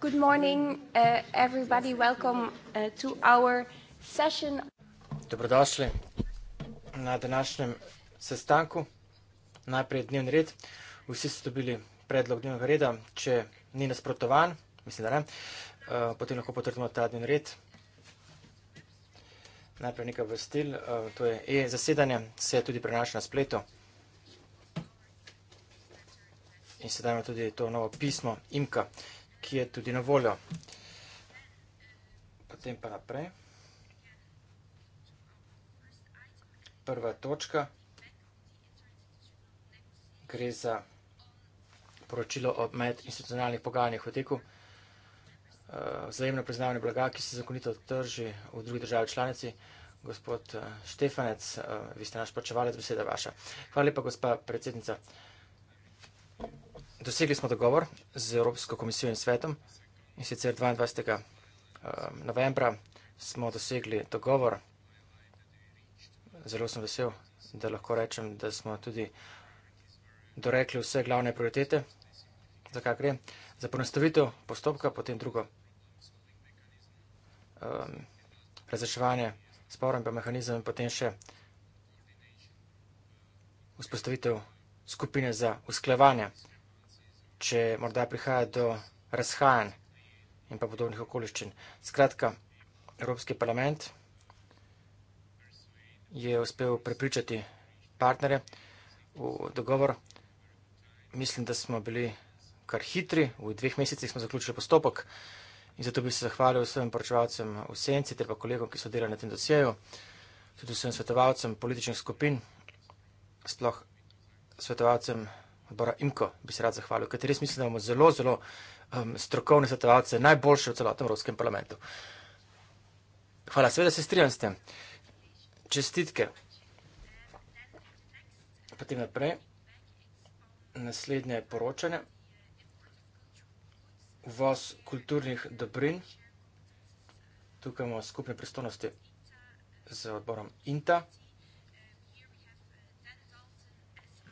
Good morning, uh, everybody. Welcome uh, to our session. Dobrodošli na današnjem sestanku. Najprej dnevni red. Vsi ste dobili predlog dnevnega reda. Če ni nasprotovan, mislim, da ne, uh, potem lahko potrdimo ta dnevni red. Najprej nekaj vrstil, uh, to je e-zasedanje, se tudi prenaša na spletu. In sedaj ima tudi to novo pismo, imka. Uh, ki je tudi na voljo. Potem pa naprej. Prva točka gre za poročilo o medinstitucionalnih pogajanjih v teku. Eh, vzajemno priznavanje blaga, ki se zakonito trži v drugi državi članici. Gospod eh, Štefanec, eh, vi ste naš plačevalec, beseda vaša. Hvala lepa, gospa predsednica dosegli smo dogovor z Evropsko komisijo in svetom in sicer 22. Eh, novembra smo dosegli dogovor. Zelo sem vesel, da lahko rečem, da smo tudi dorekli vse glavne prioritete, za kaj gre, za ponastavitev postopka, potem drugo ehm, razreševanje sporem pa mehanizem in potem še vzpostavitev skupine za usklevanje če morda prihaja do razhajanj in pa podobnih okoliščin. Skratka, Evropski parlament je uspel prepričati partnere v dogovor. Mislim, da smo bili kar hitri, v dveh mesecih smo zaključili postopek in zato bi se zahvalil vsem poročevalcem v senci ter pa kolegom, ki so delali na tem dosjeju, tudi vsem svetovalcem političnih skupin, sploh svetovalcem Bora Imko, bi se rad zahvalil, ker res mislim, da imamo zelo, zelo um, strokovne svetovalce, najboljše v celotnem Evropskem parlamentu. Hvala, seveda se strinjam s tem. Čestitke. Potem naprej. Naslednje poročanje. Uvoz kulturnih dobrin. Tukaj imamo skupne pristojnosti z odborom INTA.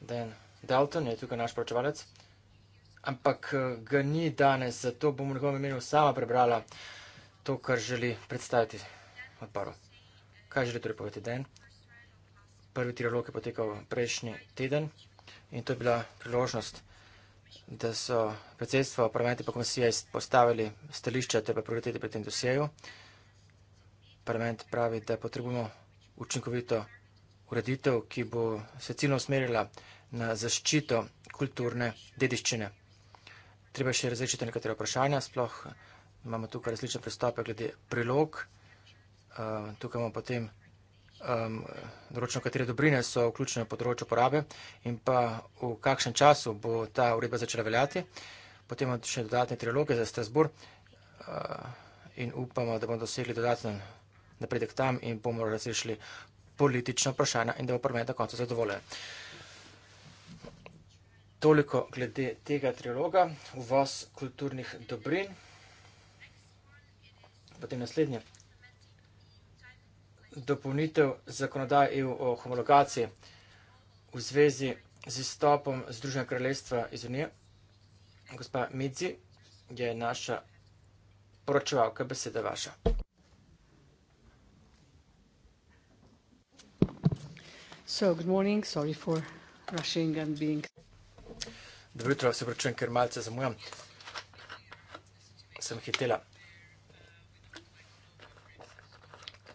Dan Dalton je tukaj naš pročevalec, ampak eh, ga ni danes, zato bom v njegovem imenu sama prebrala to, kar želi predstaviti odboru. Kaj želi torej povedati den? Prvi trilog je potekal prejšnji teden in to je bila priložnost, da so predsedstvo, parlamenti pa komisije postavili stališče te pa prioritete pri tem dosjeju. Parlament pravi, da potrebujemo učinkovito ureditev, ki bo se ciljno usmerila na zaščito kulturne dediščine. Treba še različiti nekatere vprašanja, sploh eh, imamo tukaj različne pristope glede prilog. Eh, tukaj imamo potem določeno, katere dobrine so vključene v področju porabe in pa v kakšen času bo ta uredba začela veljati. Potem imamo še dodatne triloge za Strasbourg eh, in upamo, da bomo dosegli dodaten napredek tam in bomo razrešili politična vprašanja in da bo parlament na koncu zadovoljen toliko glede tega triloga, uvoz kulturnih dobrin. Potem naslednje. Dopolnitev zakonodaje EU o homologaciji v zvezi z izstopom Združenega kraljestva iz Unije. Gospa Midzi je naša poročevalka, beseda vaša. So, good morning, sorry for rushing and being... Dobro jutro, se pravčujem, ker malce zamujam. Sem hitela.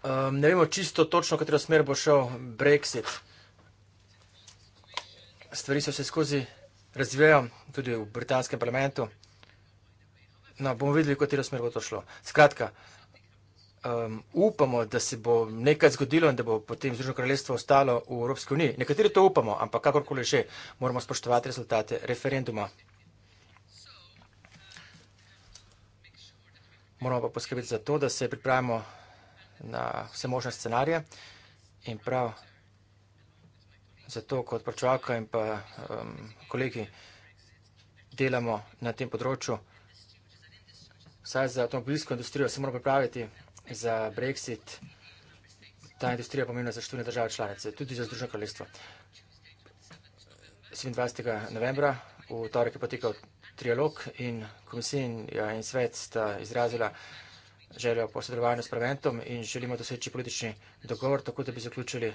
Um, ne vemo čisto točno, katero smer bo šel Brexit. Stvari so se skozi razvijajo, tudi v britanskem parlamentu. No, bomo videli, katero smer bo to šlo. Skratka, um, upamo, da se bo nekaj zgodilo in da bo potem Združeno kraljestvo ostalo v Evropski uniji. Nekateri to upamo, ampak kakorkoli že, moramo spoštovati rezultate referenduma. Moramo pa poskrbeti za to, da se pripravimo na vse možne scenarije in prav zato kot pračevalka in pa um, kolegi delamo na tem področju. Vsaj za avtomobilsko industrijo se moramo pripraviti za Brexit ta industrija pomembna za štune države članice, tudi za Združeno kraljestvo. 27. novembra v torek je potekal trialog in komisija in svet sta izrazila željo po sodelovanju s parlamentom in želimo doseči politični dogovor, tako da bi zaključili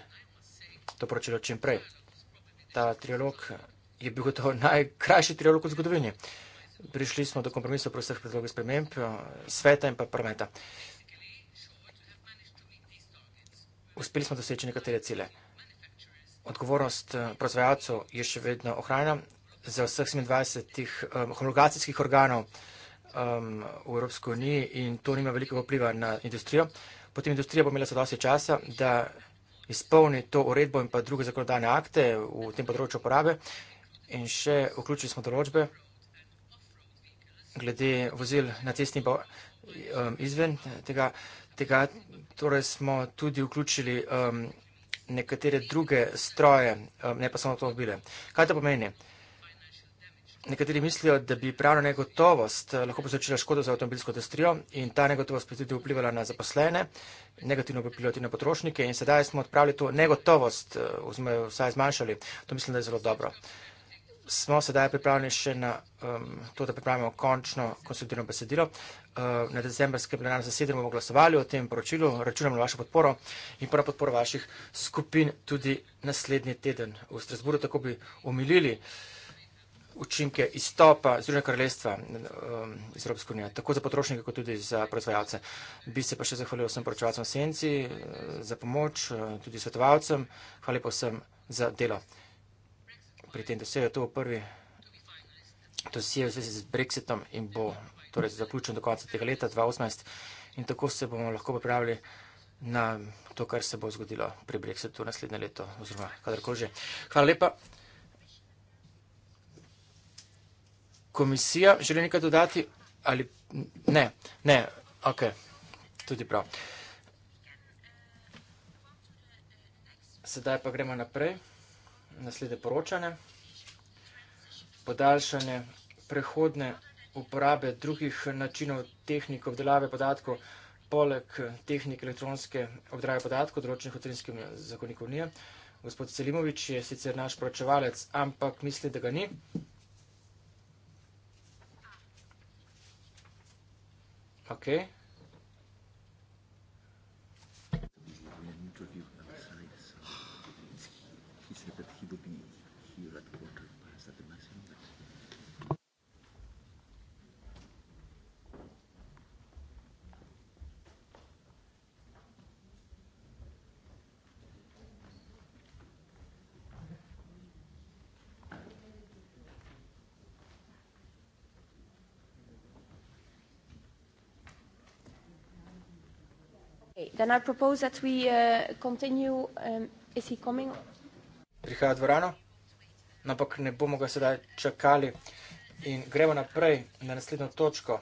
to poročilo čim prej. Ta trialog je bil gotovo najkrajši trialog v zgodovini. Prišli smo do kompromisov pri vseh predlogih sprememb sveta in pa parlamenta uspeli smo doseči nekatere cele. Odgovornost eh, proizvajalcev je še vedno ohranjena. Za vseh 27 um, eh, homologacijskih organov um, v Evropski uniji in to nima velikega vpliva na industrijo. Potem industrija bo imela sadosti časa, da izpolni to uredbo in pa druge zakonodajne akte v tem področju uporabe. In še vključili smo določbe glede vozil na cesti in pa um, izven tega tega torej smo tudi vključili um, nekatere druge stroje, um, ne pa samo avtomobile. Kaj to pomeni? Nekateri mislijo, da bi pravna negotovost eh, lahko povzročila škodo za avtomobilsko industrijo in ta negotovost bi tudi vplivala na zaposlene, negativno bi vplivala tudi na potrošnike in sedaj smo odpravili to negotovost, eh, oziroma jo vsaj zmanjšali. To mislim, da je zelo dobro. Smo sedaj pripravljeni še na um, to, da pripravimo končno konsultirano besedilo. Eh, na decembrskem plenarnem zasedanju bomo glasovali o tem poročilu, računam na vašo podporo in pa na podporo vaših skupin tudi naslednji teden v Strasburu, tako bi omilili učinke izstopa Združenja kraljestva eh, iz Evropske unije, tako za potrošnike, kot tudi za proizvajalce. Bi se pa še zahvalil vsem poročevalcem Senci eh, za pomoč, tudi svetovalcem. Hvala pa vsem za delo. Pri tem dosejo to v prvi dosije v zvezi z Brexitom in bo torej zaključen do konca tega leta 2018 in tako se bomo lahko pripravili na to, kar se bo zgodilo pri Brexitu naslednje leto oziroma kadarkoli že. Hvala lepa. Komisija želi nekaj dodati ali ne, ne, ok, tudi prav. Sedaj pa gremo naprej. Naslede poročanje, podaljšanje prehodne uporabe drugih načinov tehnik obdelave podatkov, poleg tehnik elektronske obdelave podatkov, določenih v trinskem zakoniku unije. Gospod Selimovič je sicer naš pročevalec, ampak misli, da ga ni. Okej. Okay. Then I propose that we uh, continue. Um, is he coming? Prihaja dvorano, no, ampak ne bomo ga sedaj čakali in gremo naprej na naslednjo točko.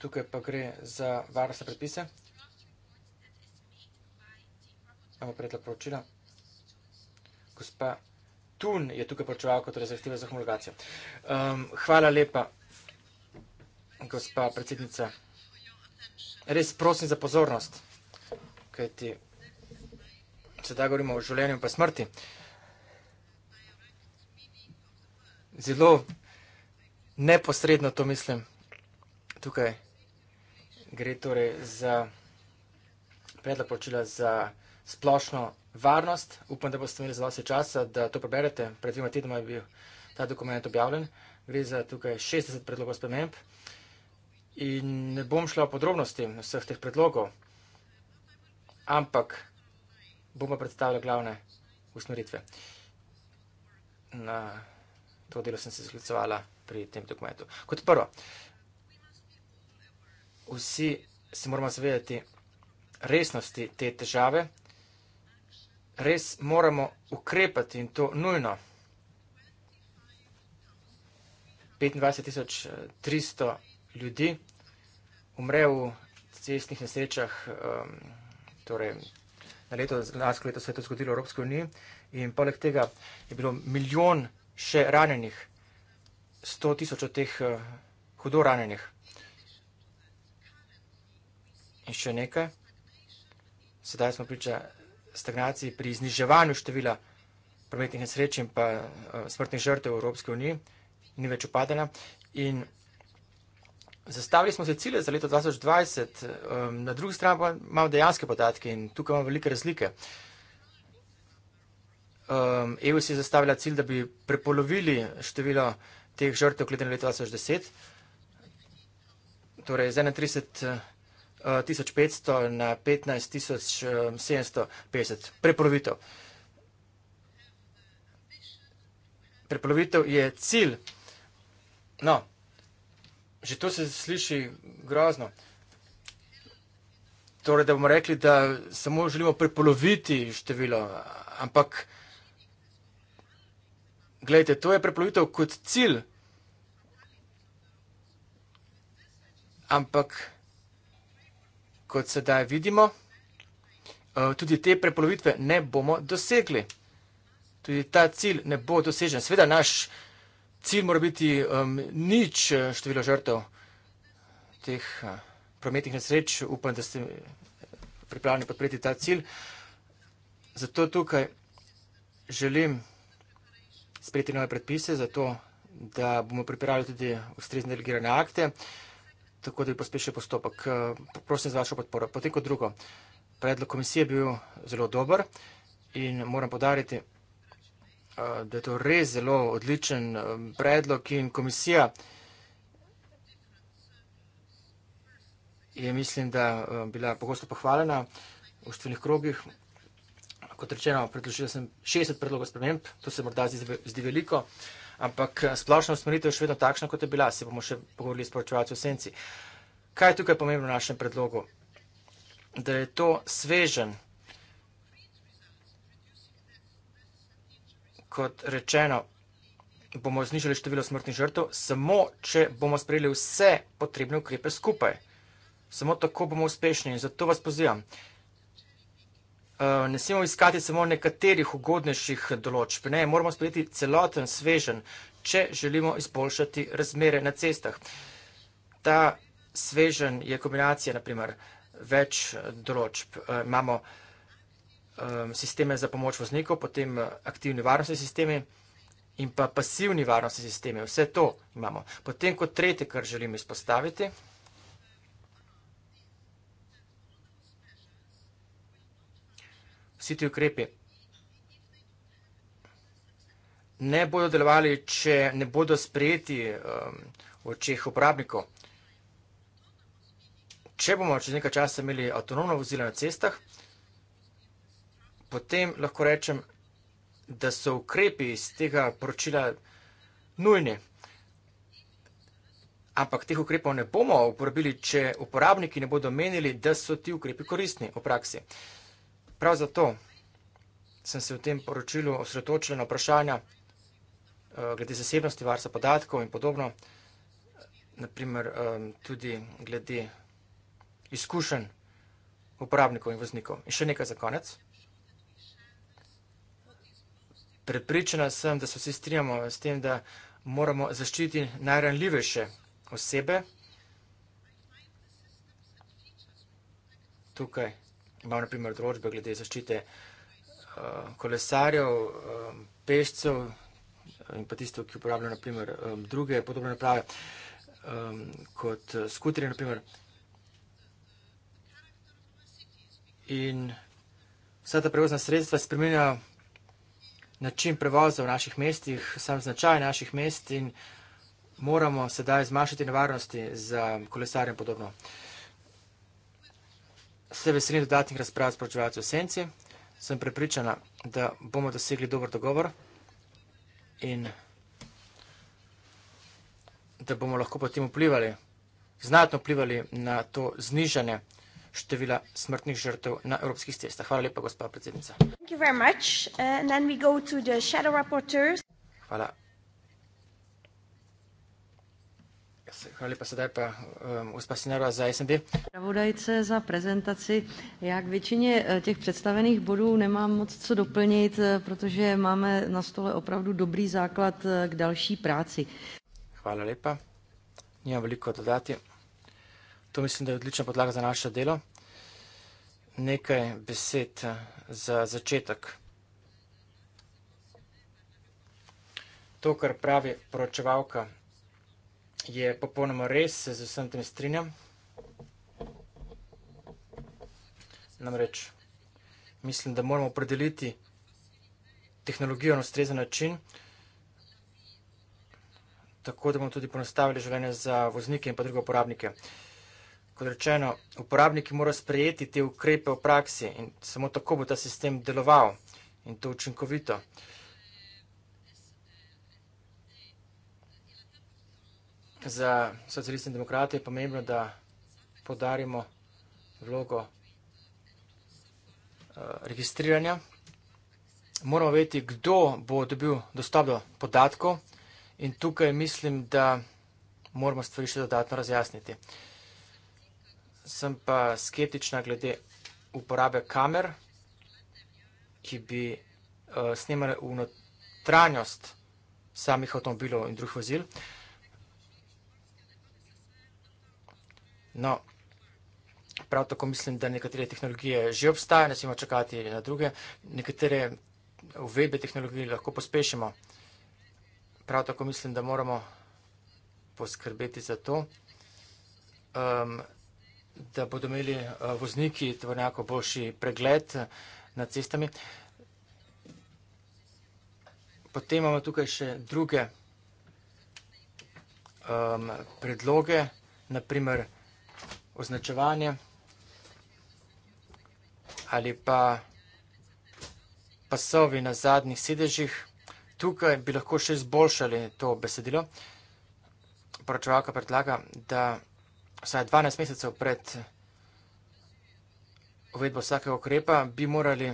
Tukaj pa gre za varnostne predpise. Imamo predlog poročila. Gospa Tun je tukaj poročevalka, torej zahteva za homologacijo. Um, hvala lepa, gospa predsednica res prosim za pozornost, kaj ti sedaj govorimo o življenju in pa smrti. Zelo neposredno to mislim. Tukaj gre torej za predlog počila za splošno varnost. Upam, da boste imeli za vse časa, da to preberete. Pred dvima tednoma je bil ta dokument objavljen. Gre za tukaj 60 predlogov spremembe. In ne bom šla v podrobnosti vseh teh predlogov, ampak bomo predstavljali glavne usmeritve. Na to delo sem se sklicovala pri tem dokumentu. Kot prvo, vsi se moramo zavedati resnosti te težave, res moramo ukrepati in to nujno. 25.300 ljudi umre v cestnih nesrečah, um, torej na leto, lansko leto se je to zgodilo v Evropski uniji in poleg tega je bilo milijon še ranjenih, sto tisoč od teh uh, hudo ranjenih. In še nekaj, sedaj smo priča stagnaciji pri zniževanju števila prometnih nesreč in pa uh, smrtnih žrtev v Evropski uniji, ni več upadala. In Zastavili smo se cilje za leto 2020, ehm, na drugi strani pa imamo dejanske podatke in tukaj imamo velike razlike. EU ehm, e si je zastavila cilj, da bi prepolovili število teh žrtev glede na leto 2010, torej z 31 500 eh, na 15 750. Ehm, Prepolovitev. Prepolovitev je cilj. No, Že to se sliši grozno. Torej, da bomo rekli, da samo želimo prepoloviti število, ampak gledajte, to je prepolovitev kot cilj. Ampak, kot sedaj vidimo, eh, tudi te prepolovitve ne bomo dosegli. Tudi ta cilj ne bo dosežen. Sveda naš cilj mora biti um, nič eh, število žrtev teh uh, prometnih nesreč. Upam, da ste eh, pripravljeni podpreti ta cilj. Zato tukaj želim sprejeti nove predpise, zato da bomo pripravili tudi ustrezne delegirane akte, tako da bi pospešil postopek. Prosim za vašo podporo. Potem kot drugo, predlog komisije je bil zelo dober in moram podariti da je to res zelo odličen um, predlog in komisija je, mislim, da um, bila pogosto pohvalena v ustvenih krogih. Kot rečeno, predložila sem 60 predlogov sprememb, to se morda zdi veliko, ampak uh, splošna usmeritev je še vedno takšna, kot je bila. Se bomo še pogovorili s poročevalci v senci. Kaj je tukaj pomembno v našem predlogu? Da je to svežen kot rečeno, bomo znižali število smrtnih žrtev, samo če bomo sprejeli vse potrebne ukrepe skupaj. Samo tako bomo uspešni in zato vas pozivam. Eh, ne smemo iskati samo nekaterih ugodnejših določb, ne, moramo sprejeti celoten svežen, če želimo izboljšati razmere na cestah. Ta svežen je kombinacija, naprimer, več določb. Eh, imamo um, sisteme za pomoč voznikov, potem uh, aktivni varnostni sistemi in pa pasivni varnostni sistemi. Vse to imamo. Potem kot tretje, kar želim izpostaviti, vsi ti ukrepi ne bodo delovali, če ne bodo sprejeti um, v očeh uporabnikov. Če bomo čez nekaj časa imeli avtonomno vozilo na cestah, potem lahko rečem, da so ukrepi iz tega poročila nujni. Ampak teh ukrepov ne bomo uporabili, če uporabniki ne bodo menili, da so ti ukrepi koristni v praksi. Prav zato sem se v tem poročilu osredotočil na vprašanja eh, glede zasebnosti, varstva podatkov in podobno, naprimer eh, tudi glede izkušenj uporabnikov in voznikov. In še nekaj za konec. Prepričana sem, da se vsi strinjamo s tem, da moramo zaščititi najranljivejše osebe. Tukaj imamo naprimer določbe glede zaščite eh, kolesarjev, eh, pešcev in pa tistev, ki uporabljajo naprimer eh, druge podobne naprave kot skuterje naprimer. In vsa ta prevozna sredstva spremenjajo način prevoza v naših mestih, sam značaj naših mest in moramo sedaj zmanjšati nevarnosti za kolesarje in podobno. Se veselim dodatnih razprav s pročevalci v senci. Sem prepričana, da bomo dosegli dober dogovor in da bomo lahko potem vplivali, znatno vplivali na to znižanje števila smrtnih žrtev na evropskih cestah. Hvala lepa, gospa predsednica. Uh, hvala. Hvala lepa sedaj pa um, gospa um, Sinarova za SND. Pravodajce za prezentaci. Já k většině eh, těch představených bodů nemám moc co doplnit, eh, protože máme na stole opravdu dobrý základ eh, k další práci. Hvala lepa. Nemám veliko dodati. To mislim, da je odlična podlaga za naše delo. Nekaj besed eh, za začetek. To, kar pravi poročevalka, je popolnoma res, se z vsem tem strinjam. Namreč, mislim, da moramo opredeliti tehnologijo na ustrezen način, tako da bomo tudi ponostavili življenje za voznike in pa druge uporabnike. Uh, kot rečeno, uporabniki morajo sprejeti te ukrepe v praksi in samo tako bo ta sistem deloval in to učinkovito. Za socialistne demokrate je pomembno, da podarimo vlogo eh, registriranja. Moramo veti, kdo bo dobil dostop do podatkov in tukaj mislim, da moramo stvari še dodatno razjasniti sem pa skeptična glede uporabe kamer, ki bi uh, snemale v notranjost samih avtomobilov in drugih vozil. No, prav tako mislim, da nekatere tehnologije že obstajajo, ne smemo čakati na druge. Nekatere uvebe tehnologij lahko pospešimo. Prav tako mislim, da moramo poskrbeti za to. Um, da bodo imeli eh, vozniki tovornjakov boljši pregled eh, nad cestami. Potem imamo tukaj še druge um, predloge, naprimer označevanje ali pa pasovi na zadnjih sedežih. Tukaj bi lahko še izboljšali to besedilo. Poročevalka predlaga, da vsaj 12 mesecev pred uvedbo vsakega ukrepa, bi morali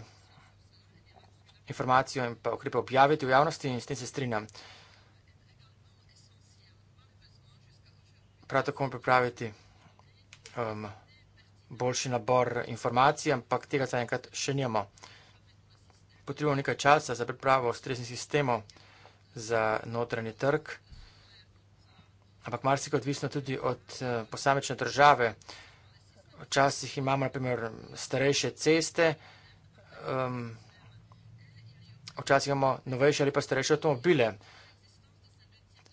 informacijo in pa ukrepe objaviti v javnosti in s tem se strinjam. Prav tako moramo pripraviti um, boljši nabor informacij, ampak tega zaenkrat še nimamo. Potrebujemo nekaj časa za pripravo ustreznih sistemov za notranji trg ampak marsikaj odvisno tudi od eh, posamečne države. Včasih imamo, na primer, starejše ceste, um, včasih imamo novejše ali pa starejše avtomobile.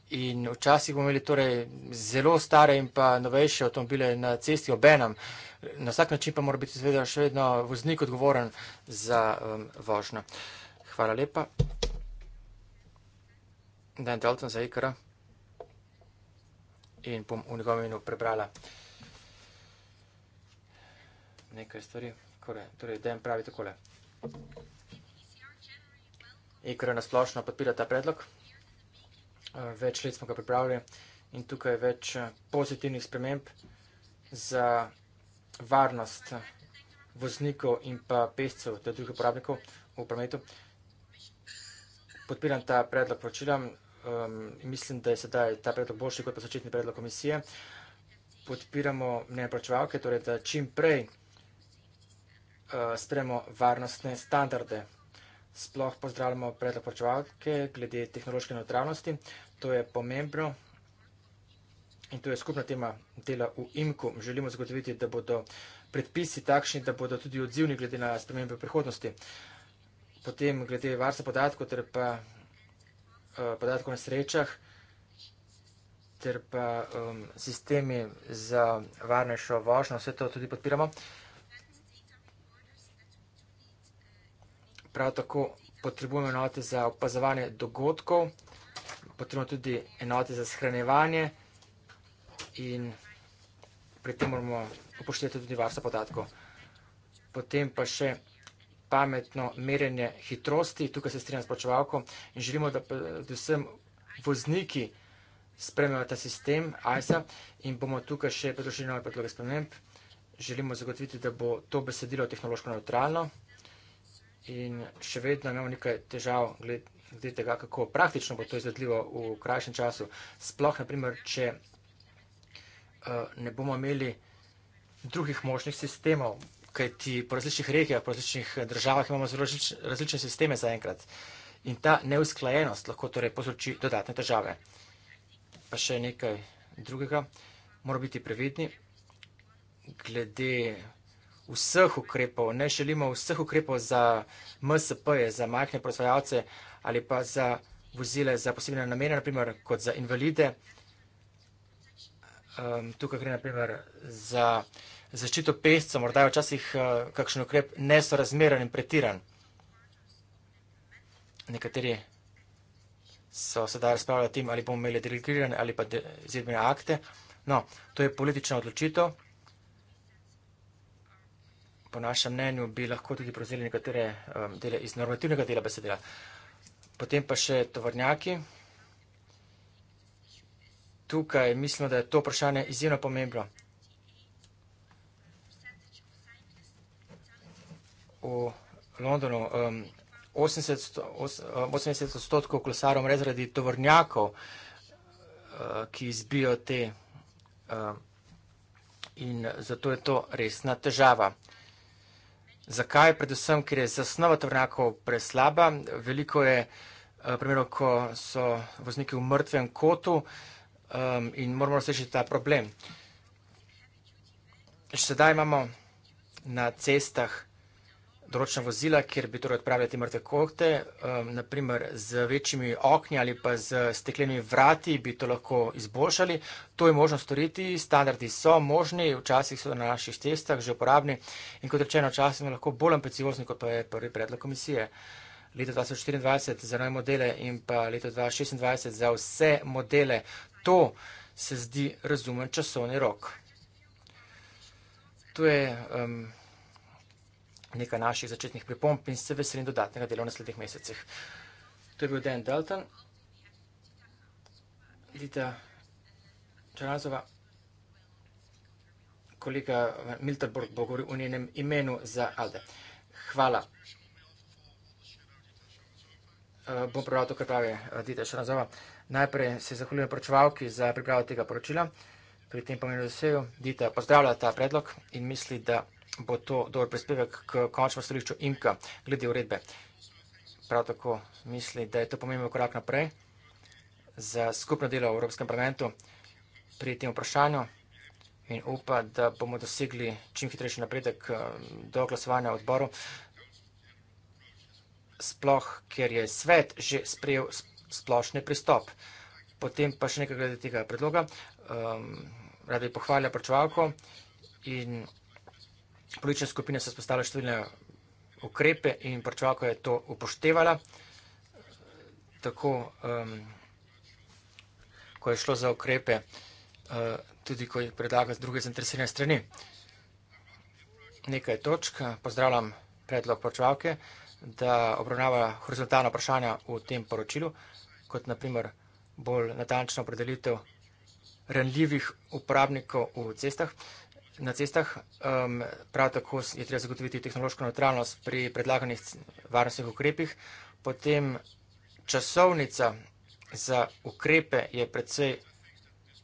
In včasih bomo imeli torej zelo stare in pa novejše avtomobile na cesti obenem. Na vsak način pa mora biti seveda še vedno voznik odgovoren za um, vožnjo. Hvala lepa. Dan Dalton za ikra in bom v njegovem imenu prebrala nekaj stvari. Torej, den pravi takole. Ikra nasplošno podpira ta predlog. Več let smo ga pripravili in tukaj je več eh, pozitivnih sprememb za varnost voznikov in pa pescev, tudi drugih uporabnikov v prometu. Podpiram ta predlog poročila mislim, da je sedaj ta predlog boljši kot posačetni predlog komisije. Podpiramo mnenje pročevalke, torej da čim prej eh, spremo varnostne standarde. Sploh pozdravljamo predlog pročevalke glede tehnološke neutralnosti. To je pomembno in to je skupna tema dela v IMKU. Želimo zagotoviti, da bodo predpisi takšni, da bodo tudi odzivni glede na spremembe v prihodnosti. Potem glede varstva podatkov, torej pa Eh, podatkov o nesrečah, ter pa um, sistemi za varnejšo vožnjo, vse to tudi podpiramo. Prav tako potrebujemo enote za opazovanje dogodkov, potrebujemo tudi enote za shranjevanje in pri tem moramo upoštevati tudi varstvo podatkov. Potem pa še pametno merjenje hitrosti, tukaj se strinjam s plačevalko in želimo, da predvsem vozniki spremljajo ta sistem ISA in bomo tukaj še predložili nove predloge sprememb. Želimo zagotoviti, da bo to besedilo tehnološko neutralno in še vedno imamo nekaj težav glede tega, kako praktično bo to izvedljivo v krajšem času. Sploh, naprimer, če eh, ne bomo imeli drugih možnih sistemov, kaj ti po različnih regijah, po različnih eh, državah imamo zelo različne sisteme zaenkrat. In ta neusklajenost lahko torej povzroči dodatne težave. Pa še nekaj drugega. Moramo biti previdni glede vseh ukrepov. Ne želimo vseh ukrepov za MSP-je, za majhne proizvajalce ali pa za vozile za posebne namene, naprimer kot za invalide. Um, tukaj gre naprimer za zaščito pesca, morda je včasih eh, kakšen ukrep nesorazmeren in pretiran. Nekateri so sedaj razpravljali o tem, ali bomo imeli delegirane ali pa izjemne akte. No, to je politična odločitev. Po našem mnenju bi lahko tudi prevzeli nekatere um, dele iz normativnega dela besedila. Potem pa še tovornjaki. Tukaj mislim, da je to vprašanje izjemno pomembno. v Londonu. Um, 80, 80 odstotkov kolesarom res zaradi tovornjakov, eh, ki izbijo te in zato je to resna težava. Zakaj? Predvsem, ker je zasnova tovornjakov preslaba. Veliko je eh, primerov, ko so vozniki v mrtvem kotu in moramo razrešiti ta problem. Še sedaj imamo na cestah določena vozila, kjer bi torej odpravljali te mrtve kohte, um, naprimer z večjimi okni ali pa z steklenimi vrati bi to lahko izboljšali. To je možno storiti, standardi so možni, včasih so na naših testah že uporabni in kot rečeno, včasih smo lahko bolj ambiciozni, kot pa je prvi predlog komisije. Leto 2024 za nove modele in pa leto 2026 za vse modele. To se zdi razumen časovni rok. To je um, nekaj naših začetnih pripomb in se veselim dodatnega dela v naslednjih mesecih. To je bil Dan Dalton, Lita Čarazova, kolega Milterborg bo govoril v njenem imenu za Alde. Hvala. Eh, bom pravil to, kar pravi Dita eh, Čarazova. Najprej se zahvaljujem pročevalki za pripravo tega poročila. Pri tem pomenu zasejo. Dita pozdravlja ta predlog in misli, da vsega bo to dober prispevek k končnemu stališču IMKA glede uredbe. Prav tako misli, da je to pomemben korak naprej za skupno delo v Evropskem parlamentu pri tem vprašanju in upa, da bomo dosegli čim hitrejši napredek eh, do glasovanja v odboru, sploh, ker je svet že sprejel splošni pristop. Potem pa še nekaj glede tega predloga. Um, ehm, Rada bi pohvalila pročevalko in politične skupine so spostavile številne ukrepe in Prčvako je to upoštevala. Tako, um, ko je šlo za ukrepe, uh, tudi ko jih predlaga z druge zainteresirane strani. Nekaj točk. Pozdravljam predlog Prčvake, da obravnava horizontalna vprašanja v tem poročilu, kot naprimer bolj natančna opredelitev ranljivih uporabnikov v cestah. Na cestah um, prav tako je treba zagotoviti tehnološko neutralnost pri predlaganih varnostnih ukrepih. Potem časovnica za ukrepe je predvsej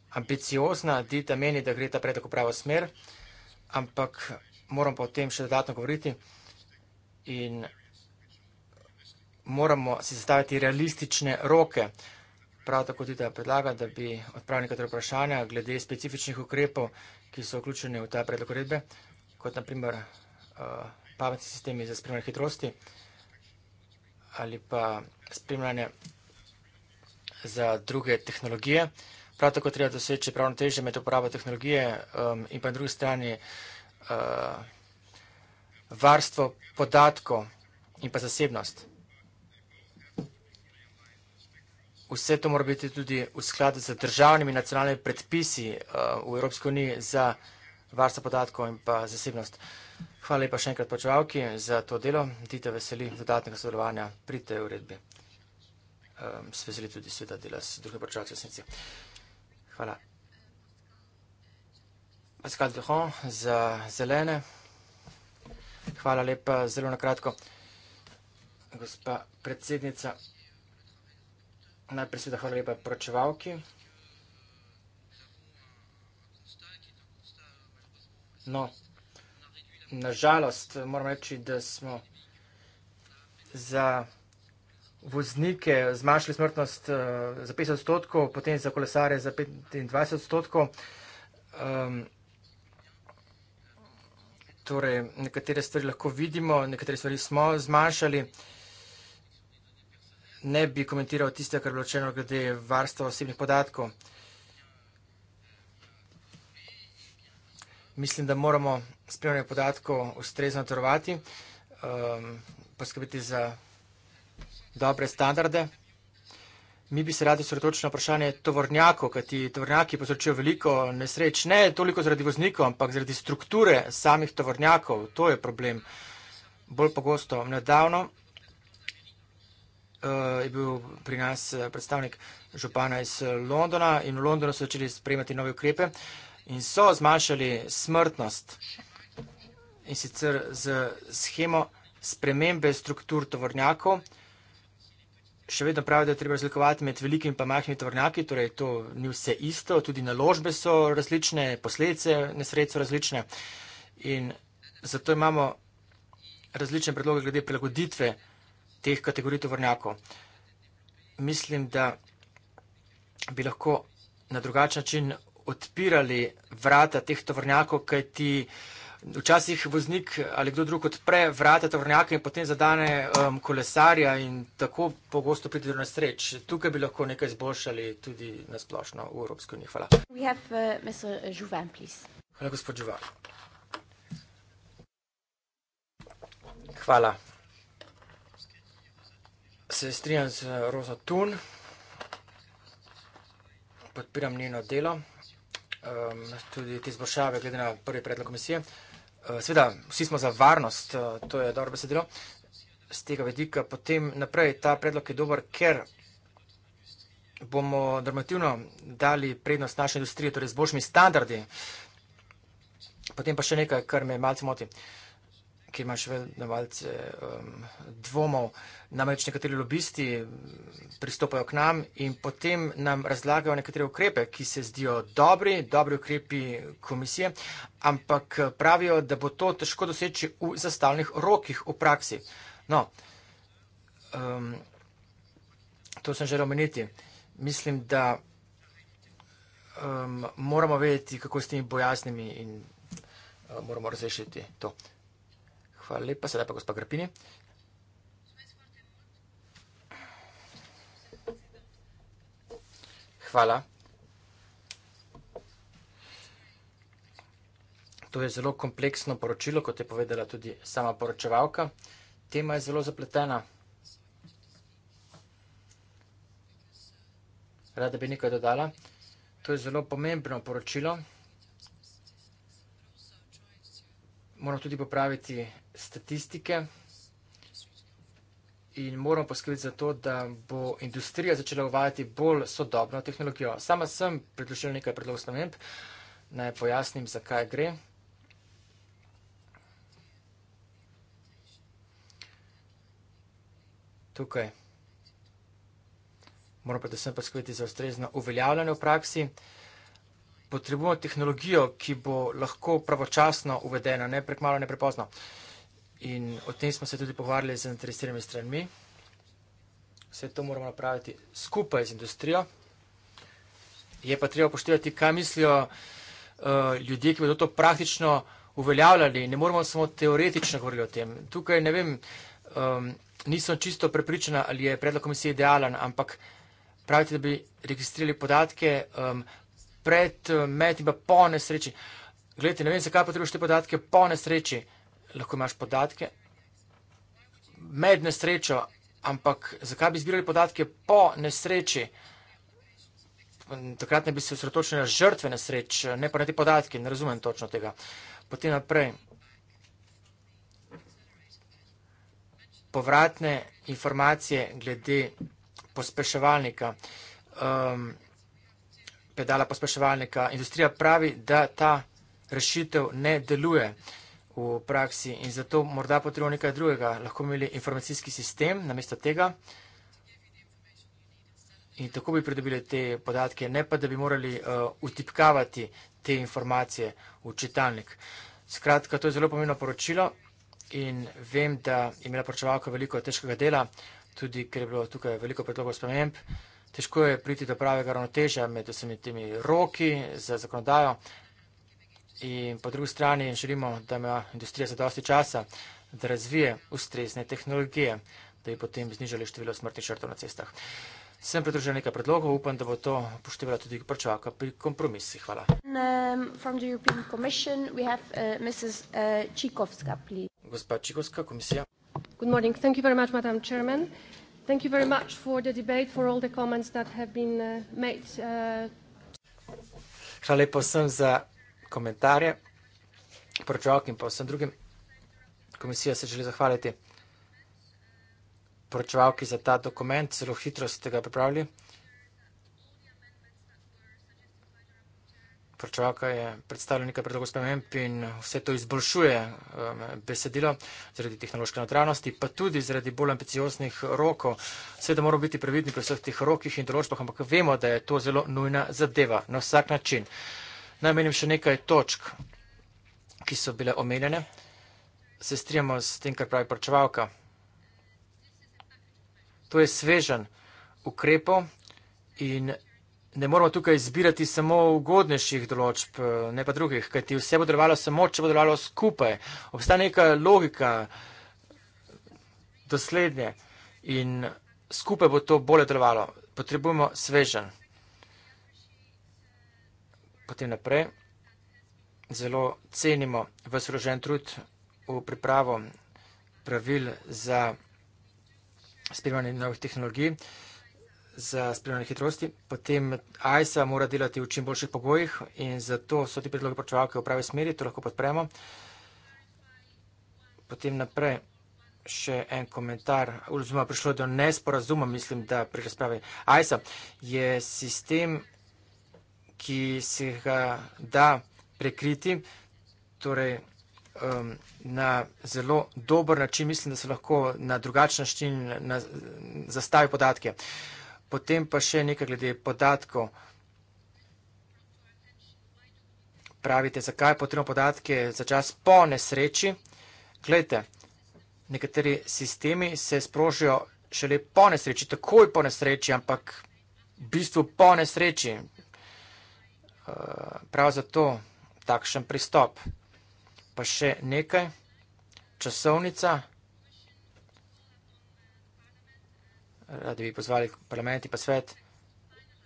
ambiciozna. Dita meni, da gre ta predlog v pravo smer, ampak moram pa o tem še dodatno govoriti in moramo si zastaviti realistične roke. Prav tako tudi predlaga, da bi odpravili nekatera vprašanja glede specifičnih ukrepov, ki so vključeni v ta predlog uredbe, kot naprimer uh, pametni sistemi za spremljanje hitrosti ali pa spremljanje za druge tehnologije. Prav tako treba doseči pravno težje med uporabo tehnologije um, in pa na drugi strani uh, varstvo podatkov in pa zasebnost. Vse to mora biti tudi v skladu z državnimi nacionalnimi predpisi eh, v Evropski uniji za varstvo podatkov in pa zasebnost. Hvala lepa še enkrat počevalki za to delo. Dite veseli dodatnega sodelovanja pri tej uredbi. Ehm, se veseli tudi sveda dela s druge počevalce vsnici. Hvala. Pascal Duhon za zelene. Hvala lepa zelo nakratko. Gospa predsednica Hrvatska najprej seveda hvala lepa poročevalki. No, nažalost moram reči, da smo za voznike zmanjšali smrtnost eh, za 50 odstotkov, potem za kolesare za 25 odstotkov. Um, torej, nekatere stvari lahko vidimo, nekatere stvari smo zmanjšali. Uh, ne bi komentiral tiste, kar je bilo rečeno glede varstva osebnih podatkov. Mislim, da moramo spremljanje podatkov ustrezno nadzorovati, um, poskrbeti za dobre standarde. Mi bi se radi osredotočili na vprašanje tovornjakov, kajti tovornjaki povzročijo veliko nesreč, ne toliko zaradi voznikov, ampak zaradi strukture samih tovornjakov. To je problem. Bolj pogosto nedavno uh, je bil pri nas eh, predstavnik župana iz eh, Londona in v Londonu so začeli sprejemati nove ukrepe in so zmanjšali smrtnost in sicer z schemo spremembe struktur tovornjakov. Še vedno pravi, da je treba razlikovati med velikimi in majhnimi tovornjaki, torej to ni vse isto, tudi naložbe so različne, posledice nesreč so različne in zato imamo različne predloge glede prilagoditve uh, teh kategorij tovornjakov. Mislim, da bi lahko na drugačen način odpirali vrata teh tovornjakov, kaj ti včasih voznik ali kdo drug odpre vrata tovornjaka in potem zadane um, kolesarja in tako pogosto pride do nesreč. Tukaj bi lahko nekaj izboljšali tudi na splošno v Evropski uniji. Hvala. Uh, Hvala, gospod Žuvan. Hvala se strijam z Rosa Thun, podpiram njeno delo, um, tudi te izboljšave, glede na prvi predlog komisije. Uh, Sveda, vsi smo za varnost, uh, to je dobro besedilo. Z tega vedika potem naprej ta predlog je dober, ker bomo normativno dali prednost naše industrije, torej z boljšimi standardi. Potem pa še nekaj, kar me malce moti. Uh, kjer imaš vedno malce um, dvomov. Namreč nekateri lobisti um, pristopajo k nam in potem nam razlagajo nekatere ukrepe, ki se zdijo dobri, dobri ukrepi komisije, ampak eh, pravijo, da bo to težko doseči v zastavnih rokih v praksi. No, um, to sem želel omeniti. Mislim, da um, moramo vedeti, kako s temi bojaznimi in uh, moramo razrešiti to. Hvala lepa, sedaj pa gospod Grpini. Hvala. To je zelo kompleksno poročilo, kot je povedala tudi sama poročevalka. Tema je zelo zapletena. Rada bi nekaj dodala. To je zelo pomembno poročilo. moramo tudi popraviti statistike in moramo poskrbeti za to, da bo industrija začela uvajati bolj sodobno tehnologijo. Sama sem predložil nekaj predlogov sprememb, naj pojasnim, zakaj gre. Tukaj moramo predvsem poskrbeti za ustrezno uveljavljanje v praksi potrebujemo tehnologijo, ki bo lahko pravočasno uvedena, ne prekmalo, ne prepozno. In o tem smo se tudi pogovarjali z interesiranimi stranmi. Vse to moramo napraviti skupaj z industrijo. Je pa treba upoštevati, kaj mislijo uh, ljudje, ki bodo to praktično uveljavljali. Ne moramo samo teoretično govoriti o tem. Tukaj ne vem, um, nisem čisto prepričana, ali je predlog komisije idealen, ampak pravite, da bi registrirali podatke, um, pred, eh, med in pa po nesreči. Glede, ne vem, zakaj potrebuješ te podatke po nesreči. Lahko imaš podatke med nesrečo, ampak zakaj bi zbirali podatke po nesreči? Takrat ne bi se osredotočili na žrtve nesreč, ne pa na te podatke, ne razumem točno tega. Potem naprej. Povratne informacije glede pospeševalnika. Um, pedala pospeševalnika. Industrija pravi, da ta rešitev ne deluje v praksi in zato morda potrebujemo nekaj drugega. Lahko imeli informacijski sistem namesto tega in tako bi pridobili te podatke, ne pa da bi morali uh, utipkavati te informacije v čitalnik. Skratka, to je zelo pomembno poročilo in vem, da je imela poročevalka veliko težkega dela, tudi ker je bilo tukaj veliko predlogov spomenb težko je priti do pravega ravnotežja med vsemi temi roki za zakonodajo in po drugi strani želimo, da ima industrija za dosti časa, da razvije ustrezne tehnologije, da bi potem znižali število smrtnih žrtev na cestah. Sem predložil nekaj predlogov, upam, da bo to upoštevala tudi pročevalka pri kompromisi. Hvala. Um, uh, uh, Gospa Čikovska, komisija. Good morning. Thank you very much, Madam Chairman. Thank you very much for the debate, for all the comments that have been uh, made. Uh... Hvala lepo vsem za komentarje, pročevalk in pa vsem drugim. Komisija se želi zahvaliti pročevalki za ta dokument, zelo hitro ste ga pripravili. pričakuje predstavljen nekaj predlogov sprememb in vse to izboljšuje um, besedilo zaradi tehnološke neutralnosti, pa tudi zaradi bolj ambicioznih rokov. Seveda moramo biti previdni pri vseh teh rokih in določbah, ampak vemo, da je to zelo nujna zadeva na vsak način. Naj menim še nekaj točk, ki so bile omenjene. Se strijamo s tem, kar pravi pričevalka. To je svežen ukrepov in ne moramo tukaj izbirati samo ugodnejših določb, eh, ne pa drugih, kajti vse bo delovalo samo, če bo delovalo skupaj. Obstaja neka logika doslednje in skupaj bo to bolje delovalo. Potrebujemo svežen. Potem naprej zelo cenimo vas rožen trud v pripravo pravil za spremljanje novih tehnologij za spremljanje hitrosti. Potem AISA mora delati v čim boljših pogojih in zato so ti predlogi počevalke v pravi smeri, to lahko podpremo. Potem naprej še en komentar, oziroma prišlo do nesporazuma, mislim, da pri razpravi. AISA je sistem, ki se ga da prekriti, torej um, na zelo dober način, mislim, da se lahko na drugačen način zastavi podatke. Potem pa še nekaj glede podatkov. Pravite, zakaj potrebno podatke za čas po nesreči? Glejte, nekateri sistemi se sprožijo šele po nesreči, takoj po nesreči, ampak v bistvu po nesreči. Eh, prav zato takšen pristop. Pa še nekaj, časovnica, radi bi pozvali parlament in pa svet,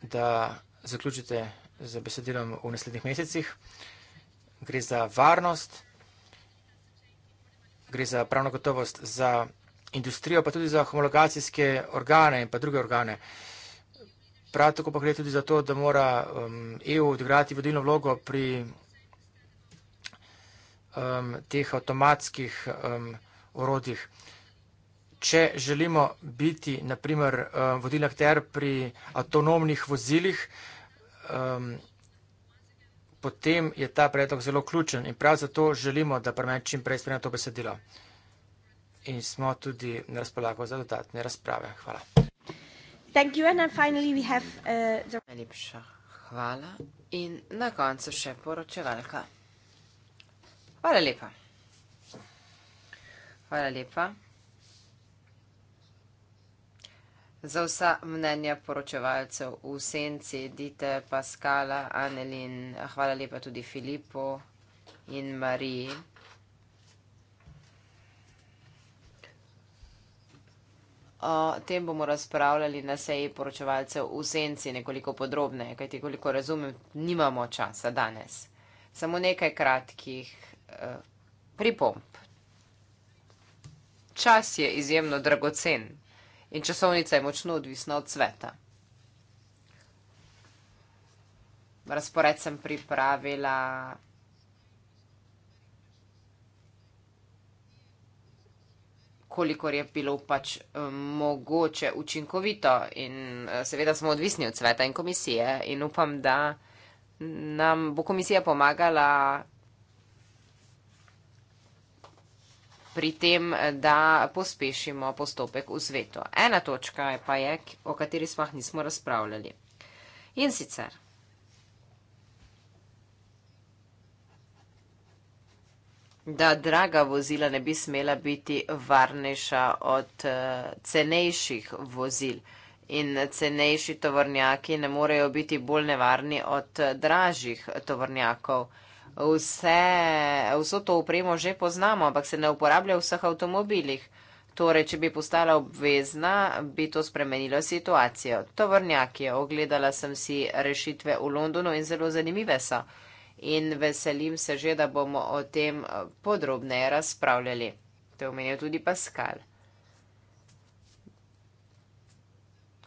da zaključite z besedilom v naslednjih mesecih. Gre za varnost, gre za pravno gotovost za industrijo, pa tudi za homologacijske organe in pa druge organe. Prav tako pa gre tudi za to, da mora um, EU odigrati vodilno vlogo pri um, teh avtomatskih um, orodjih če želimo biti, na primer, eh, vodilni akter pri avtonomnih vozilih, ehm, potem je ta predlog zelo ključen in prav zato želimo, da parlament čim prej sprejme to besedilo. In smo tudi na razpolago za dodatne razprave. Hvala. Uh, Najlepša hvala. In na koncu še poročevalka. Hvala lepa. Hvala lepa. za vsa mnenja poročevalcev v senci, Dite, Paskala, Anelin, hvala lepa tudi Filipu in Mariji. O tem bomo razpravljali na seji poročevalcev v senci nekoliko podrobneje, kajti koliko razumem, nimamo časa danes. Samo nekaj kratkih eh, pripomp. Čas je izjemno dragocen in časovnica je močno odvisna od sveta. Razpored sem pripravila. Kolikor je bilo pač eh, mogoče učinkovito, in eh, seveda smo odvisni od sveta in komisije, in upam, da nam bo komisija pomagala pri tem, da pospešimo postopek v svetu. Ena točka pa je, o kateri smo jih nismo razpravljali. In sicer. Da draga vozila ne bi smela biti varnejša od uh, cenejših vozil in cenejši tovornjaki ne morejo biti bolj nevarni od uh, dražjih tovornjakov. Uh, vse, vso to upremo že poznamo, ampak se ne uporablja v vseh avtomobilih. Torej, če bi postala obvezna, bi to spremenilo situacijo. Tovrnjak je, ogledala sem si rešitve v Londonu in zelo zanimive so. In veselim se že, da bomo o tem podrobneje razpravljali. To je omenil tudi Pascal.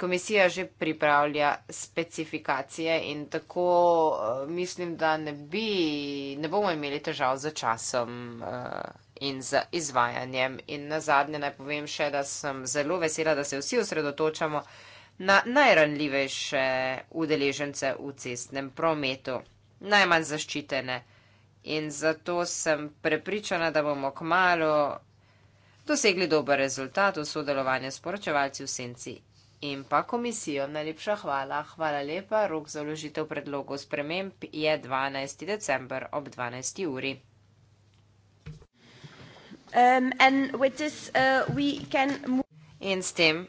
komisija že pripravlja specifikacije in tako eh, mislim, da ne, bi, ne bomo imeli težav z časom eh, in z izvajanjem. In na zadnje naj povem še, da sem zelo vesela, da se vsi osredotočamo na najranljivejše udeležence v cestnem prometu, najmanj zaščitene. In zato sem prepričana, da bomo k malu dosegli dober rezultat v sodelovanju s poročevalci v senci In pa komisijo najlepša hvala. Hvala lepa, rok za vložitev predlogov sprememb je 12. december ob 12. uri. Um, and with this, uh, we can In s tem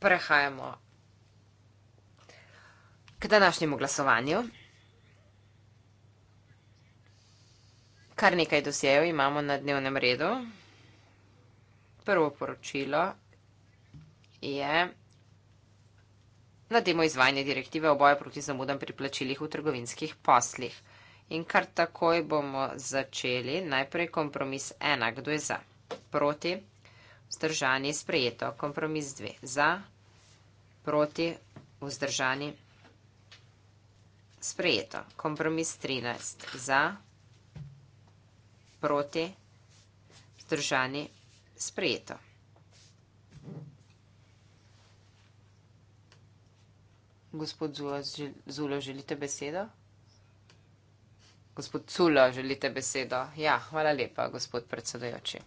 prehajamo k današnjemu glasovanju. Kar nekaj dosjejev imamo na dnevnem redu. Prvo poročilo je na temo izvajanje direktive o boju proti zamudam pri plačilih v trgovinskih poslih. In kar takoj bomo začeli, najprej kompromis ena, kdo je za, proti, vzdržani, sprejeto, kompromis dve, za, proti, vzdržani, sprejeto, kompromis 13, za, proti, vzdržani, sprejeto. Gospod Zulo, želite besedo? Gospod Culo, želite besedo? Ja, hvala lepa, gospod predsedojoči.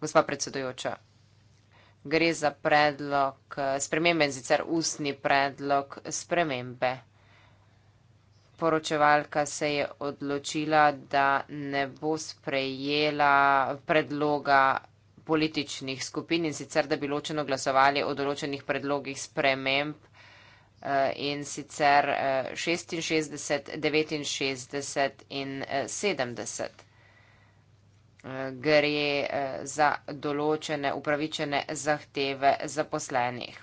Gospa predsedojoča, gre za predlog spremembe in sicer ustni predlog spremembe. Poročevalka se je odločila, da ne bo sprejela predloga političnih skupin in sicer, da bi ločeno glasovali o določenih predlogih sprememb Eh, in sicer 66, eh, 69 in 70. Eh, gre za določene upravičene zahteve zaposlenih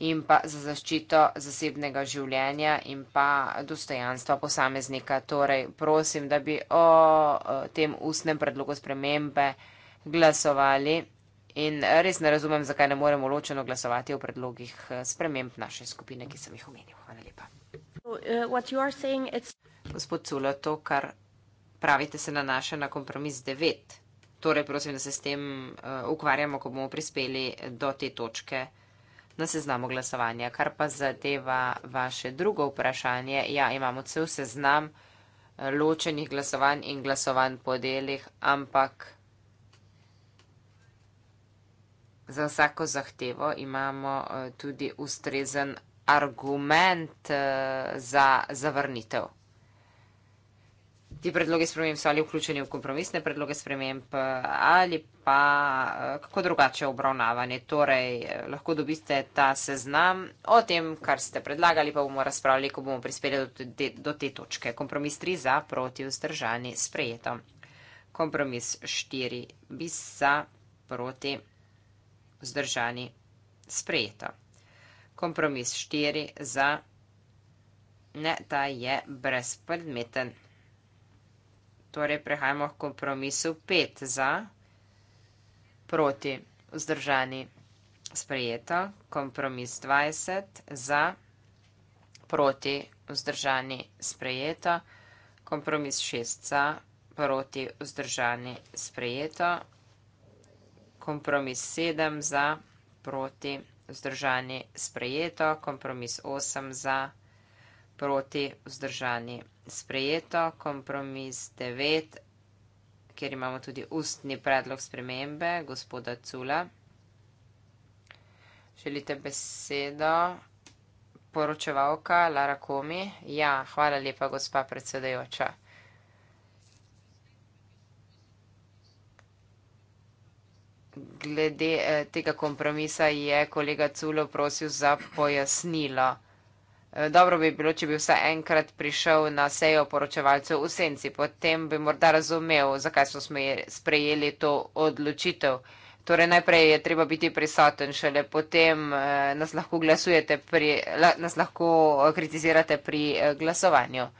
in pa za zaščito zasebnega življenja in pa dostojanstva posameznika. Torej, prosim, da bi o tem ustnem predlogu spremembe glasovali In res ne razumem, zakaj ne moremo ločeno glasovati o predlogih eh, sprememb naše skupine, ki sem jih omenil. Hvala lepa. Eh, Gospod Culo, to, kar pravite, se nanaša na kompromis 9. Torej, prosim, da se s tem eh, ukvarjamo, ko bomo prispeli do te točke na seznamu glasovanja. Kar pa zadeva vaše drugo vprašanje, ja, imamo cel seznam ločenih glasovanj in glasovanj po delih, ampak. za vsako zahtevo imamo eh, tudi ustrezen argument eh, za zavrnitev. Ti predloge sprememb so ali vključeni v kompromisne predloge sprememb eh, ali pa kako drugače obravnavanje. Torej, lahko dobite ta seznam o tem, kar ste predlagali, pa bomo razpravljali, ko bomo prispeli do te, do te točke. Kompromis 3 za, proti, vzdržani, sprejeto. Kompromis 4 bi za, proti vzdržani, sprejeto. Kompromis štiri za, ne, ta je brezpredmeten. Torej, prehajamo k kompromisu pet za, proti, vzdržani, sprejeto. Kompromis dvajset za, proti, vzdržani, sprejeto. Kompromis šest za, proti, vzdržani, sprejeto kompromis 7 za, proti, vzdržani sprejeto, kompromis 8 za, proti, vzdržani sprejeto, kompromis 9, kjer imamo tudi ustni predlog spremembe gospoda Cula. Želite besedo? Poročevalka Lara Komi. Ja, hvala lepa, gospa predsedajoča. glede eh, tega kompromisa je kolega Culo prosil za pojasnilo. Eh, dobro bi bilo, če bi vsaj enkrat prišel na sejo poročevalcev v senci, potem bi morda razumel, zakaj smo sprejeli to odločitev. Torej, najprej je treba biti prisoten, šele potem eh, nas lahko, pri, nas lahko kritizirate pri glasovanju.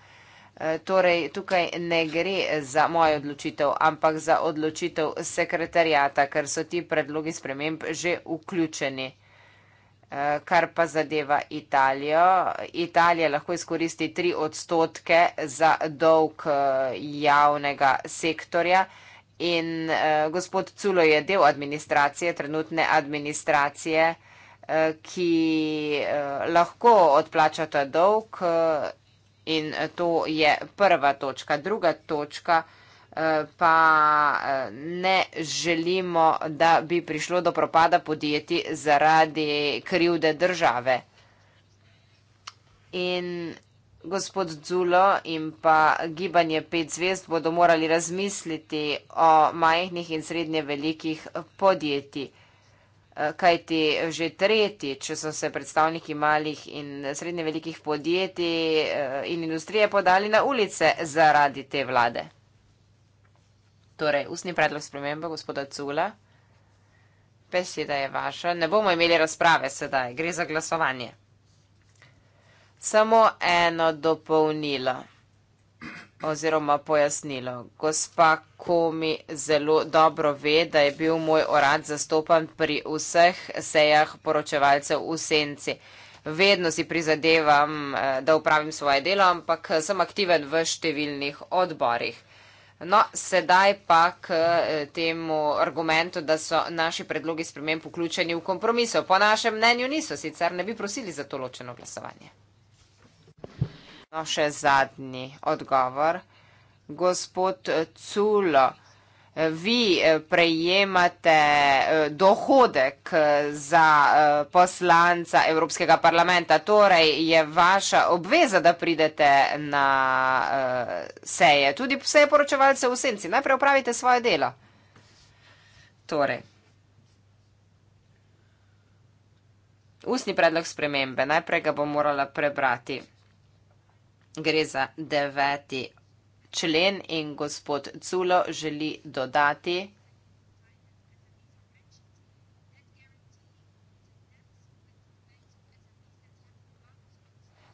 Eh, torej, tukaj ne gre za mojo odločitev, ampak za odločitev sekretarjata, ker so ti predlogi sprememb že vključeni. Eh, kar pa zadeva Italijo. Italija lahko izkoristi tri odstotke za dolg eh, javnega sektorja. In gospod Culo je del administracije, trenutne administracije, ki lahko odplača ta dolg In eh, to je prva točka. Druga točka eh, pa eh, ne želimo, da bi prišlo do propada podjetij zaradi krivde države. In gospod Zulo in pa gibanje pet zvezd bodo morali razmisliti o majhnih in srednje velikih podjetij. Eh, kajti že tretjič so se predstavniki malih in srednje velikih podjetij eh, in industrije podali na ulice zaradi te vlade. Torej, usni predlog spremembe gospoda Cula. Beseda je vaša. Ne bomo imeli razprave sedaj. Gre za glasovanje. Samo eno dopolnilo oziroma pojasnilo. Gospa Komi zelo dobro ve, da je bil moj orad zastopan pri vseh sejah poročevalcev v senci. Vedno si prizadevam, eh, da upravim svoje delo, ampak eh, sem aktiven v številnih odborih. No, sedaj pa k eh, temu argumentu, da so naši predlogi spremem poključeni v kompromiso. Po našem mnenju niso, sicer ne bi prosili za to ločeno glasovanje. No, še zadnji odgovor. Gospod Culo, vi eh, prejemate eh, dohodek eh, za poslanca Evropskega parlamenta, torej je vaša obveza, da pridete na seje, tudi seje poročevalce v senci. Najprej opravite svoje delo. Torej. Usni predlog spremembe, najprej ga bom morala prebrati gre za deveti člen in gospod Culo želi dodati,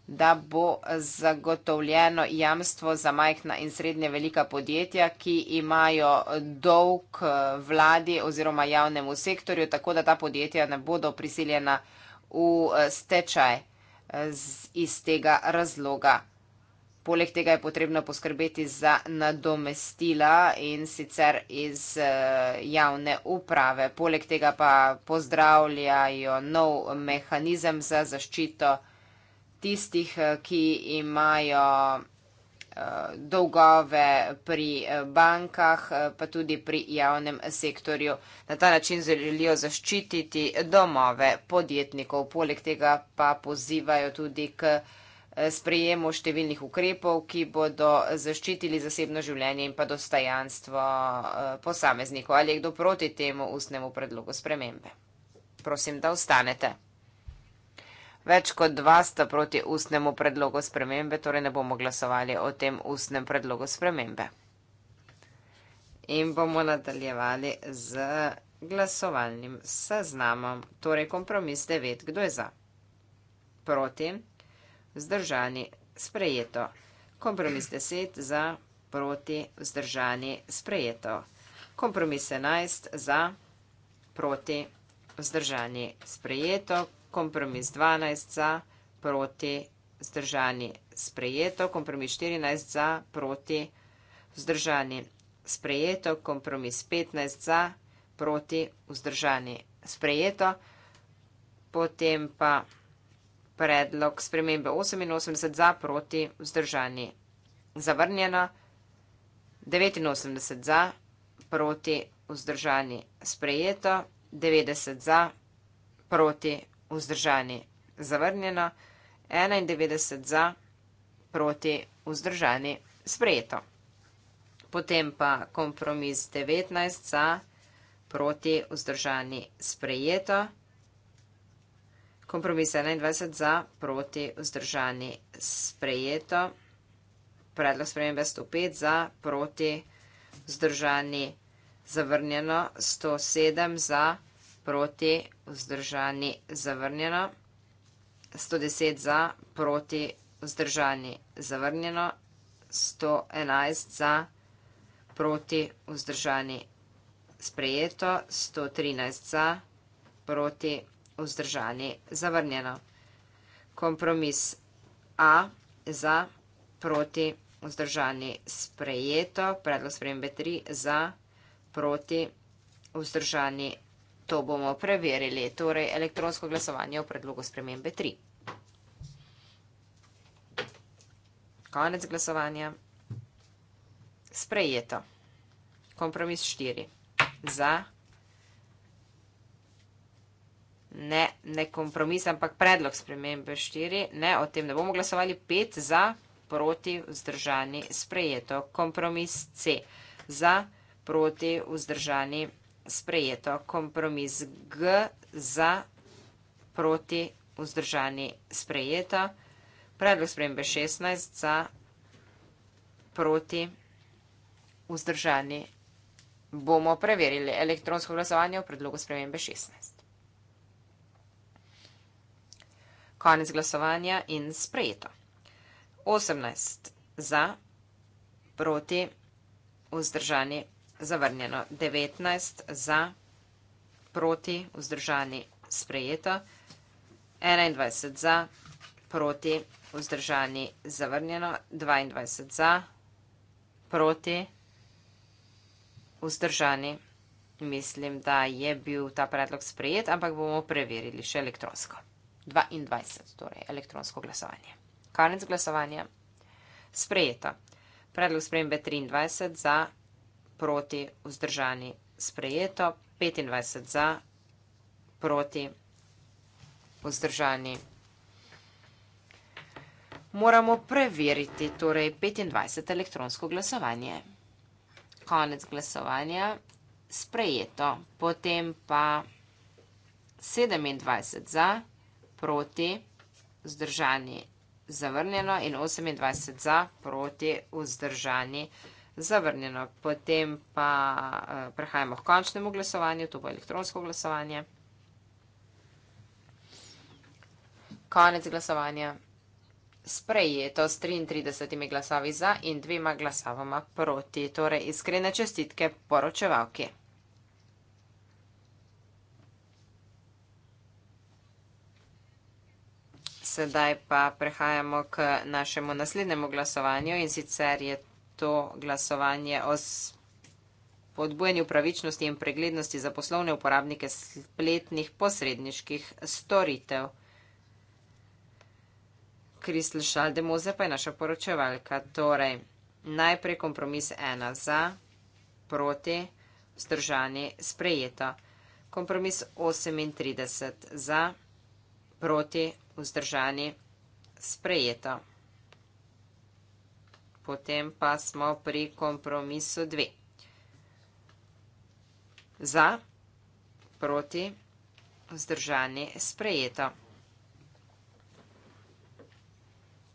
da bo zagotovljeno jamstvo za majhna in srednje velika podjetja, ki imajo dolg eh, vladi oziroma javnemu sektorju, tako da ta podjetja ne bodo prisiljena v eh, stečaj eh, iz tega razloga. Poleg tega je potrebno poskrbeti za nadomestila in sicer iz eh, javne uprave. Poleg tega pa pozdravljajo nov mehanizem za zaščito tistih, eh, ki imajo eh, dolgove pri bankah, pa tudi pri javnem sektorju. Na ta način želijo zaščititi domove podjetnikov. Poleg tega pa pozivajo tudi k sprejemu številnih ukrepov, ki bodo zaščitili zasebno življenje in pa dostajanstvo eh, posameznikov. Ali je kdo proti temu ustnemu predlogu spremembe? Prosim, da ostanete. Več kot dva sta proti ustnemu predlogu spremembe, torej ne bomo glasovali o tem ustnem predlogu spremembe. In bomo nadaljevali z glasovalnim seznamom, torej kompromis 9. Kdo je za? Proti? vzdržani, sprejeto. Kompromis 10 za, proti, vzdržani, sprejeto. Kompromis 11 za, proti, vzdržani, sprejeto. Kompromis 12 za, proti, vzdržani, sprejeto. Kompromis 14 za, proti, vzdržani, sprejeto. Kompromis 15 za, proti, vzdržani, sprejeto. Potem pa predlog spremembe 88 za proti vzdržani. Zavrnjeno 89 za proti vzdržani. Sprejeto 90 za proti vzdržani. Zavrnjeno 91 za proti vzdržani. Sprejeto. Potem pa kompromis 19 za proti vzdržani sprejeto. Kompromis 21 za, proti, vzdržani sprejeto. Predlog spremembe 105 za, proti, vzdržani zavrnjeno. 107 za, proti, vzdržani zavrnjeno. 110 za, proti, vzdržani zavrnjeno. 111 za, proti, vzdržani sprejeto. 113 za, proti, vzdržani sprejeto vzdržani zavrnjeno. Kompromis A za proti vzdržani sprejeto, predlog spremembe 3 za proti vzdržani. To bomo preverili, torej elektronsko glasovanje v predlogu spremembe 3. Konec glasovanja. Sprejeto. Kompromis 4. Za ne, ne kompromis, ampak predlog spremembe štiri, ne, o tem ne bomo glasovali, pet za, proti, vzdržani, sprejeto, kompromis C, za, proti, vzdržani, sprejeto, kompromis G, za, proti, vzdržani, sprejeto, predlog spremembe 16, za, proti, vzdržani, bomo preverili elektronsko glasovanje v predlogu spremembe 16. Konec glasovanja in sprejeto. 18 za, proti, vzdržani, zavrnjeno. 19 za, proti, vzdržani, sprejeto. 21 za, proti, vzdržani, zavrnjeno. 22 za, proti, vzdržani. Mislim, da je bil ta predlog sprejet, ampak bomo preverili še elektronsko. 2022, torej elektronsko glasovanje. Konec glasovanja. Sprejeta. Predlog spremembe 23 za, proti, vzdržani, sprejeto. 25 za, proti, vzdržani. Moramo preveriti, torej 25 elektronsko glasovanje. Konec glasovanja, sprejeto. Potem pa 27 za, proti, vzdržani, zavrnjeno in 28 za, proti, vzdržani, zavrnjeno. Potem pa eh, prehajamo k končnemu glasovanju, to bo elektronsko glasovanje. Konec glasovanja. Sprejeto s 33 glasovi za in dvema glasovoma proti. Torej, iskrene čestitke poročevalki. Sedaj pa prehajamo k našemu naslednjemu glasovanju in sicer je to glasovanje o spodbujanju pravičnosti in preglednosti za poslovne uporabnike spletnih posredniških storitev. Kristel Šaldemoze pa je naša poročevalka. Torej, najprej kompromis ena za, proti, vzdržani, sprejeto. Kompromis 38 za proti, vzdržani, sprejeto. Potem pa smo pri kompromisu 2. Za, proti, vzdržani, sprejeto.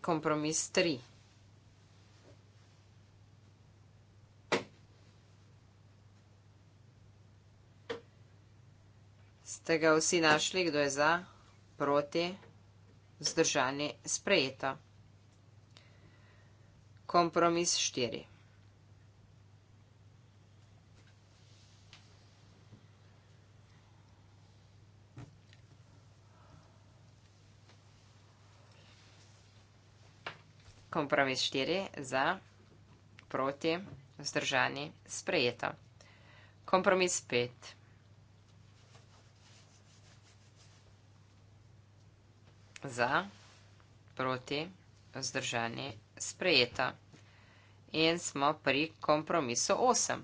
Kompromis 3. Ste ga vsi našli, kdo je za? proti, vzdržani, sprejeto. Kompromis 4. Kompromis 4 za, proti, vzdržani, sprejeto. Kompromis 5. Za, proti, vzdržani, sprejeta. In smo pri kompromisu 8.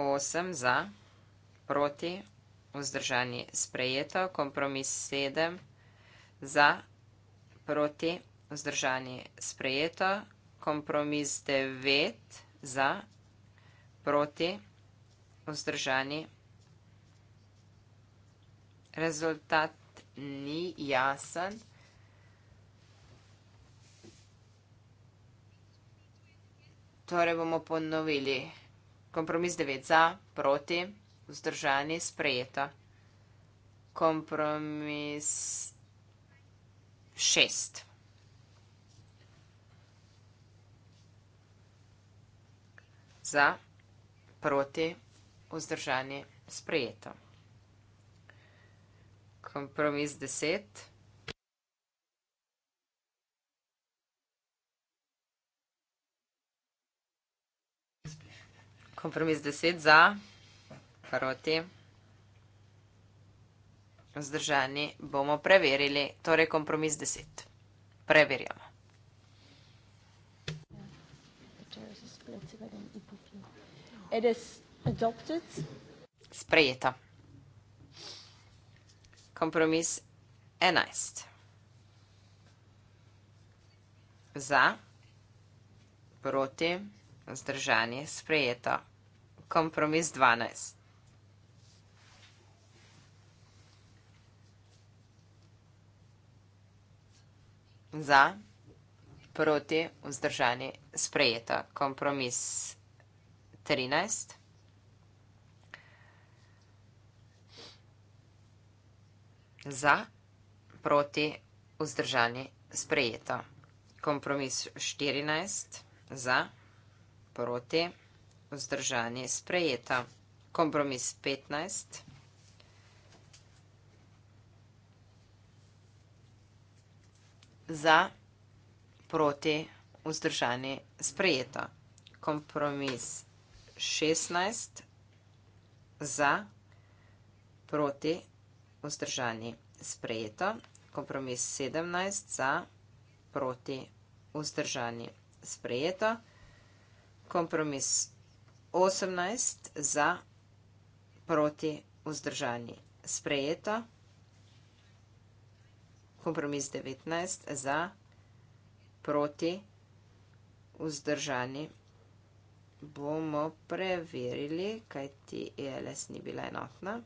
Osem za, proti, vzdržani, sprejeto. Kompromis sedem za, proti, vzdržani, sprejeto. Kompromis devet za, proti, vzdržani. Rezultat ni jasen. Torej bomo ponovili. Kompromis 9 za, proti, vzdržani, sprejeto. Kompromis 6. Za, proti, vzdržani, sprejeto. Kompromis deset. Kompromis deset za, proti. Vzdržani bomo preverili, torej kompromis deset. Preverjamo. It is adopted. Sprejeto. Kompromis 11. Za, proti, vzdržanje, sprejeto. Kompromis 12. Za, proti, vzdržanje, sprejeto. Kompromis 13 trinajst. Za, proti, vzdržani, sprejeto. Kompromis štirinajst. Za, proti, vzdržani, sprejeto. Kompromis petnajst. Za, proti, vzdržani, sprejeto. Kompromis petnajst. 16 za, proti, vzdržani. Sprejeto. Kompromis 17 za, proti, vzdržani. Sprejeto. Kompromis 18 za, proti, vzdržani. Sprejeto. Kompromis 19 za, proti, vzdržani. Sprejeto bomo preverili, kaj ti ELS ni bila enotna.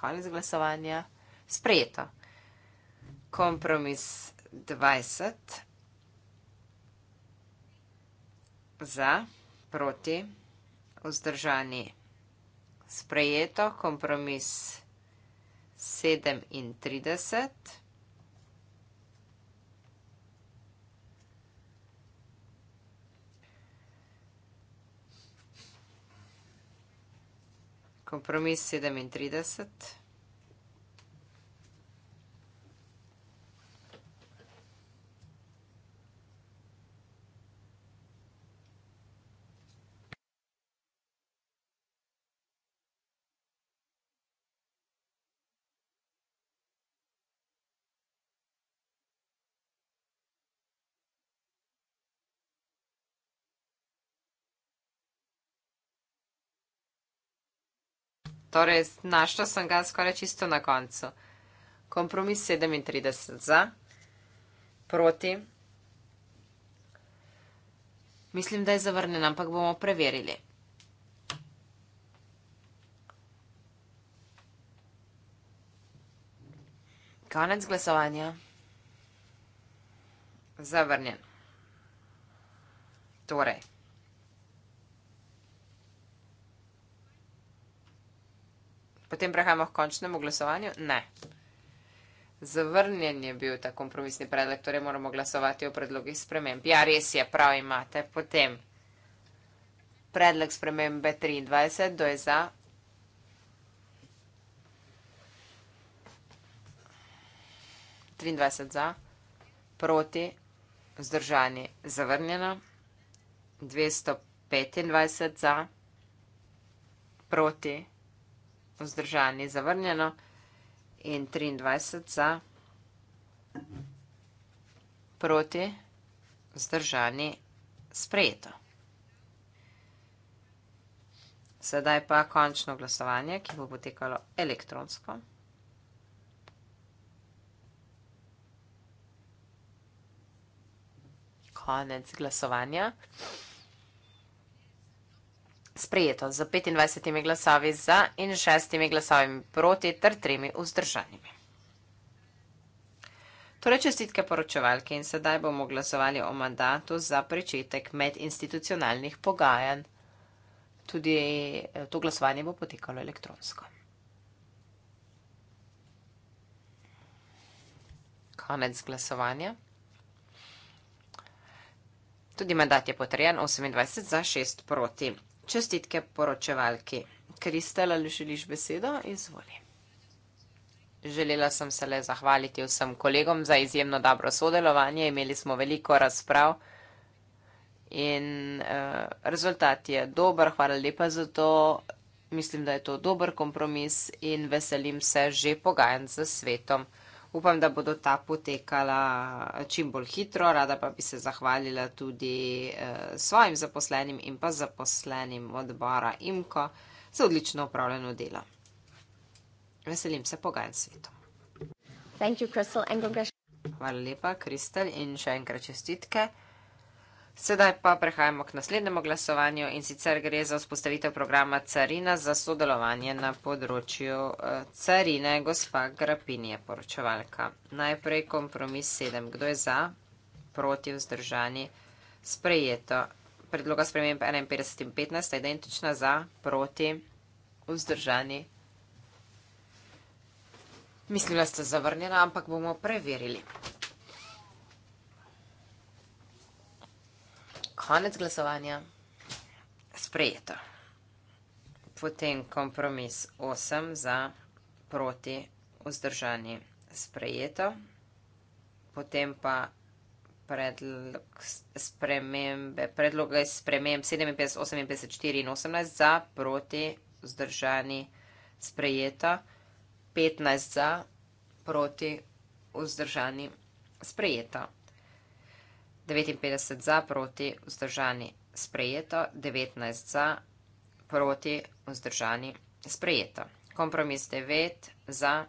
Konec glasovanja. Sprejeto. Kompromis 20. Za, proti, vzdržani. Sprejeto. Kompromis 37. kompromis 37. torej našla sem ga skoraj čisto na koncu. Kompromis 37 za, proti. Mislim, da je zavrnen, ampak bomo preverili. Konec glasovanja. Zavrnjen. Torej. Potem prehajamo k končnemu glasovanju? Ne. Zavrnjen je bil ta kompromisni predlog, torej moramo glasovati o predlogih sprememb. Ja, res je, prav imate. Potem predlog spremembe 23, kdo je za? za, proti, vzdržani, zavrnjeno, 225 za, proti, vzdržani zavrnjeno in 23 za proti vzdržani sprejeto. Sedaj pa končno glasovanje, ki bo potekalo elektronsko. Konec glasovanja sprejeto z 25 glasovi za in 6 glasovi proti ter 3 vzdržanimi. Torej čestitke poročevalke in sedaj bomo glasovali o mandatu za pričetek medinstitucionalnih pogajanj. Tudi eh, to glasovanje bo potekalo elektronsko. Konec glasovanja. Tudi mandat je potrjen 28 za 6 proti. Čestitke poročevalki. Kristela, ali želiš besedo? Izvoli. Želela sem se le zahvaliti vsem kolegom za izjemno dobro sodelovanje. Imeli smo veliko razprav in uh, rezultat je dober. Hvala lepa za to. Mislim, da je to dober kompromis in veselim se že pogajanj z svetom. Upam, da bodo ta potekala čim bolj hitro, rada pa bi se zahvalila tudi eh, svojim zaposlenim in pa zaposlenim odbora IMKO za odlično upravljeno delo. Veselim se pogajan svetom. Hvala lepa, Kristel, in še enkrat čestitke. Sedaj pa prehajamo k naslednjemu glasovanju in sicer gre za vzpostavitev programa Carina za sodelovanje na področju eh, Carine. Gospa Grapin je poročevalka. Najprej kompromis 7. Kdo je za? Proti vzdržani? Sprejeto. Predloga sprememb 51 in 15 je identična za? Proti vzdržani? Mislim, da ste zavrnjena, ampak bomo preverili. konec glasovanja. Sprejeto. Potem kompromis 8 za proti vzdržani sprejeto. Potem pa predlog spremembe, predloga iz sprememb 57, 58, 4 in 18 za proti vzdržani sprejeto. 15 za proti vzdržani sprejeto. 59 za, proti, vzdržani, sprejeto, 19 za, proti, vzdržani, sprejeto. Kompromis 9 za,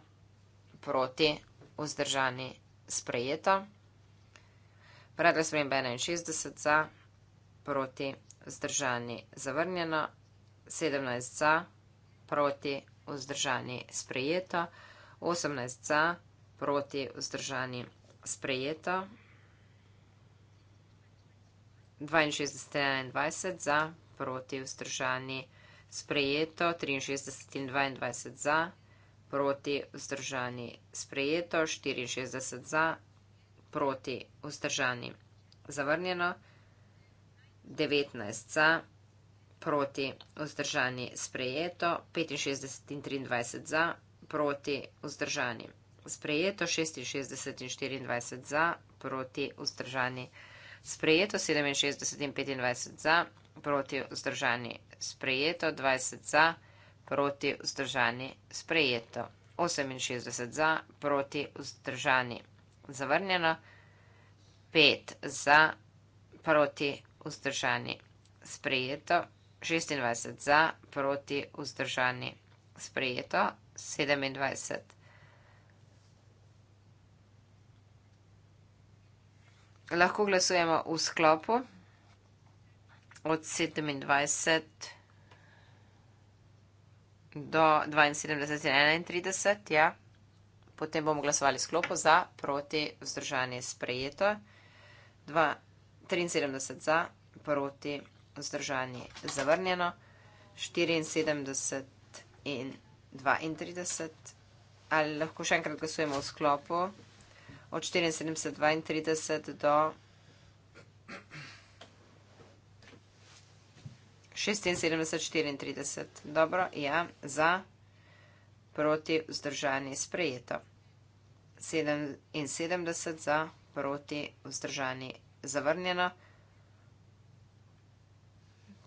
proti, vzdržani, sprejeto. Predlog sprememb 61 za, proti, vzdržani, zavrnjeno, 17 za, proti, vzdržani, sprejeto, 18 za, proti, vzdržani, sprejeto. 62-23 za, proti vzdržani sprejeto, 63-22 za, proti vzdržani sprejeto, 64 za, proti vzdržani zavrnjeno, 19 za, proti vzdržani sprejeto, 65-23 za, proti vzdržani sprejeto, 66-24 za, proti vzdržani sprejeto sprejeto 67 in 25 za, proti vzdržani sprejeto 20 za, proti vzdržani sprejeto 68 za, proti vzdržani zavrnjeno 5 za, proti vzdržani sprejeto 26 za, proti vzdržani sprejeto 27 za. lahko glasujemo v sklopu od 27 do 72 in 31, ja. Potem bomo glasovali sklopo za, proti, vzdržanje sprejeto. 73 za, proti, vzdržanje zavrnjeno. 74 in 32. Ali lahko še enkrat glasujemo v sklopu? od 74.32 do 76.34. Dobro, ja, za, proti, vzdržani, sprejeto. 77 za, proti, vzdržani, zavrnjeno.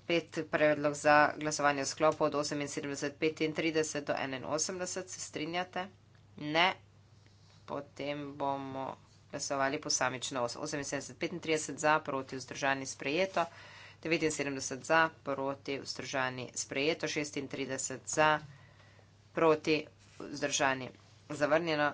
Pet predlog za glasovanje sklopov od 78.35 do 81, se strinjate? Ne, potem bomo glasovali posamično 78, 35 za, proti vzdržani sprejeto, 79 za, proti vzdržani sprejeto, 36 za, proti vzdržani zavrnjeno.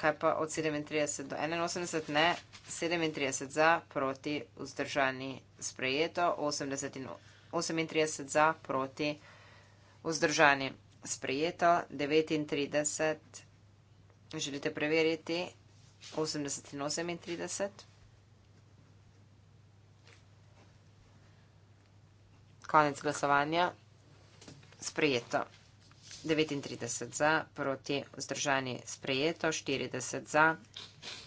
Kaj pa od 37 do 81? Ne. 37 za, proti vzdržani sprejeto, 80 in 38 za, proti vzdržani sprejeto vzdržani. Sprejeto 39, želite preveriti 80 in 38. Konec glasovanja. Sprejeto 39 za, proti vzdržani sprejeto, 40 za,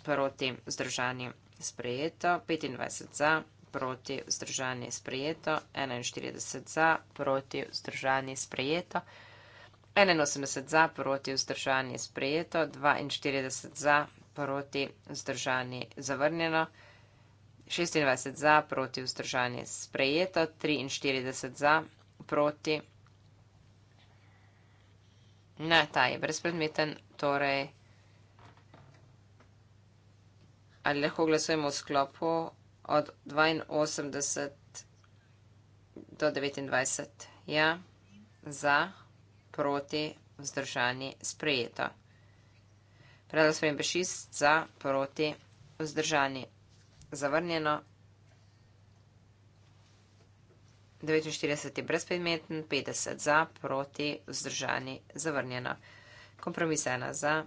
proti vzdržani sprejeto, 25 za proti, vzdržani, sprejeto, 41 za, proti, vzdržani, sprejeto, 81 za, proti, vzdržani, sprejeto, 42 za, proti, vzdržani, zavrnjeno, 26 za, proti, vzdržani, sprejeto, 43 za, proti. Ne, ta je brezpredmeten, torej. Ali lahko glasujemo v sklopu od 82 do 29. Ja, za, proti, vzdržani, sprejeto. Predlog sprejem pa šest, za, proti, vzdržani, zavrnjeno. 49 je brezpredmeten, 50 za, proti, vzdržani, zavrnjeno. Kompromis 1 za,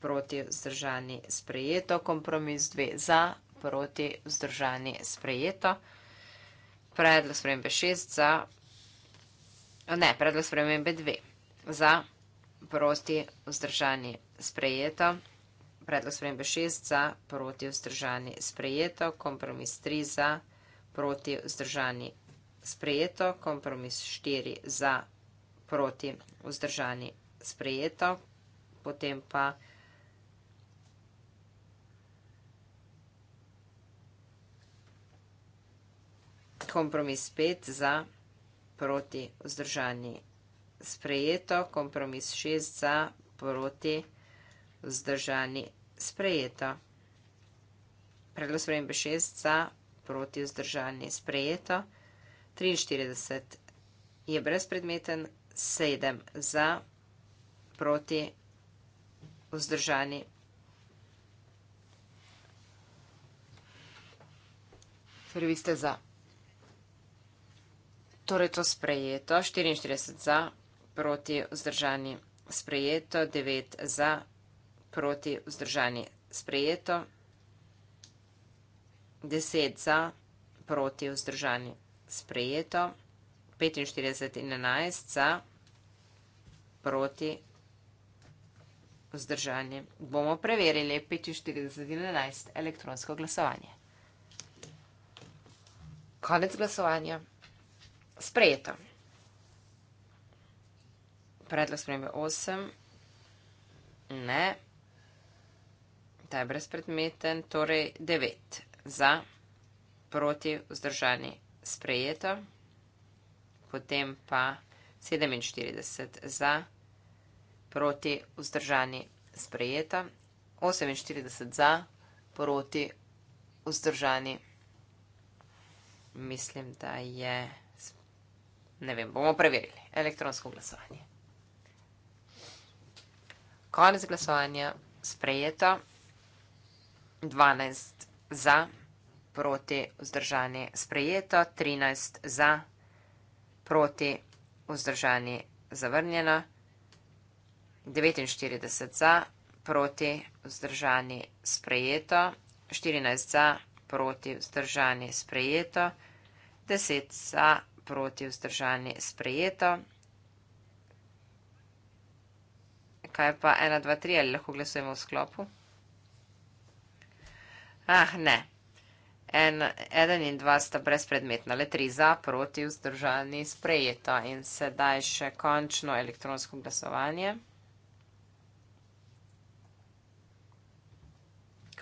proti, vzdržani, sprejeto. Kompromis 2 za, proti vzdržani sprejeto. Predlog spremembe 6 za. Ne, predlog spremembe 2 za proti vzdržani sprejeto. Predlog spremembe 6 za proti vzdržani sprejeto. Kompromis 3 za proti vzdržani sprejeto. Kompromis 4 za proti vzdržani sprejeto. Potem pa. kompromis pet za, proti, vzdržani. Sprejeto, kompromis šest za, proti, vzdržani. Sprejeto. Predlog spremembe šest za, proti, vzdržani. Sprejeto. 43 je brezpredmeten, sedem za, proti, vzdržani. Prvi torej, ste za. Torej to sprejeto, 44 za, proti vzdržani sprejeto, 9 za, proti vzdržani sprejeto, 10 za, proti vzdržani sprejeto, 45 in 11 za, proti vzdržani. Bomo preverili 45 in 11 elektronsko glasovanje. Konec glasovanja sprejeto. Predlog spremembe 8. Ne. Ta je brezpredmeten. Torej 9. Za, proti, vzdržani, sprejeto. Potem pa 47 za, proti, vzdržani, sprejeto. 48 za, proti, vzdržani. Mislim, da je. Ne vem, bomo preverili. Elektronsko glasovanje. Konec glasovanja, sprejeto. 12 za, proti vzdržanje, sprejeto. 13 za, proti vzdržanje, zavrnjeno. 49 za, proti vzdržanje, sprejeto. 14 za, proti vzdržanje, sprejeto. 10 za, proti vzdržani sprejeto. Kaj pa 1, 2, 3, ali lahko glasujemo v sklopu? Ah, ne. 1 in 2 sta brezpredmetna, le 3 za, proti vzdržani sprejeto. In sedaj še končno elektronsko glasovanje.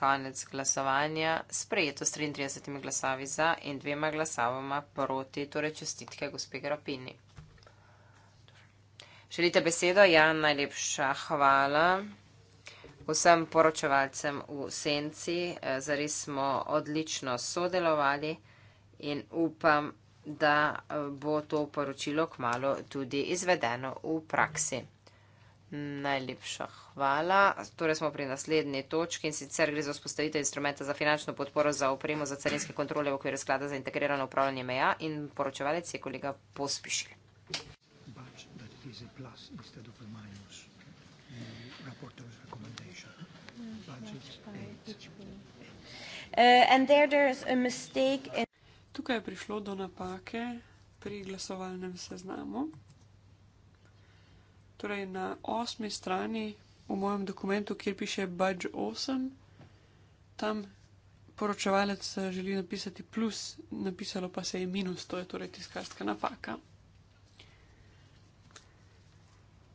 konec glasovanja. Sprejeto s 33 glasovi za in dvema glasovoma proti, torej čestitke gospe Grapini. Želite besedo? Ja, najlepša hvala vsem poročevalcem v Senci. Eh, zares smo odlično sodelovali in upam, da eh, bo to poročilo kmalo tudi izvedeno v praksi. Najlepša hvala. Torej smo pri naslednji točki in sicer gre za vzpostavitev instrumenta za finančno podporo za opremo za carinske kontrole v okviru sklada za integrirano upravljanje meja in poročevalec je kolega pospišil. Uh, Tukaj je prišlo do napake pri glasovalnem seznamu. Torej, na osmi strani v mojem dokumentu, kjer piše Budž 8, tam poročevalec eh, želi napisati plus, napisalo pa se je minus, to je torej tiskarska napaka.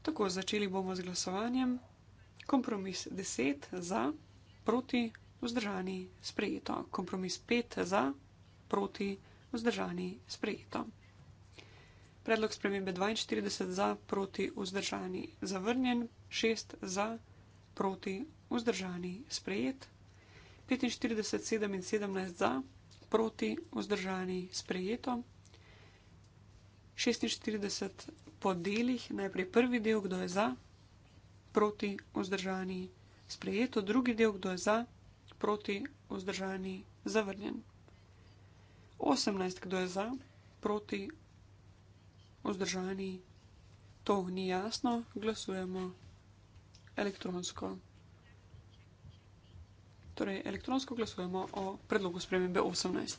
Tako, začeli bomo z glasovanjem. Kompromis 10 za, proti, vzdržani, sprejeto. Kompromis 5 za, proti, vzdržani, sprejeto. Predlog spremembe 42 za, proti vzdržani, zavrnjen, 6 za, proti vzdržani, sprejet, 45, 7 in 17 za, proti vzdržani, sprejeto, 46 po delih, najprej prvi del, kdo je za, proti vzdržani, sprejeto, drugi del, kdo je za, proti vzdržani, zavrnjen, 18, kdo je za, proti vzdržani, vzdržani. To ni jasno, glasujemo elektronsko. Torej, elektronsko glasujemo o predlogu spremembe 18.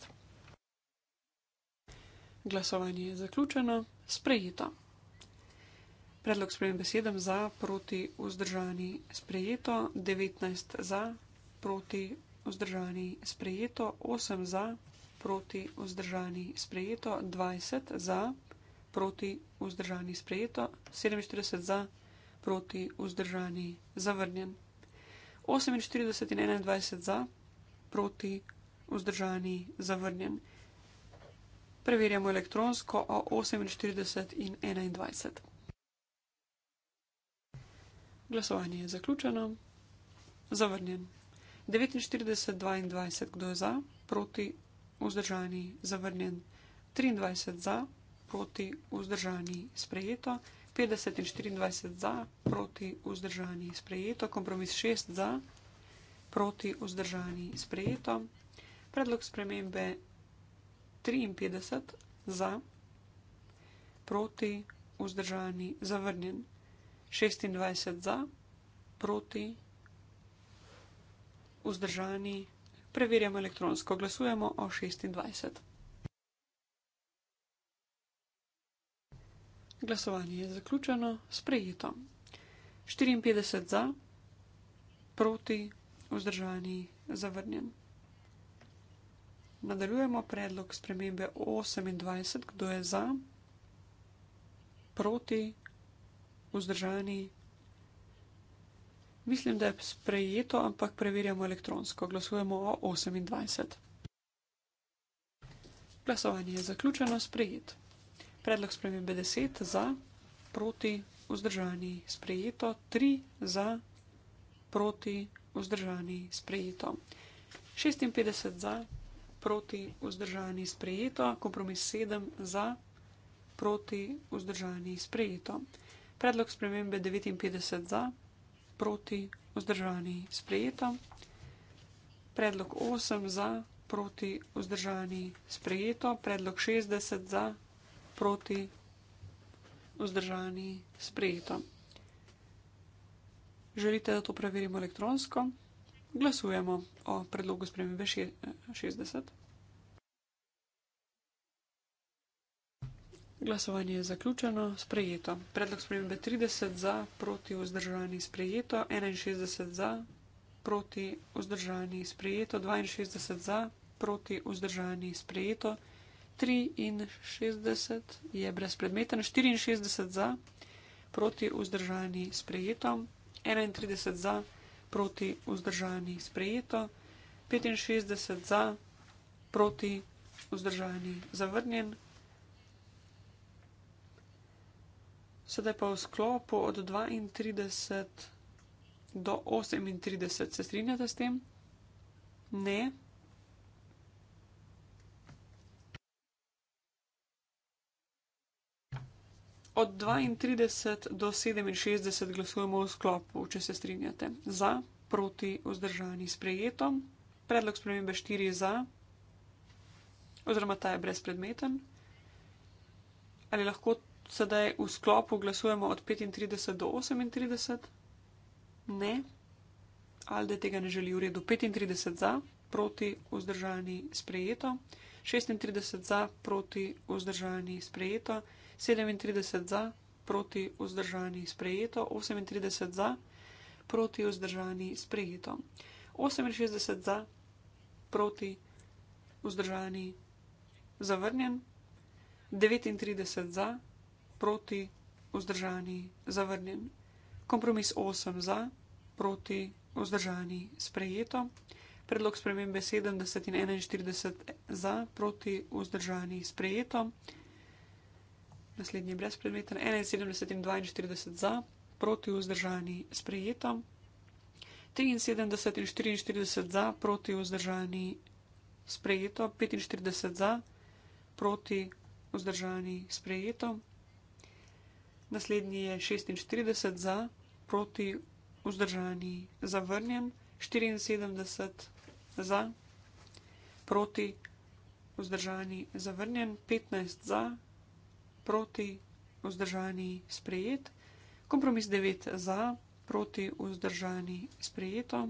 Glasovanje je zaključeno, sprejeto. Predlog spremembe 7 za, proti vzdržani, sprejeto, 19 za, proti vzdržani, sprejeto, 8 za, proti vzdržani, sprejeto, 20 za, proti vzdržani sprejeto, 47 za, proti vzdržani zavrnjen. 48 in 21 za, proti vzdržani zavrnjen. Preverjamo elektronsko o 48 in 21. Glasovanje je zaključeno. Zavrnjen. 49, 22, kdo je za, proti, vzdržani, zavrnjen. 23 za, proti vzdržani sprejeto, 50 in 24 za proti vzdržani sprejeto, kompromis 6 za proti vzdržani sprejeto, predlog spremembe 53 za proti vzdržani zavrnjen, 26 za proti vzdržani preverjamo elektronsko, glasujemo o 26. Glasovanje je zaključeno, sprejeto. 54 za, proti, vzdržani, zavrnjen. Nadaljujemo predlog spremembe 28, kdo je za, proti, vzdržani. Mislim, da je sprejeto, ampak preverjamo elektronsko. Glasujemo o 28. Glasovanje je zaključeno, sprejeto. Predlog spremembe 10 za, proti vzdržani sprejeto, 3 za, proti vzdržani sprejeto. 56 za, proti vzdržani sprejeto, kompromis 7 za, proti vzdržani sprejeto. Predlog spremembe 59 za, proti vzdržani sprejeto. Predlog 8 za, proti vzdržani sprejeto. Predlog 60 za, proti, vzdržani, sprejeto. Želite, da to preverimo elektronsko? Glasujemo o predlogu spremembe 60. Glasovanje je zaključeno, sprejeto. Predlog spremembe 30 za, proti, vzdržani, sprejeto, 61 za, proti, vzdržani, sprejeto, 62 za, proti, vzdržani, sprejeto. 63 je brezpredmeten, 64 za, proti vzdržani sprejeto, 31 za, proti vzdržani sprejeto, 65 za, proti vzdržani zavrnjen. Sedaj pa v sklopu od 32 do 38, se strinjate s tem? Ne. od 32 do 67 glasujemo v sklopu, če se strinjate. Za, proti, vzdržani, sprejeto. Predlog spremembe 4 je za, oziroma ta je brezpredmeten. Ali lahko sedaj v sklopu glasujemo od 35 do 38? Ne. Alde tega ne želi, v redu. 35 za, proti, vzdržani, sprejeto. 36 za, proti, vzdržani, sprejeto. 37 za, proti vzdržani sprejeto, 38 za, proti vzdržani sprejeto, 68 za, proti vzdržani zavrnjen, 39 za, proti vzdržani zavrnjen, kompromis 8 za, proti vzdržani sprejeto. Predlog spremembe 70 in 41 za, proti vzdržani sprejeto naslednji je brezpredmeten, 71 in 42 za, proti vzdržani sprejeto, 73 in 44 za, proti vzdržani sprejeto, 45 za, proti vzdržani sprejeto, naslednji je 46 za, proti vzdržani zavrnjen, 74 za, proti vzdržani zavrnjen, 15 za, proti, vzdržani, sprejet. Kompromis 9 za, proti, vzdržani, sprejeto.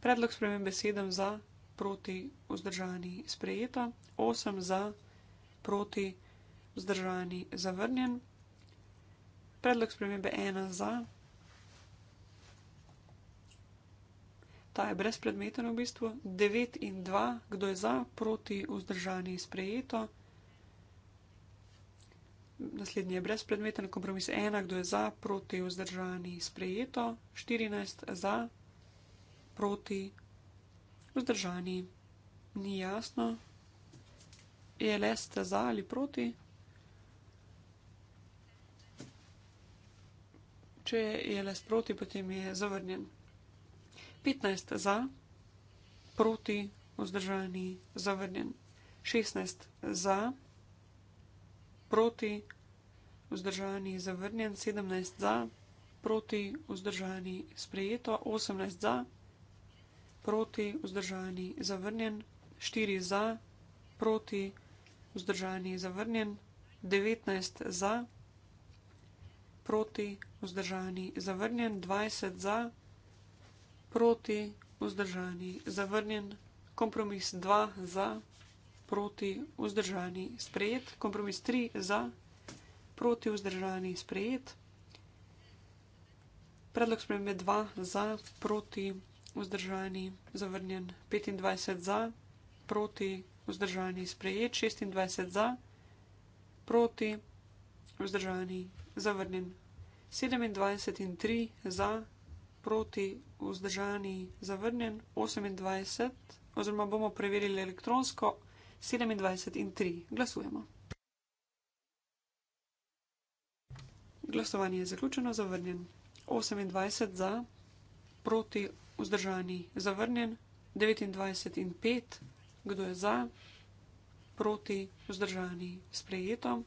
Predlog spremembe 7 za, proti, vzdržani, sprejeto. 8 za, proti, vzdržani, zavrnjen. Predlog spremembe 1 za, ta je brezpredmeten v bistvu. 9 in 2, kdo je za, proti, vzdržani, sprejeto. Naslednji je brezpredmeten kompromis 1, kdo je za, proti, vzdržani, sprejeto, 14 za, proti, vzdržani, ni jasno, je le ste za ali proti. Če je le sproti, potem je zavrnjen. 15 za, proti, vzdržani, zavrnjen, 16 za, proti proti, vzdržani, zavrnjen, 17 za, proti, vzdržani, sprejeto, 18 za, proti, vzdržani, zavrnjen, 4 za, proti, vzdržani, zavrnjen, 19 za, proti, vzdržani, zavrnjen, 20 za, proti, vzdržani, zavrnjen, kompromis 2 za proti, vzdržani, sprejet. Kompromis 3 za, proti, vzdržani, sprejet. Predlog spremembe 2 za, proti, vzdržani, zavrnjen. 25 za, proti, vzdržani, sprejet. 26 za, proti, vzdržani, zavrnjen. 27 in 3 za, proti, vzdržani, zavrnjen. 28, oziroma bomo preverili elektronsko. 27 in 3. Glasujemo. Glasovanje je zaključeno, zavrnjen. 28 za, proti, vzdržani, zavrnjen. 29 in 5, kdo je za, proti, vzdržani, sprejeto.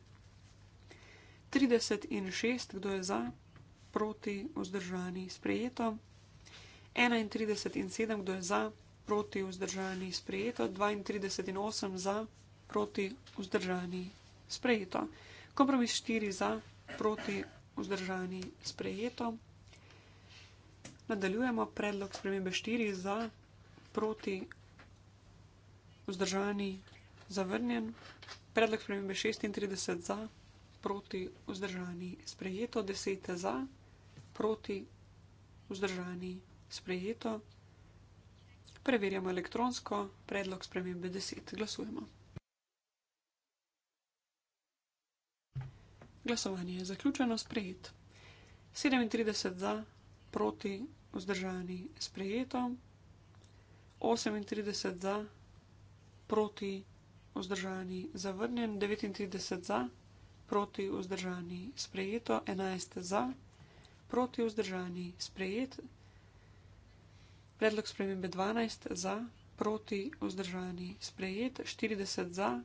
30 in 6, kdo je za, proti, vzdržani, sprejeto. 31 in 7, kdo je za, proti vzdržani sprejeto, 32 in 8 za proti vzdržani sprejeto. Kompromis 4 za proti vzdržani sprejeto. Nadaljujemo predlog spremembe 4 za proti vzdržani zavrnjen. Predlog spremembe 36 za proti vzdržani sprejeto, 10 za proti vzdržani sprejeto preverjamo elektronsko, predlog spremembe 10. Glasujemo. Glasovanje je zaključeno, sprejet. 37 za, proti, vzdržani, sprejeto. 38 za, proti, vzdržani, zavrnjen. 39 za, proti, vzdržani, sprejeto. 11 za, proti, vzdržani, sprejeto. Predlog spremembe 12 za, proti, vzdržani, sprejet, 40 za.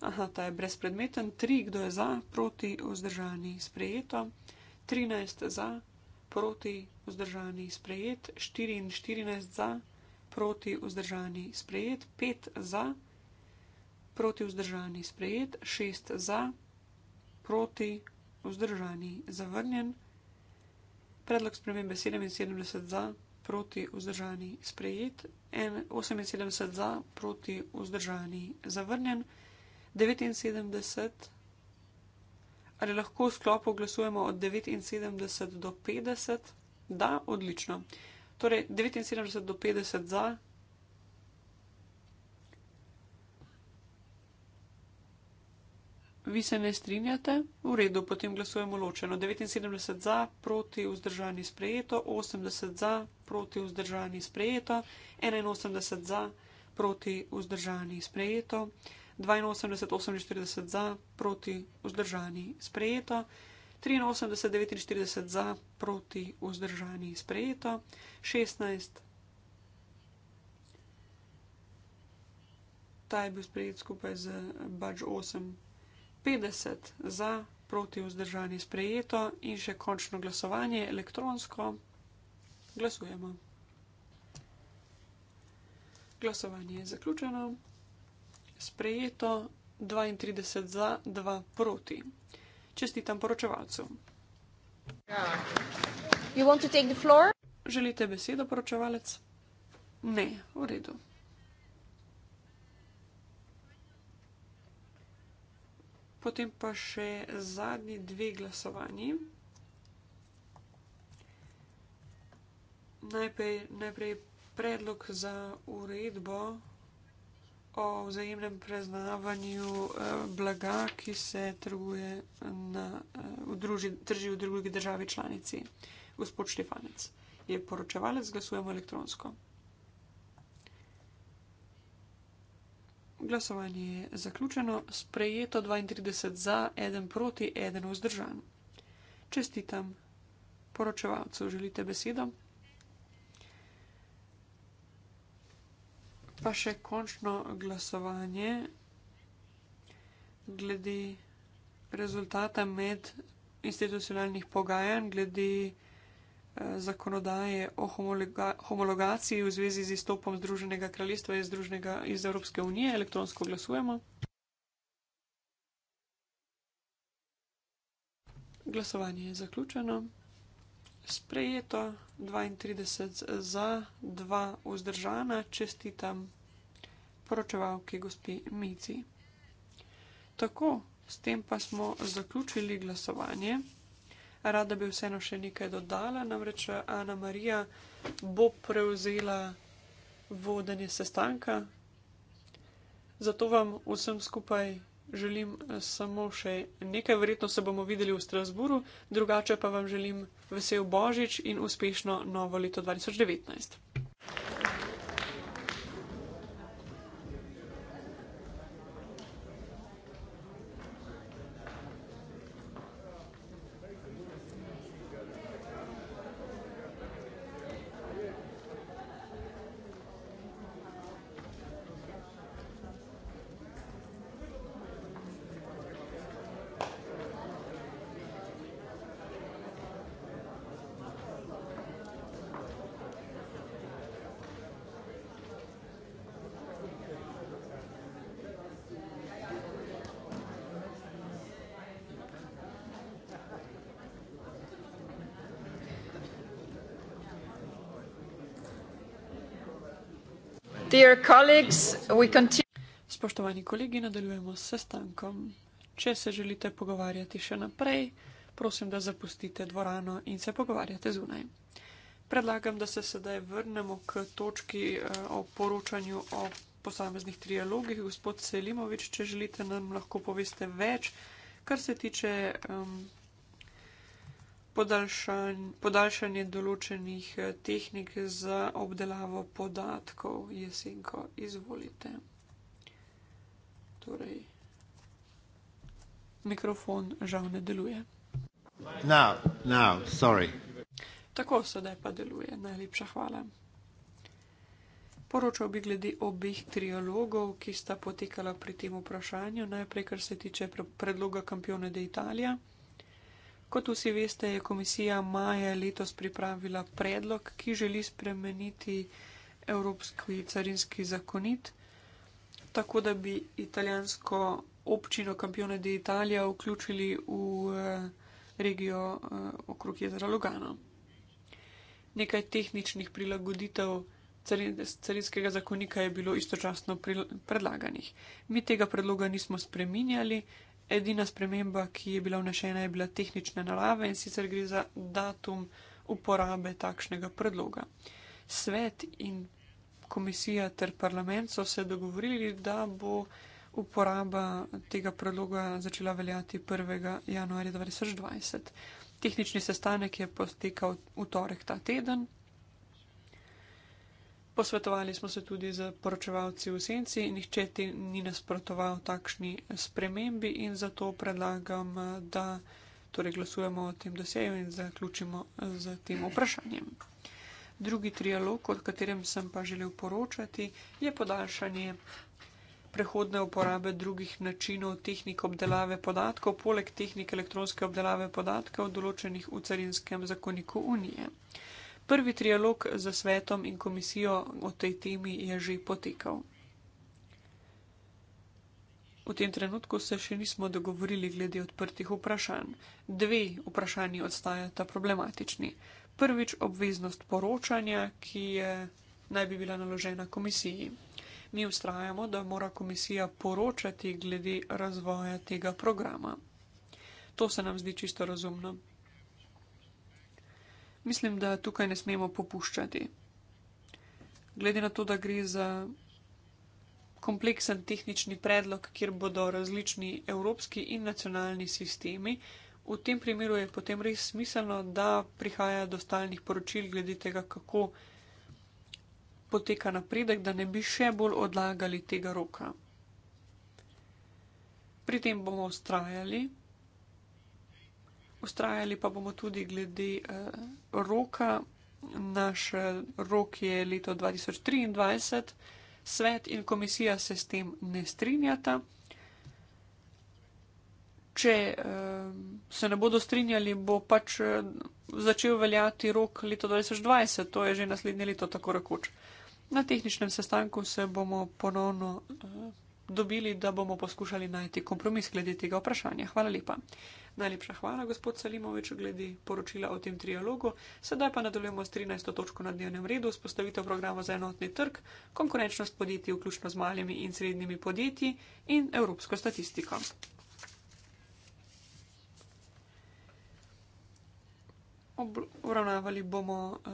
Aha, ta je brezpredmeten, 3, kdo je za, proti, vzdržani, sprejeto, 13 za, proti, vzdržani, sprejet, 44 za, proti, vzdržani, sprejet, 5 za, proti, vzdržani, sprejet, 6 za, proti, vzdržani, zavrnjen. Predlog spremembe 77 za, proti vzdržani sprejet, 78 za, proti vzdržani zavrnjen, 79. Ali lahko v sklopu glasujemo od 79 do 50? Da, odlično. Torej 79 do 50 za, Vi se ne strinjate? V redu, potem glasujemo ločeno. 79 za, proti vzdržani sprejeto, 80 za, proti vzdržani sprejeto, 81 za, proti vzdržani sprejeto, 82, 48 za, proti vzdržani sprejeto, 83, 49 za, proti vzdržani sprejeto, 16. Ta je bil sprejet skupaj z Bač 8. 50 za, proti vzdržanje sprejeto in še končno glasovanje elektronsko. Glasujemo. Glasovanje je zaključeno. Sprejeto 32 za, 2 proti. Čestitam poročevalcu. Ja. Želite besedo, poročevalec? Ne, v redu. Potem pa še zadnji dve glasovanji. Najprej, najprej predlog za uredbo o vzajemnem preznavanju eh, blaga, ki se trguje na, eh, v, druži, trži v drugi državi članici. Gospod Štefanec je poročevalec, glasujemo elektronsko. glasovanje je zaključeno, sprejeto 32 za, 1 proti, 1 vzdržan. Čestitam poročevalcu, želite besedo? Pa še končno glasovanje glede rezultata med institucionalnih pogajanj, glede Eh, zakonodaje o homologa homologaciji v zvezi z izstopom Združenega kraljestva iz, Združenega, iz Evropske unije. Elektronsko glasujemo. Glasovanje je zaključeno. Sprejeto 32 za, 2 vzdržana. Čestitam poročevalki gospi Mici. Tako, s tem pa smo zaključili glasovanje. Rada bi vseeno še nekaj dodala, namreč Ana Marija bo prevzela vodenje sestanka. Zato vam vsem skupaj želim eh, samo še nekaj, verjetno se bomo videli v Strasburu, drugače pa vam želim vesel Božič in uspešno novo leto 2019. Spoštovani kolegi, nadaljujemo s sestankom. Če se želite pogovarjati še naprej, prosim, da zapustite dvorano in se pogovarjate zunaj. Predlagam, da se sedaj vrnemo k točki eh, o poročanju o posameznih trialogih. Gospod Selimovič, če želite, nam lahko poveste več, kar se tiče. Um, podaljšan, podaljšanje določenih eh, tehnik za obdelavo podatkov, jesenko, izvolite. Torej, mikrofon žal ne deluje. Now, now, Tako sedaj pa deluje, najlepša hvala. Poročal bi glede obeh triologov, ki sta potekala pri tem vprašanju, najprej kar se tiče predloga kampione de Italija. Kot vsi veste, je komisija maja letos pripravila predlog, ki želi spremeniti Evropski carinski zakonit, tako da bi italijansko občino Kampione di Italia vključili v eh, regijo eh, okrog jezera Logano. Nekaj tehničnih prilagoditev carinskega zakonika je bilo istočasno predlaganih. Mi tega predloga nismo spreminjali, Edina sprememba, ki je bila vnešena, je bila tehnične narave in sicer gre za datum uporabe takšnega predloga. Svet in komisija ter parlament so se dogovorili, da bo uporaba tega predloga začela veljati 1. januarja 2020. Tehnični sestanek je potekal v torek ta teden. Posvetovali smo se tudi z poročevalci v senci, nihče ti ni nasprotoval takšni spremembi in zato predlagam, da torej glasujemo o tem doseju in zaključimo z tem vprašanjem. Drugi trialog, o katerem sem pa želel poročati, je podaljšanje prehodne uporabe drugih načinov tehnik obdelave podatkov, poleg tehnik elektronske obdelave podatkov, določenih v carinskem zakoniku Unije. Prvi trialog za svetom in komisijo o tej temi je že potekal. V tem trenutku se še nismo dogovorili glede odprtih vprašanj. Dve vprašanji ostajata problematični. Prvič obveznost poročanja, ki je naj bi bila naložena komisiji. Mi ustrajamo, da mora komisija poročati glede razvoja tega programa. To se nam zdi čisto razumno mislim, da tukaj ne smemo popuščati. Glede na to, da gre za kompleksen tehnični predlog, kjer bodo različni evropski in nacionalni sistemi, v tem primeru je potem res smiselno, da prihaja do stalnih poročil glede tega, kako poteka napredek, da ne bi še bolj odlagali tega roka. Pri tem bomo ustrajali, ustrajali pa bomo tudi glede eh, roka. Naš eh, rok je leto 2023, svet in komisija se s tem ne strinjata. Če eh, se ne bodo strinjali, bo pač eh, začel veljati rok leto 2020, to je že naslednje leto, tako rekoč. Na tehničnem sestanku se bomo ponovno. Eh, dobili, da bomo poskušali najti kompromis glede tega vprašanja. Hvala lepa. Najlepša hvala, gospod Salimovič, glede poročila o tem trialogu. Sedaj pa nadaljujemo s 13. točko na dnevnem redu, spostavitev programa za enotni trg, konkurenčnost podjetij, vključno z malimi in srednjimi podjetji in evropsko statistiko. Obravnavali bomo uh,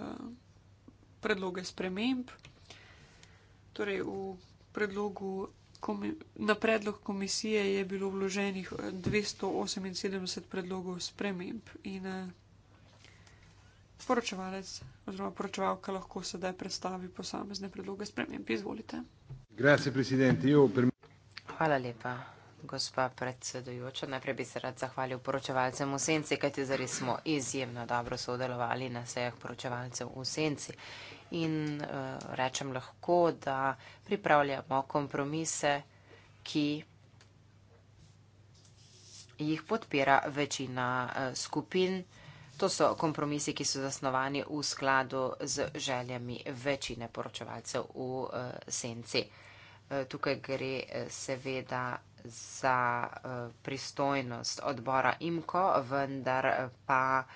predloge sprememb. Torej, v predlogu komi, na predlog komisije je bilo vloženih 278 eh, predlogov sprememb in eh, poročevalec oziroma poročevalka lahko sedaj predstavi posamezne predloge sprememb. Izvolite. Hvala lepa. Gospa predsedujoča, najprej bi se rad zahvalil poročevalcem v senci, kajti zares smo izjemno dobro sodelovali na sejah poročevalcev v senci in uh, rečem lahko, da pripravljamo kompromise, ki jih podpira večina uh, skupin. To so kompromisi, ki so zasnovani v skladu z željami večine poročevalcev v uh, senci. Tukaj gre seveda za pristojnost odbora IMKO, vendar pa uh,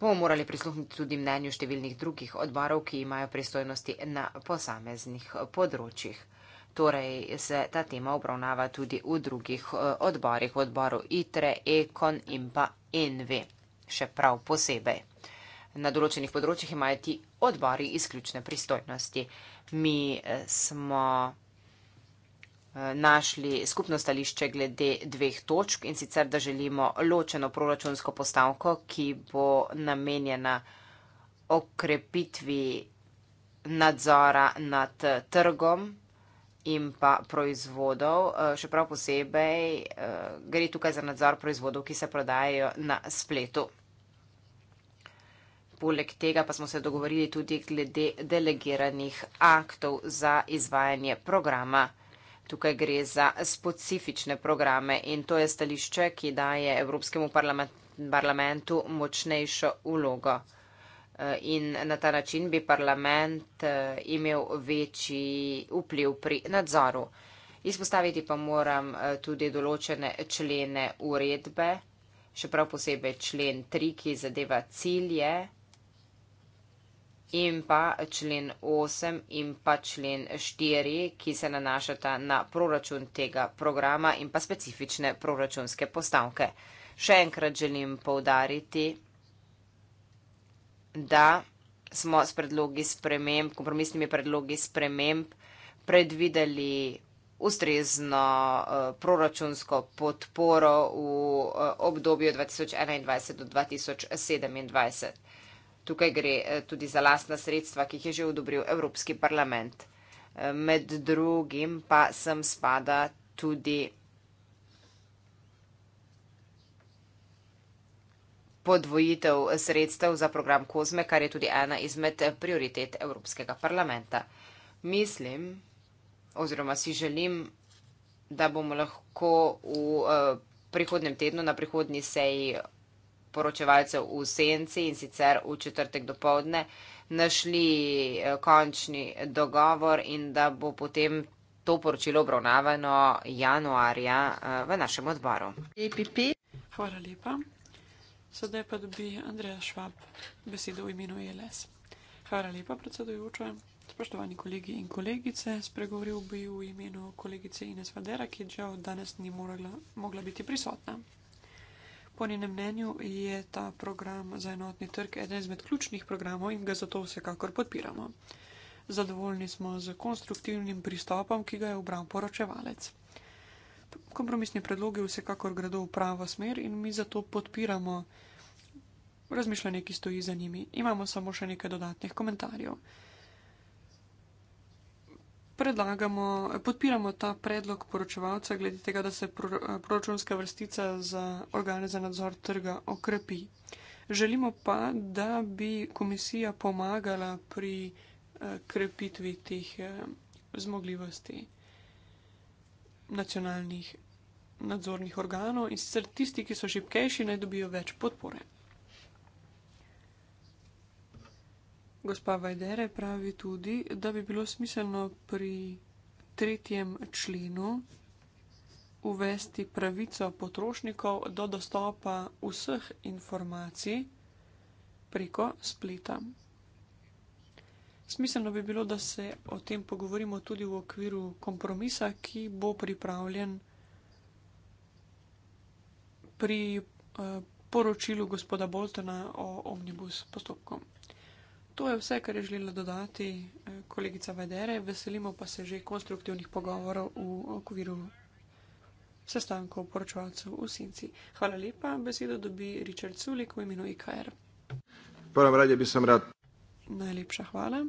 bomo morali prisluhniti tudi mnenju številnih drugih odborov, ki imajo pristojnosti na posameznih področjih. Torej se ta tema obravnava tudi v drugih eh, odborih, v odboru ITRE, EKON in pa NV, še prav posebej. Na določenih področjih imajo ti odbori izključne pristojnosti. Mi eh, smo našli skupno stališče glede dveh točk in sicer, da želimo ločeno proračunsko postavko, ki bo namenjena okrepitvi nadzora nad trgom in pa proizvodov, še prav posebej gre tukaj za nadzor proizvodov, ki se prodajajo na spletu. Poleg tega pa smo se dogovorili tudi glede delegiranih aktov za izvajanje programa. Tukaj gre za specifične programe in to je stališče, ki daje Evropskemu parlamentu močnejšo ulogo. Eh, in na ta način bi parlament eh, imel večji vpliv pri nadzoru. Izpostaviti pa moram eh, tudi določene člene uredbe, še prav posebej člen 3, ki zadeva cilje in pa člen 8 in pa člen 4, ki se nanašata na proračun tega programa in pa specifične proračunske postavke. Še enkrat želim povdariti, da smo s predlogi sprememb, kompromisnimi predlogi sprememb predvideli ustrezno eh, proračunsko podporo v eh, obdobju 2021 do 2027. Tukaj gre eh, tudi za lastna sredstva, ki jih je že odobril Evropski parlament. Eh, med drugim pa sem spada tudi podvojitev sredstev za program Kozme, kar je tudi ena izmed prioritet Evropskega parlamenta. Mislim, oziroma si želim, da bomo lahko v eh, prihodnem tednu na prihodnji seji poročevalcev v senci in sicer v četrtek do povdne našli eh, končni dogovor in da bo potem to poročilo obravnavano januarja eh, v našem odboru. EPP. Hvala lepa. Sedaj pa dobi Andreja Švab besedo v imenu ELS. Hvala lepa, predsedujoča. Spoštovani kolegi in kolegice, spregovoril bi v imenu kolegice Ines Vadera, ki žal danes ni mogla, mogla biti prisotna. Po njenem mnenju je ta program za enotni trg eden izmed ključnih programov in ga zato vsekakor podpiramo. Zadovoljni smo z konstruktivnim pristopom, ki ga je obral poročevalec. Kompromisni predlogi vsekakor gredo v pravo smer in mi zato podpiramo razmišljanje, ki stoji za njimi. Imamo samo še nekaj dodatnih komentarjev predlagamo, podpiramo ta predlog poročevalca, glede tega, da se pro, eh, proračunska vrstica za organe za nadzor trga okrepi. Želimo pa, da bi komisija pomagala pri eh, krepitvi teh eh, zmogljivosti nacionalnih nadzornih organov in sicer tisti, ki so šipkejši, naj dobijo več podpore. Gospa Vajdere pravi tudi, da bi bilo smiselno pri tretjem členu uvesti pravico potrošnikov do dostopa vseh informacij preko spleta. Smiselno bi bilo, da se o tem pogovorimo tudi v okviru kompromisa, ki bo pripravljen pri eh, poročilu gospoda Boltona o omnibus postopkom. To je vse, kar je želela dodati eh, kolegica Vedere. Veselimo pa se že konstruktivnih pogovorov v okviru sestankov poročevalcev v Sinci. Hvala lepa. Besedo dobi Richard Sulik v imenu IKR. Prvem radje bi sem rad. Najlepša hvala.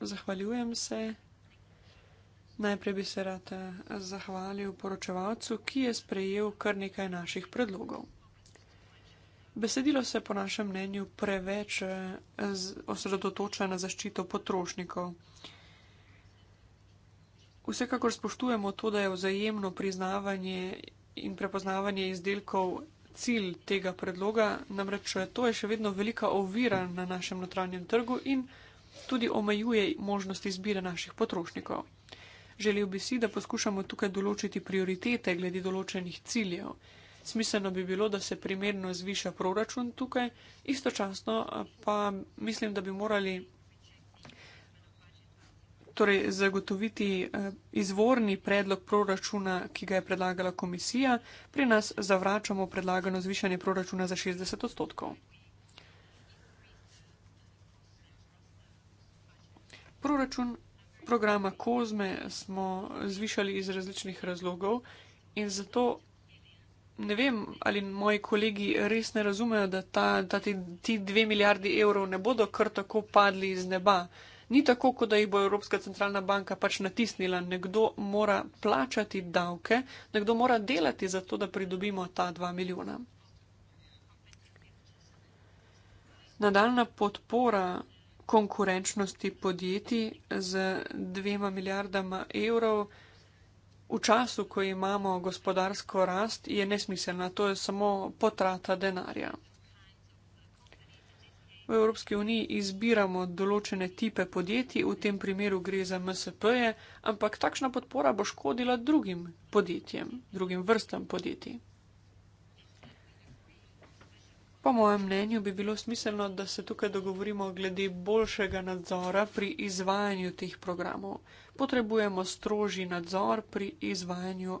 Zahvaljujem se. Najprej bi se rad eh, zahvalil poročevalcu, ki je sprejel kar nekaj naših predlogov. Besedilo se po našem mnenju preveč eh, osredotoča na zaščito potrošnikov. Vsekakor spoštujemo to, da je vzajemno priznavanje in prepoznavanje izdelkov cilj tega predloga, namreč eh, to je še vedno velika ovira na našem notranjem trgu in tudi omejuje možnost izbire naših potrošnikov. Želel bi si, da poskušamo tukaj določiti prioritete glede določenih ciljev smiselno bi bilo, da se primerno zviša proračun tukaj, istočasno eh, pa mislim, da bi morali torej, zagotoviti eh, izvorni predlog proračuna, ki ga je predlagala komisija. Pri nas zavračamo predlagano zvišanje proračuna za 60 odstotkov. Proračun programa Kozme smo zvišali iz različnih razlogov in zato ne vem, ali moji kolegi res ne razumejo, da ta, ta ti, ti dve milijardi evrov ne bodo kar tako padli iz neba. Ni tako, kot da jih bo Evropska centralna banka pač natisnila. Nekdo mora plačati davke, nekdo mora delati za to, da pridobimo ta dva milijona. Nadaljna podpora konkurenčnosti podjetij z dvema milijardama evrov. V času, ko imamo gospodarsko rast, je nesmiselna, to je samo potrata denarja. V Evropski uniji izbiramo določene tipe podjetij, v tem primeru gre za MSP-je, ampak takšna podpora bo škodila drugim podjetjem, drugim vrstam podjetij. Po mojem mnenju bi bilo smiselno, da se tukaj dogovorimo glede boljšega nadzora pri izvajanju teh programov. Potrebujemo strožji nadzor pri izvajanju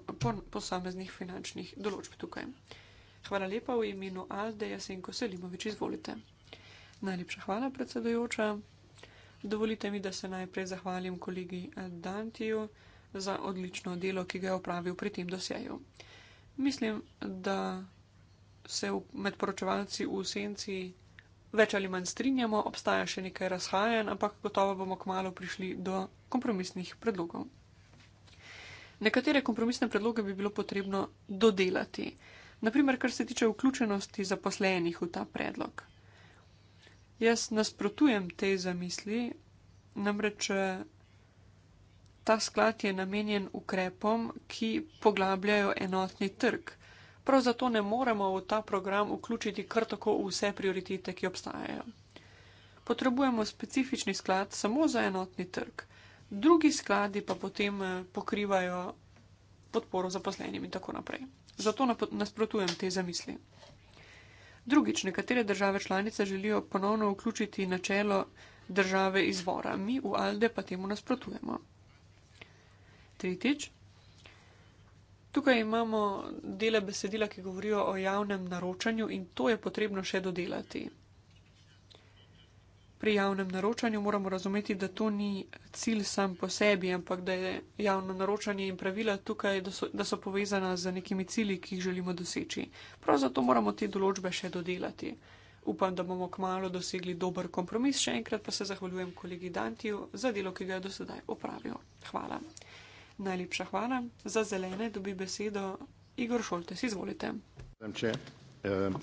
posameznih finančnih določb tukaj. Hvala lepa v imenu Alde Jasenko Selimovič, izvolite. Najlepša hvala, predsedojoča. Dovolite mi, da se najprej zahvalim kolegi Dantiju za odlično delo, ki ga je opravil pri tem dosjeju. Mislim, da se med poročevalci v senci več ali manj strinjamo, obstaja še nekaj razhajanj, ampak gotovo bomo kmalo prišli do kompromisnih predlogov. Nekatere kompromisne predloge bi bilo potrebno dodelati, naprimer, kar se tiče vključenosti zaposlenih v ta predlog. Jaz nasprotujem tej zamisli, namreč eh, ta sklad je namenjen ukrepom, ki poglabljajo enotni trg. Prav zato ne moremo v ta program vključiti kar tako vse prioritete, ki obstajajo. Potrebujemo specifični sklad samo za enotni trg, drugi skladi pa potem eh, pokrivajo podporo zaposlenim in tako naprej. Zato nasprotujem te zamisli. Drugič, nekatere države članice želijo ponovno vključiti načelo države izvora. Mi v Alde pa temu nasprotujemo. Tretjič, Tukaj imamo dele besedila, ki govorijo o javnem naročanju in to je potrebno še dodelati. Pri javnem naročanju moramo razumeti, da to ni cilj sam po sebi, ampak da je javno naročanje in pravila tukaj, da so, da so povezana z nekimi cilji, ki jih želimo doseči. Prav zato moramo te določbe še dodelati. Upam, da bomo kmalo dosegli dober kompromis. Še enkrat pa se zahvaljujem kolegi Dantiju za delo, ki ga je do sedaj opravil. Hvala. Najlepša hvala. Za zelene dobi besedo Igor Šoltes. Izvolite. Um,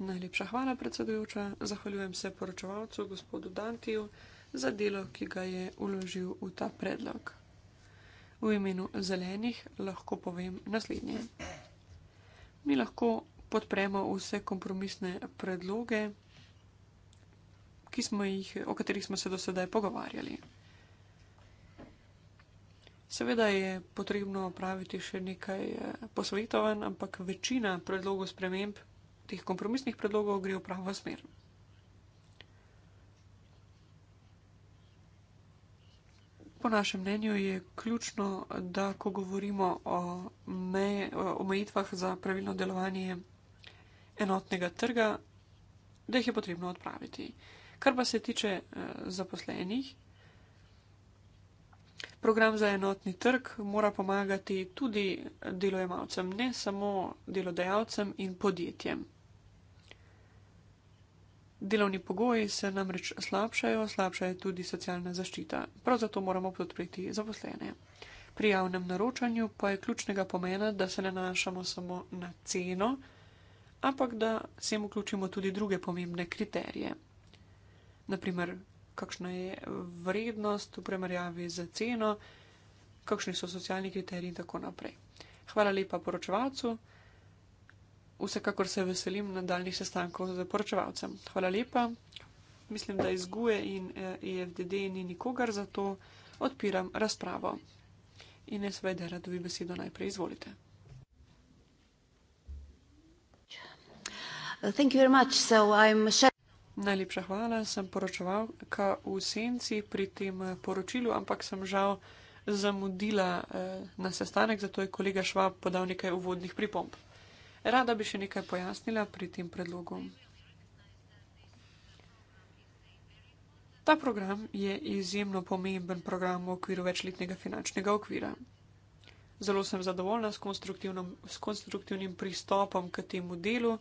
Najlepša hvala, predsedujoča. Zahvaljujem se poročevalcu, gospodu Dantiju, za delo, ki ga je uložil v ta predlog. V imenu zelenih lahko povem naslednje. Mi lahko podpremo vse kompromisne predloge, smo jih, o katerih smo se do sedaj pogovarjali. Seveda je potrebno opraviti še nekaj eh, posvetovanj, ampak večina predlogov sprememb, teh kompromisnih predlogov, gre v pravo smer. Po našem mnenju je ključno, da ko govorimo o omejitvah za pravilno delovanje enotnega trga, da jih je potrebno odpraviti. Kar pa se tiče eh, zaposlenih, Program za enotni trg mora pomagati tudi delojemalcem, ne samo delodajalcem in podjetjem. Delovni pogoji se namreč slabšajo, slabša je tudi socialna zaščita. Prav zato moramo podpreti zaposlene. Pri javnem naročanju pa je ključnega pomena, da se ne nanašamo samo na ceno, ampak da sem vključimo tudi druge pomembne kriterije. Naprimer, kakšna je vrednost v primerjavi z ceno, kakšni so socialni kriteriji in tako naprej. Hvala lepa poročevalcu. Vsekakor se veselim nadaljnih sestankov z poročevalcem. Hvala lepa. Mislim, da izguje in EFDD eh, e ni nikogar, zato odpiram razpravo. In ne svej, da radovi besedo najprej izvolite. Thank you very much. So I'm Najlepša hvala, sem poročevalka v senci pri tem eh, poročilu, ampak sem žal zamudila eh, na sestanek, zato je kolega Švab podal nekaj uvodnih pripomp. Rada bi še nekaj pojasnila pri tem predlogu. Ta program je izjemno pomemben program v okviru večletnega finančnega okvira. Zelo sem zadovoljna s konstruktivnim pristopom k temu delu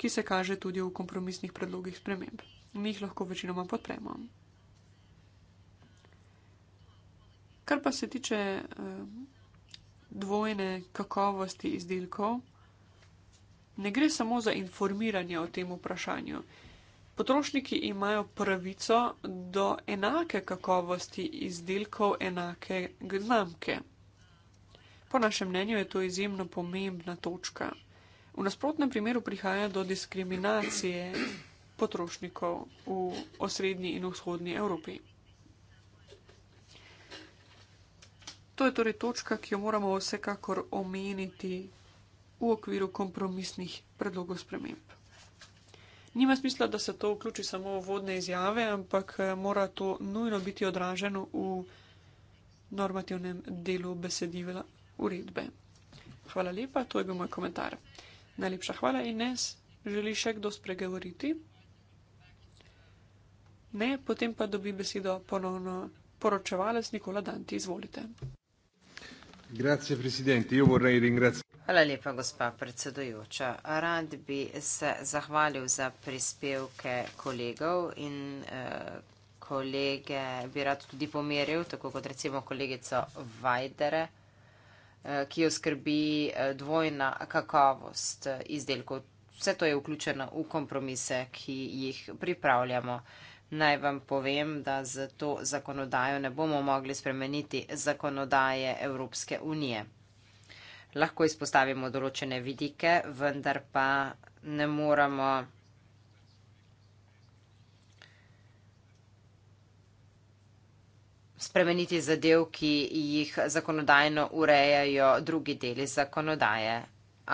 ki se kaže tudi v kompromisnih predlogih sprememb. Mi jih lahko večinoma podpremo. Kar pa se tiče eh, dvojne kakovosti izdelkov, ne gre samo za informiranje o tem vprašanju. Potrošniki imajo pravico do enake kakovosti izdelkov enake znamke. Po našem mnenju je to izjemno pomembna točka. V nasprotnem primeru prihaja do diskriminacije potrošnikov v osrednji in vzhodni Evropi. To je torej točka, ki jo moramo vsekakor omeniti v okviru kompromisnih predlogov sprememb. Nima smisla, da se to vključi samo v vodne izjave, ampak eh, mora to nujno biti odraženo v normativnem delu besedila uredbe. Hvala lepa, to je bil moj komentar. Najlepša hvala, Ines. Želi še kdo spregovoriti? Ne, potem pa dobi besedo ponovno poročevalec Nikola Danti. Izvolite. Grazie, presidenti. Jo vorrei ringraziati. Hvala lepa, gospa predsedujoča. Rad bi se zahvalil za prispevke kolegov in eh, kolege bi rad tudi pomeril, tako kot recimo kolegico Vajdere. Eh, Eh, ki jo skrbi eh, dvojna kakovost eh, izdelkov. Vse to je vključeno v kompromise, ki jih pripravljamo. Naj vam povem, da z to zakonodajo ne bomo mogli spremeniti zakonodaje Evropske unije. Lahko izpostavimo določene vidike, vendar pa ne moramo spremeniti zadev, ki jih zakonodajno urejajo drugi deli zakonodaje.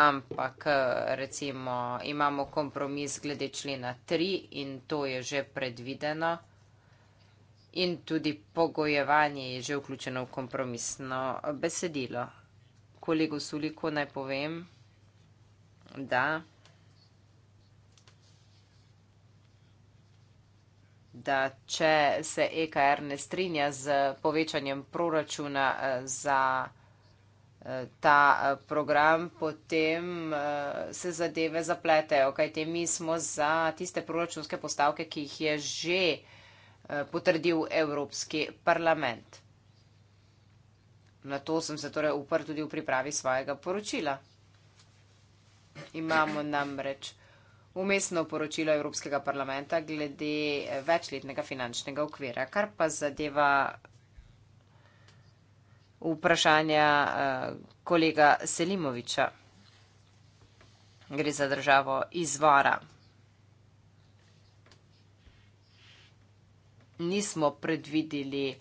Ampak recimo imamo kompromis glede člena 3 in to je že predvideno in tudi pogojevanje je že vključeno v kompromisno besedilo. Kolegu Suliku naj povem, da da če se EKR ne strinja z povečanjem proračuna eh, za eh, ta eh, program, potem se zadeve zapletejo, kajte mi smo za tiste proračunske postavke, ki jih je že potrdil Evropski parlament. Na to sem se torej uprl tudi v pripravi svojega poročila. Imamo namreč umestno poročilo Evropskega parlamenta glede eh, večletnega finančnega okvira, kar pa zadeva eh, vprašanja eh, kolega Selimoviča. Gre za državo izvora. Nismo predvideli,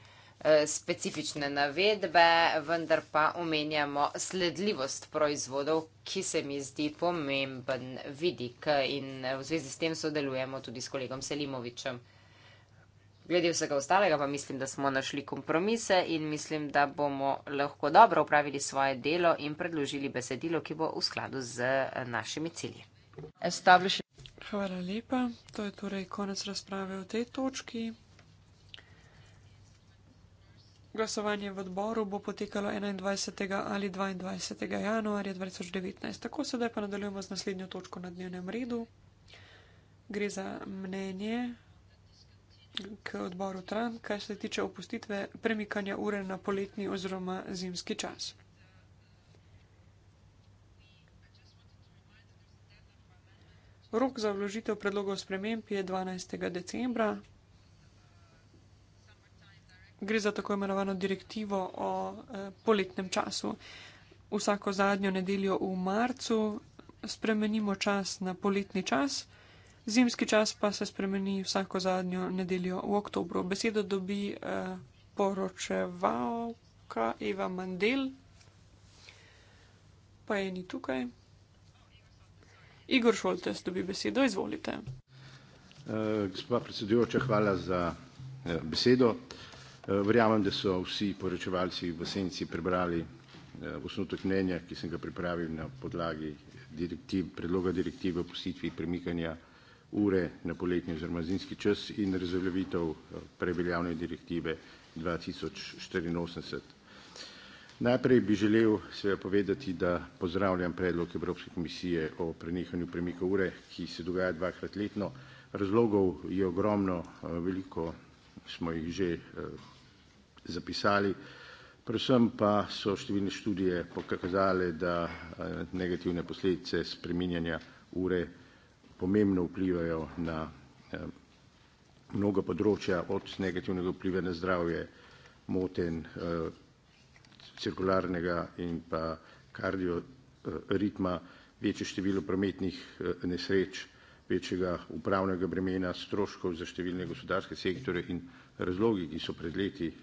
Eh, specifične navedbe, vendar pa omenjamo sledljivost proizvodov, ki se mi zdi pomemben vidik in v zvezi s tem sodelujemo tudi s kolegom Selimovičem. Glede vsega ostalega pa mislim, da smo našli kompromise in mislim, da bomo lahko dobro upravili svoje delo in predložili besedilo, ki bo v skladu z eh, našimi cilji. Hvala lepa. To je torej konec razprave o tej točki. Glasovanje v odboru bo potekalo 21. ali 22. januarja 2019. Tako sedaj pa nadaljujemo z naslednjo točko na dnevnem redu. Gre za mnenje k odboru Tran, kaj se tiče opustitve premikanja ure na poletni oziroma zimski čas. Rok za vložitev predlogov sprememb je 12. decembra gre za tako imenovano direktivo o eh, poletnem času. Vsako zadnjo nedeljo v marcu spremenimo čas na poletni čas, zimski čas pa se spremeni vsako zadnjo nedeljo v oktobru. Besedo dobi eh, poročevalka Eva Mandel, pa je ni tukaj. Igor Šoltes dobi besedo, izvolite. Uh, gospa predsedujoča, hvala za eh, besedo. Uh, Eh, verjamem, da so vsi poročevalci v senci prebrali eh, osnutek mnenja, ki sem ga pripravil na podlagi direktiv, predloga direktive o pustitvi premikanja ure na poletni oziroma zimski čas in razveljavitev eh, preveljavne direktive 2084. Najprej bi želel seveda povedati, da pozdravljam predlog Evropske komisije o prenehanju premika ure, ki se dogaja dvakrat letno. Razlogov je ogromno, veliko smo jih že zapisali. Predvsem pa so številne študije pokazale, da eh, negativne posledice spreminjanja ure pomembno vplivajo na eh, mnoga področja, od negativnega vpliva na zdravje, moten eh, cirkularnega in pa kardioritma, večje število prometnih nesreč, večjega upravnega bremena, stroškov za številne gospodarske sektore in Razlogi, ki so pred leti eh,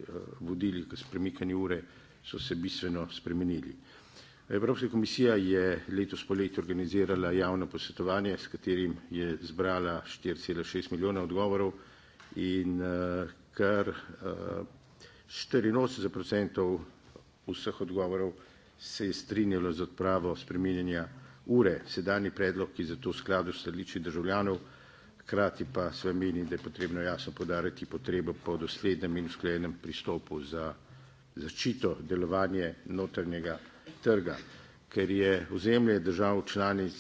vodili k spremikanju ure, so se bistveno spremenili. Evropska komisija je letos poleti organizirala javno posvetovanje, s katerim je zbrala 4,6 milijona odgovorov in eh, kar 84% eh, vseh odgovorov se je strinjalo z odpravo spreminjanja ure. Sedani predlog, ki za to skladu stališči državljanov, hkrati pa se meni, da je potrebno jasno podariti potrebo po doslednem in usklajenem pristopu za zaščito delovanje notranjega trga, ker je ozemlje držav članic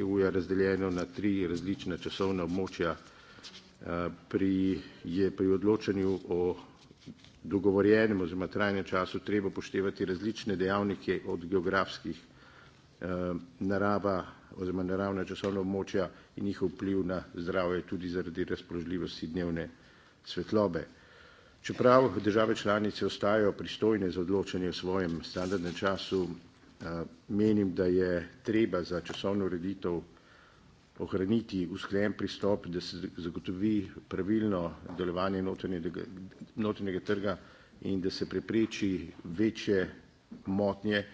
EU-ja razdeljeno na tri različna časovna območja, eh, pri, je pri odločanju o dogovorjenem oziroma trajnem času treba upoštevati različne dejavnike od geografskih, eh, narava oziroma naravna časovna območja in njihov vpliv na zdravje tudi zaradi razpoložljivosti dnevne svetlobe. Čeprav države članice ostajajo pristojne za odločanje o svojem standardnem času, eh, menim, da je treba za časovno ureditev ohraniti usklajen pristop, da se zagotovi pravilno delovanje notranjega trga in da se prepreči večje motnje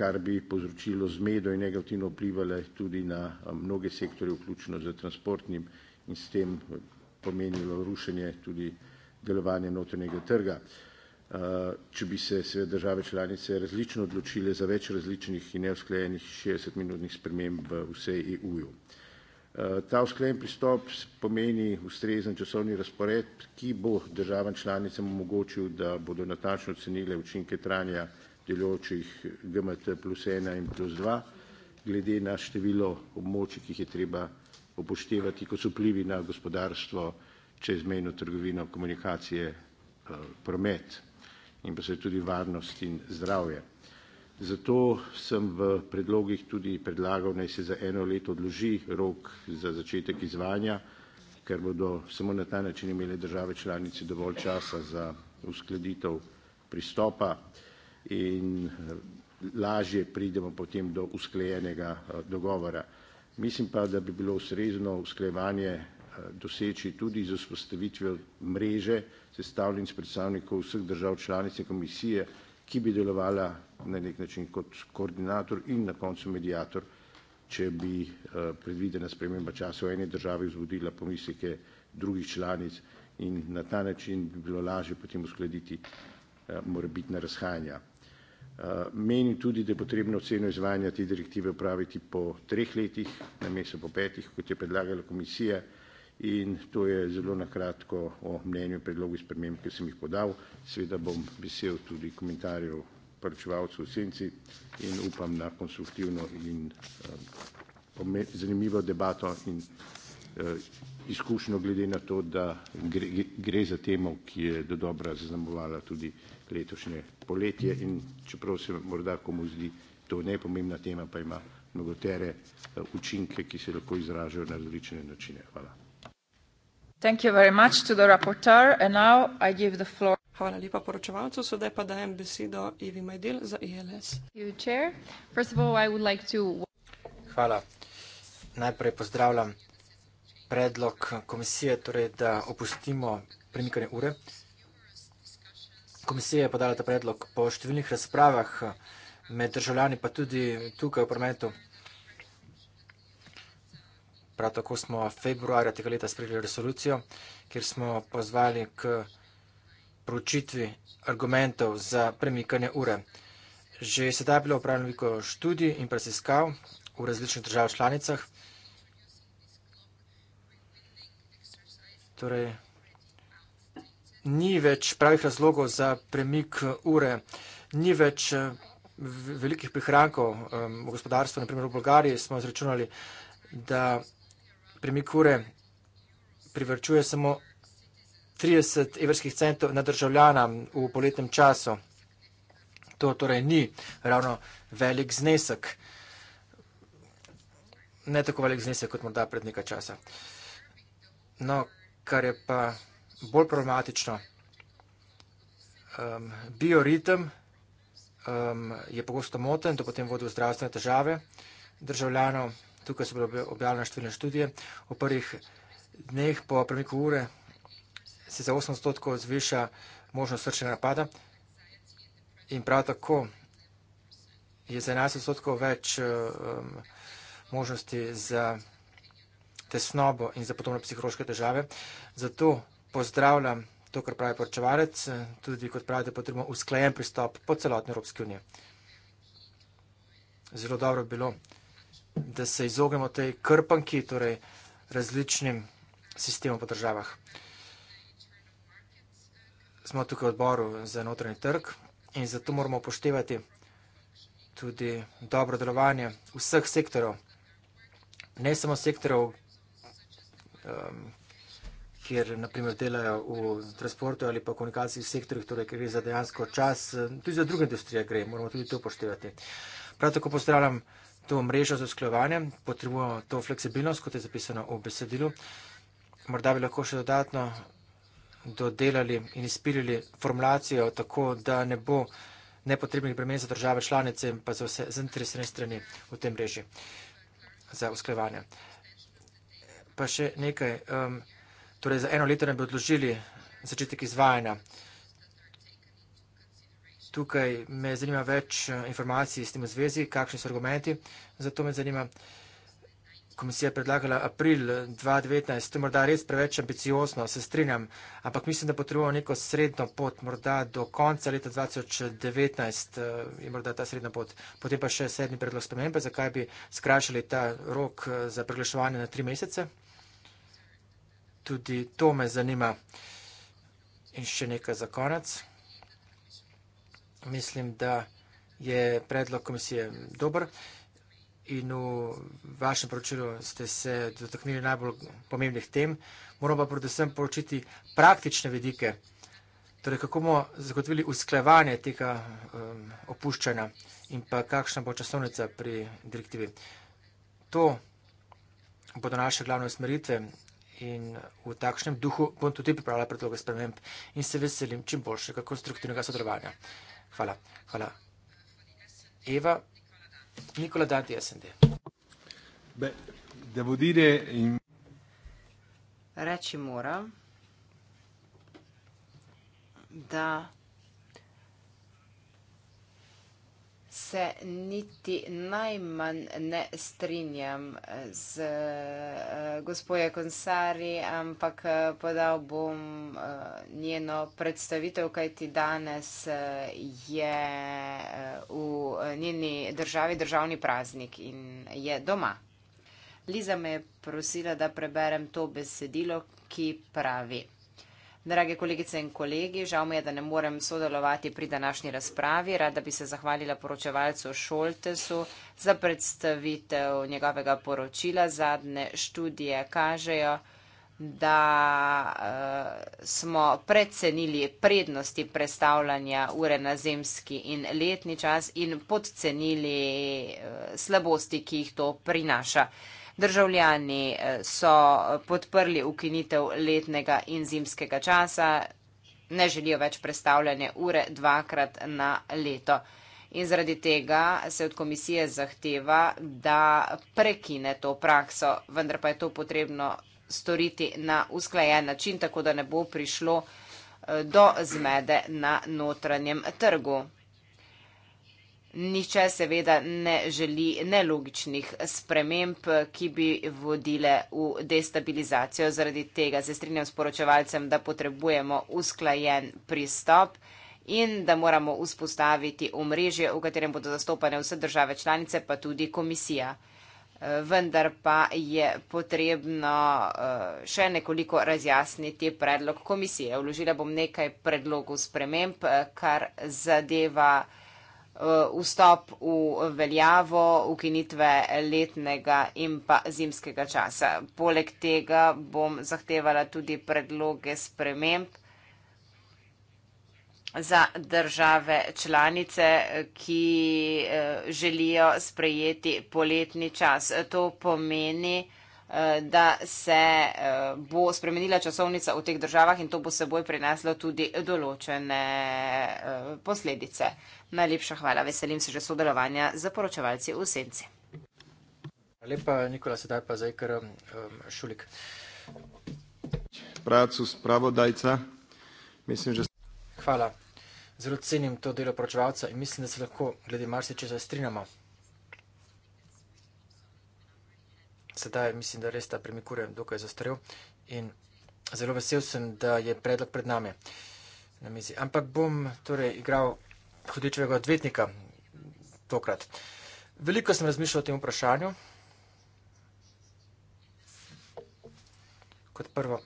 kar bi povzročilo zmedo in negativno vplivalo tudi na eh, mnoge sektorje, vključno z transportnim in s tem pomenilo rušenje tudi delovanja notranjega trga. Eh, če bi se sve države članice različno odločile za več različnih in neusklejenih 60-minutnih sprememb v vsej EU-ju. Eh, ta usklejen pristop pomeni ustrezen časovni razpored, ki bo državam članicam omogočil, da bodo natančno ocenile učinke trajanja delujočih GMT plus ena in plus dva, glede na število območij, ki jih je treba upoštevati, kot so vplivi na gospodarstvo, čezmejno trgovino, komunikacije, eh, promet in pa se tudi varnost in zdravje. Zato sem v predlogih tudi predlagal, naj se za eno leto odloži rok za začetek izvajanja, ker bodo samo na ta način imeli države članice dovolj časa za uskladitev pristopa in eh, lažje pridemo potem do usklejenega eh, dogovora. Mislim pa, da bi bilo ustrezno usklejevanje eh, doseči tudi z vzpostavitvijo mreže sestavljen iz predstavnikov vseh držav članice komisije, ki bi delovala na nek način kot koordinator in na koncu medijator, če bi predvidena sprememba časa v eni državi vzbudila pomisleke drugih članic in na ta način bi bilo lažje potem uskladiti morebitna razhajanja. Eh, menim tudi, da je potrebno oceno izvajanja te direktive opraviti po treh letih, namesto po petih, kot je predlagala komisija. In to je zelo nakratko o mnenju in predlogu sprememb, ki sem jih podal. Sveda bom vesel tudi komentarjev poročevalcev v senci in upam na konstruktivno in eh, zanimivo debato in Eh, izkušnjo glede na to, da gre, gre za temo, ki je do dobra zaznamovala tudi letošnje poletje in čeprav se morda komu zdi to nepomembna tema, pa ima mnogotere eh, učinke, ki se lahko izražajo na različne načine. Hvala. Thank you very much to the rapporteur and now I give the floor. Hvala lepa poročevalcu, sedaj pa dajem besedo Evi Majdel za ILS. E Hvala. Najprej pozdravljam predlog komisije, torej, da opustimo premikanje ure. Komisija je podala ta predlog po številnih razpravah med državljani, pa tudi tukaj v parlamentu. Prav tako smo februarja tega leta sprejeli resolucijo, kjer smo pozvali k proučitvi argumentov za premikanje ure. Že sedaj je bilo upravljeno veliko študij in raziskav v različnih držav članicah. torej ni več pravih razlogov za premik eh, ure, ni več eh, velikih prihrankov v gospodarstvu, naprimer v Bolgariji smo izračunali, da premik ure privrčuje samo 30 evrskih centov na državljana v poletnem času. To torej ni ravno velik znesek, ne tako velik znesek kot morda pred nekaj časa. No, kar je pa bolj problematično. Um, bioritem um, je pogosto moten, to potem vodi v zdravstvene težave državljanov. Tukaj so bile objavljene številne študije. V prvih dneh po premiku ure se za 8 odstotkov zviša možnost srčnega napada in prav tako je za 11 odstotkov več um, možnosti za tesnobo in za podobne psihološke težave. Zato pozdravljam to, kar pravi poročevalec, tudi kot pravi, da potrebujemo usklajen pristop po celotni Evropski uniji. Zelo dobro bilo, da se izognemo tej krpanki, torej različnim sistemom po državah. Smo tukaj v odboru za notranji trg in zato moramo upoštevati tudi dobro delovanje vseh sektorov, ne samo sektorov um, kjer naprimer delajo v transportu ali pa komunikacijskih sektorjih, torej ker gre za dejansko čas, eh, tudi za druge industrije gre, moramo tudi to poštevati. Prav tako pozdravljam to mrežo za usklajevanje, potrebujemo to fleksibilnost, kot je zapisano v besedilu. Morda bi lahko še dodatno dodelali in izpirili formulacijo tako, da ne bo nepotrebnih bremen za države članice in pa za vse zainteresirane strani v tem mreži za usklajevanje pa še nekaj. Um, torej za eno leto nam bi odložili začetek izvajanja. Tukaj me zanima več uh, informacij s tem v zvezi, kakšni so argumenti. Zato me zanima, komisija je predlagala april 2019, to je morda res preveč ambiciozno, se strinjam, ampak mislim, da potrebujemo neko srednjo pot, morda do konca leta 2019 uh, je morda ta srednja pot. Potem pa še sedmi predlog spremembe, zakaj bi skrašali ta rok uh, za preglašovanje na tri mesece. Tudi to me zanima. In še nekaj za konec. Mislim, da je predlog komisije dober in v vašem poročilu ste se dotaknili najbolj pomembnih tem. Moram pa predvsem poročiti praktične vidike, torej kako bomo zagotovili usklevanje tega um, opuščanja in pa kakšna bo časovnica pri direktivi. To bodo naše glavne usmeritve in v takšnem duhu bom tudi pripravljala predloge sprememb in se veselim čim boljšega konstruktivnega sodelovanja. Hvala. Hvala. Eva, Nikola Dati, SND. Da bo dire in... Reči moram, da... se niti najmanj ne strinjam z eh, gospoje Konsari, ampak eh, podal bom eh, njeno predstavitev, kajti danes je v njeni državi državni praznik in je doma. Liza me je prosila, da preberem to besedilo, ki pravi. Drage kolegice in kolegi, žal mi je, da ne morem sodelovati pri današnji razpravi. Rada bi se zahvalila poročevalcu Šoltesu za predstavitev njegovega poročila. Zadnje študije kažejo, da uh, smo predcenili prednosti predstavljanja ure na zemski in letni čas in podcenili uh, slabosti, ki jih to prinaša. Uh, Državljani eh, so podprli ukinitev letnega in zimskega časa, ne želijo več predstavljanje ure dvakrat na leto. In zaradi tega se od komisije zahteva, da prekine to prakso, vendar pa je to potrebno storiti na usklajen način, tako da ne bo prišlo eh, do zmede na notranjem trgu. Niče seveda ne želi nelogičnih sprememb, ki bi vodile v destabilizacijo. Zaradi tega se strinjam s poročevalcem, da potrebujemo usklajen pristop in da moramo vzpostaviti omrežje, v katerem bodo zastopane vse države članice, pa tudi komisija. Vendar pa je potrebno eh, še nekoliko razjasniti predlog komisije. Vložila bom nekaj predlogov sprememb, eh, kar zadeva. Eh, vstop v veljavo ukinitve letnega in pa zimskega časa. Poleg tega bom zahtevala tudi predloge sprememb za države članice, ki eh, želijo sprejeti poletni čas. To pomeni, eh, da se bo spremenila časovnica v teh državah in to bo seboj prineslo tudi določene posledice. Najlepša hvala, veselim se že sodelovanja z poročevalci v Senci. Lepa, Nikola, sedaj pa zdaj kar um, šulik. Pracu spravodajca, mislim, že. Hvala. Zelo cenim to delo poročevalca in mislim, da se lahko glede marsičesa strinjamo. Sedaj mislim, da res ta premikure dokaj zastarel in zelo vesel sem, da je predlog pred nami na mizi. Ampak bom torej igral hudičevega odvetnika tokrat. Veliko sem razmišljal o tem vprašanju. Kot prvo,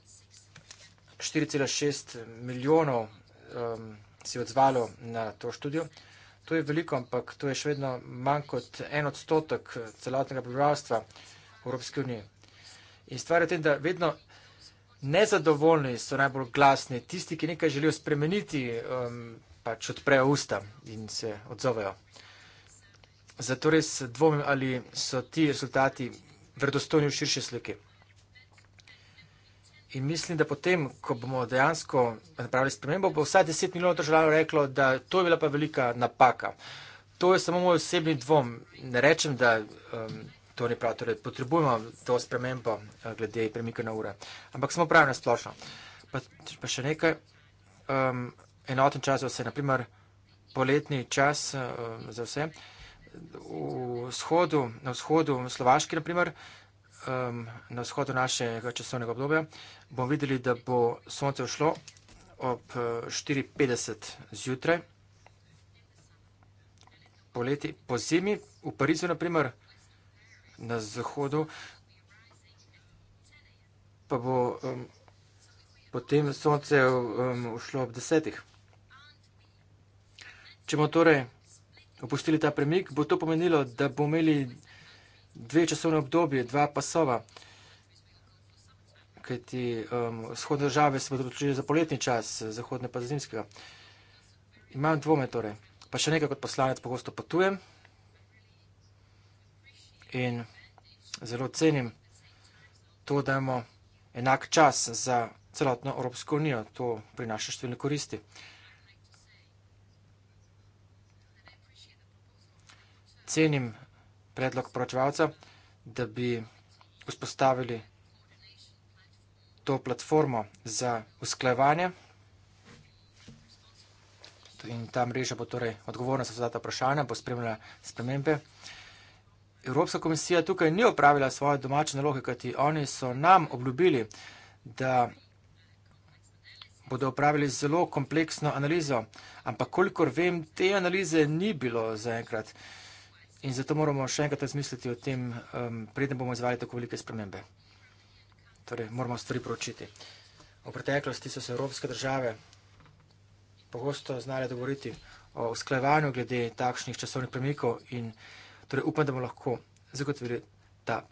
4,6 milijonov um, si odzvalo na to študijo. To je veliko, ampak to je še vedno manj kot en odstotek celotnega prebivalstva v Evropski uniji. In stvar je v tem, da vedno nezadovoljni so najbolj glasni, tisti, ki nekaj želijo spremeniti, um, pač odprejo usta in se odzovejo. Zato res dvomim, ali so ti rezultati vredostojni v širši sliki. In mislim, da potem, ko bomo dejansko napravili spremembo, bo vsaj 10 milijonov državljanov reklo, da to je bila pa velika napaka. To je samo moj osebni dvom. Ne rečem, da um, to ni prav, torej potrebujemo to spremembo uh, glede premika na ure. Ampak samo pravim na splošno. Pa, pa še nekaj. Um, enoten čas za vse, naprimer poletni čas eh, za vse. V vzhodu, na vzhodu Slovaški, naprimer, na vzhodu našega časovnega obdobja, bomo videli, da bo sonce ušlo ob 4.50 eh, zjutraj. Poleti, po zimi, v Parizu, naprimer, na zahodu, pa bo um, potem sonce um, ušlo ob desetih. Če bomo torej opustili ta premik, bo to pomenilo, da bomo imeli dve časovne obdobje, dva pasova, kajti um, vzhodne države se bodo odločili za poletni čas, zahodne pa za zimskega. Imam dvome torej. Pa še nekaj kot poslanec pogosto potujem in zelo cenim to, da imamo enak čas za celotno Evropsko unijo. To prinaša številne koristi. cenim predlog poročevalca, da bi vzpostavili to platformo za usklajevanje in ta mreža bo torej odgovorna za ta vprašanja, bo spremljala spremembe. Evropska komisija tukaj ni opravila svoje domače naloge, kajti oni so nam obljubili, da bodo opravili zelo kompleksno analizo, ampak kolikor vem, te analize ni bilo zaenkrat. enkrat. In zato moramo še enkrat razmisliti o tem, um, preden bomo izvali tako velike spremembe. Torej, moramo stvari pročiti. V preteklosti so se evropske države pogosto znale dogovoriti o usklajevanju glede takšnih časovnih premikov in torej upam, da bomo lahko zagotovili ta,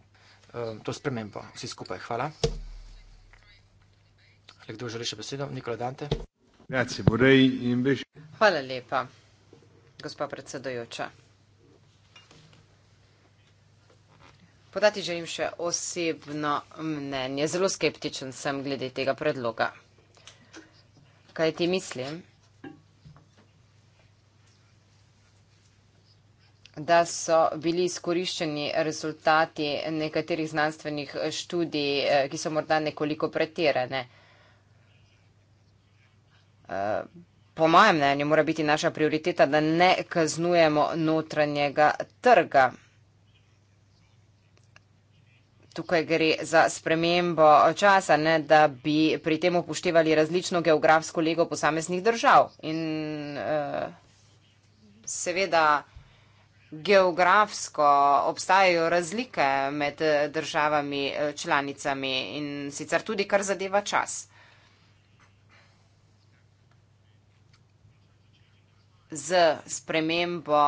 um, to spremembo. Vsi skupaj, hvala. Ali kdo želi še besedo? Nikola Dante. Hvala lepa, gospod predsedojoča. Podati želim še osebno mnenje. Zelo skeptičen sem glede tega predloga. Kaj ti mislim? da so bili izkoriščeni rezultati nekaterih znanstvenih študij, eh, ki so morda nekoliko pretirane. Eh, po mojem mnenju mora biti naša prioriteta, da ne kaznujemo notranjega trga tukaj gre za spremembo časa, ne, da bi pri tem upoštevali različno geografsko lego posameznih držav. In uh, seveda geografsko obstajajo razlike med eh, državami eh, članicami in sicer tudi kar zadeva čas. Z spremembo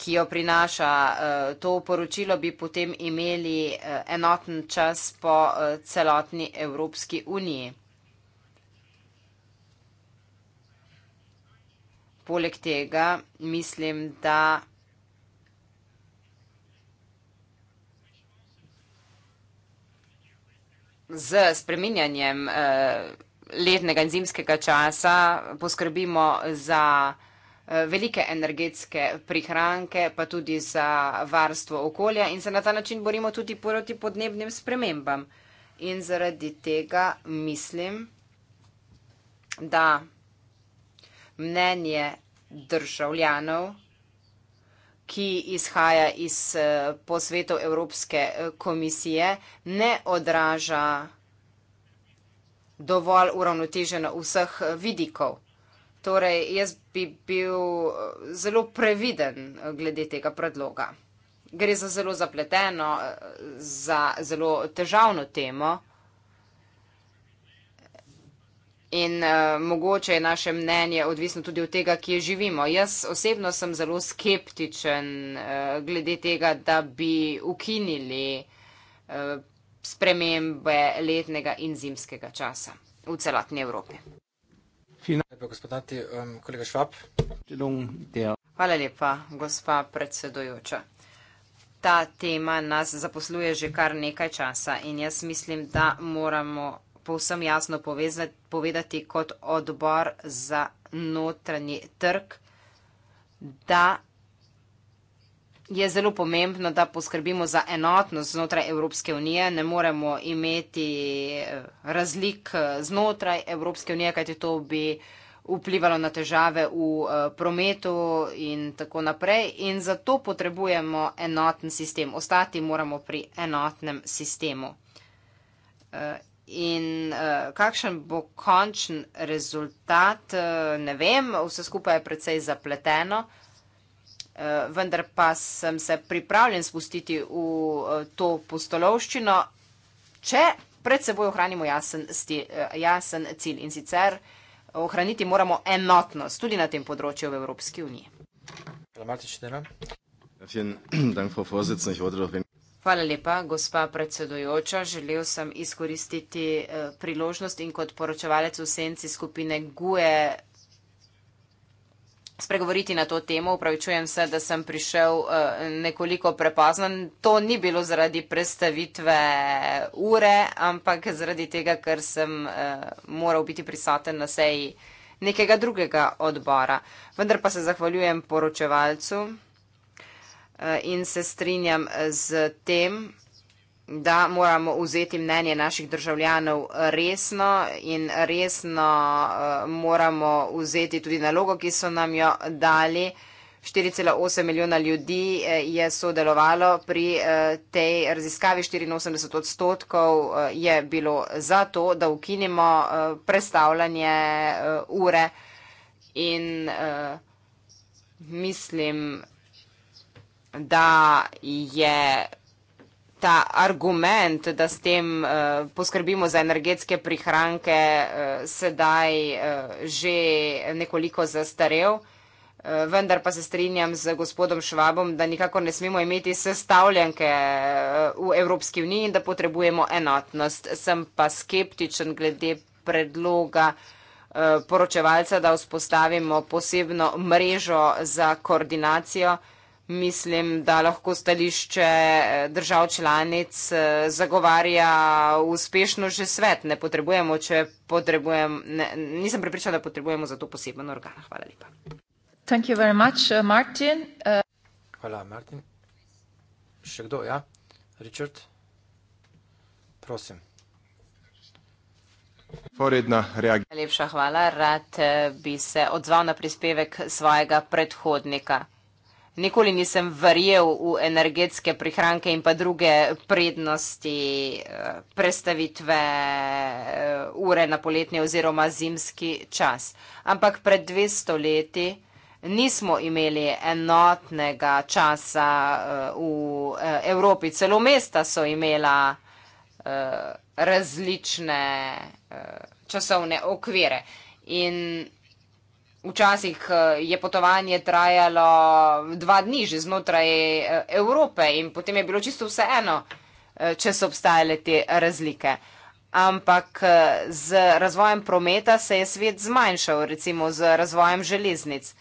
ki jo prinaša eh, to poročilo, bi potem imeli eh, enoten čas po eh, celotni Evropski uniji. Poleg tega mislim, da z spreminjanjem letnega in zimskega časa poskrbimo za vse, Eh, velike energetske prihranke, pa tudi za varstvo okolja in se na ta način borimo tudi proti podnebnim spremembam. In zaradi tega mislim, da mnenje državljanov, ki izhaja iz eh, posvetov Evropske eh, komisije, ne odraža dovolj uravnoteženo vseh vidikov. Torej, jaz bi bil eh, zelo previden eh, glede tega predloga. Gre za zelo zapleteno, eh, za zelo težavno temo in uh, mogoče je naše mnenje odvisno tudi od tega, kje živimo. Jaz osebno sem zelo skeptičen uh, glede tega, da bi ukinili uh, spremembe letnega in zimskega časa v celotni Evropi. Um, Hvala lepa, gospa predsedujoča. Ta tema nas zaposluje že kar nekaj časa in jaz mislim, da moramo povsem jasno povedati kot odbor za notranji trg, da je zelo pomembno, da poskrbimo za enotnost znotraj Evropske unije. Ne moremo imeti eh, razlik eh, znotraj Evropske unije, kajti to bi vplivalo na težave v eh, prometu in tako naprej. In zato potrebujemo enoten sistem. Ostati moramo pri enotnem sistemu. In uh, kakšen bo končen rezultat, uh, ne vem, vse skupaj je precej zapleteno. Uh, Eh, vendar pa sem se pripravljen spustiti v eh, to postolovščino, če pred seboj ohranimo jasen, sti, eh, jasen cilj in sicer ohraniti moramo enotnost tudi na tem področju v Evropski uniji. Hvala lepa, gospa predsedujoča. Želel sem izkoristiti priložnost in kot poročevalec v senci skupine GUE spregovoriti na to temo. Upravičujem se, da sem prišel eh, nekoliko prepoznan. To ni bilo zaradi predstavitve ure, ampak zaradi tega, ker sem eh, moral biti prisoten na seji nekega drugega odbora. Vendar pa se zahvaljujem poročevalcu eh, in se strinjam z tem, da moramo vzeti mnenje naših državljanov resno in resno eh, moramo vzeti tudi nalogo, ki so nam jo dali. 4,8 milijona ljudi eh, je sodelovalo pri eh, tej raziskavi, 84 odstotkov je bilo za to, da ukinimo predstavljanje ure in mislim, da je vsega, ta argument, da s tem uh, poskrbimo za energetske prihranke, uh, sedaj uh, že nekoliko zastarev. Vendar pa se strinjam z gospodom Švabom, da nikako ne smemo imeti sestavljanke v Evropski uniji in da potrebujemo enotnost. Sem pa skeptičen glede predloga poročevalca, da vzpostavimo posebno mrežo za koordinacijo. Mislim, da lahko stališče eh, držav članic eh, zagovarja uspešno že svet. Ne potrebujemo, če potrebujem, ne, nisem pripričana, da potrebujemo za to poseben organ. Hvala lepa. Thank you very much, uh, Martin. Uh... Hvala, Martin. Še kdo, ja? Richard? Prosim. Najlepša hvala. Rad eh, bi se odzval na prispevek svojega predhodnika. Nikoli nisem verjel v energetske prihranke in pa druge prednosti eh, prestavitve eh, ure na poletni oziroma zimski čas. Ampak pred 200 leti nismo imeli enotnega časa eh, v Evropi. Celo mesta so imela različne časovne okvire. In Včasih eh, je potovanje trajalo dva dni že znotraj eh, Evrope in potem je bilo čisto vseeno, eh, če so obstajale te razlike. Ampak z razvojem prometa se je svet zmanjšal, recimo z razvojem železnic.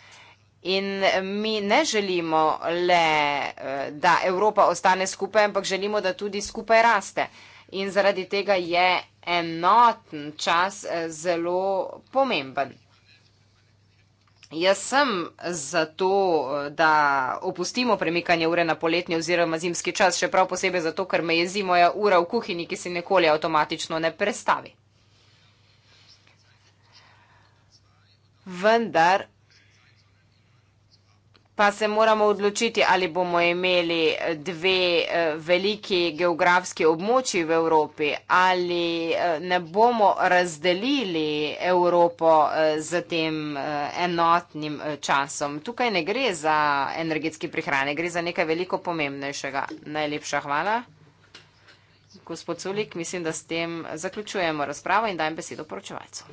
In mi ne želimo le, da Evropa ostane skupaj, ampak želimo, da tudi skupaj raste. In zaradi tega je enoten čas zelo pomemben. Jaz sem za to, da opustimo premikanje ure na poletni oziroma zimski čas, še prav posebej zato, ker me je zimoja ura v kuhinji, ki se nikoli avtomatično ne prestavi. Vendar pa se moramo odločiti, ali bomo imeli eh, dve eh, veliki geografski območji v Evropi, ali eh, ne bomo razdelili Evropo z tem enotnim časom. Tukaj ne gre za energetski prihrane, gre za nekaj veliko pomembnejšega. Najlepša hvala. Gospod Sulik, mislim, da s tem zaključujemo razpravo in dajem besedo poročevalcu.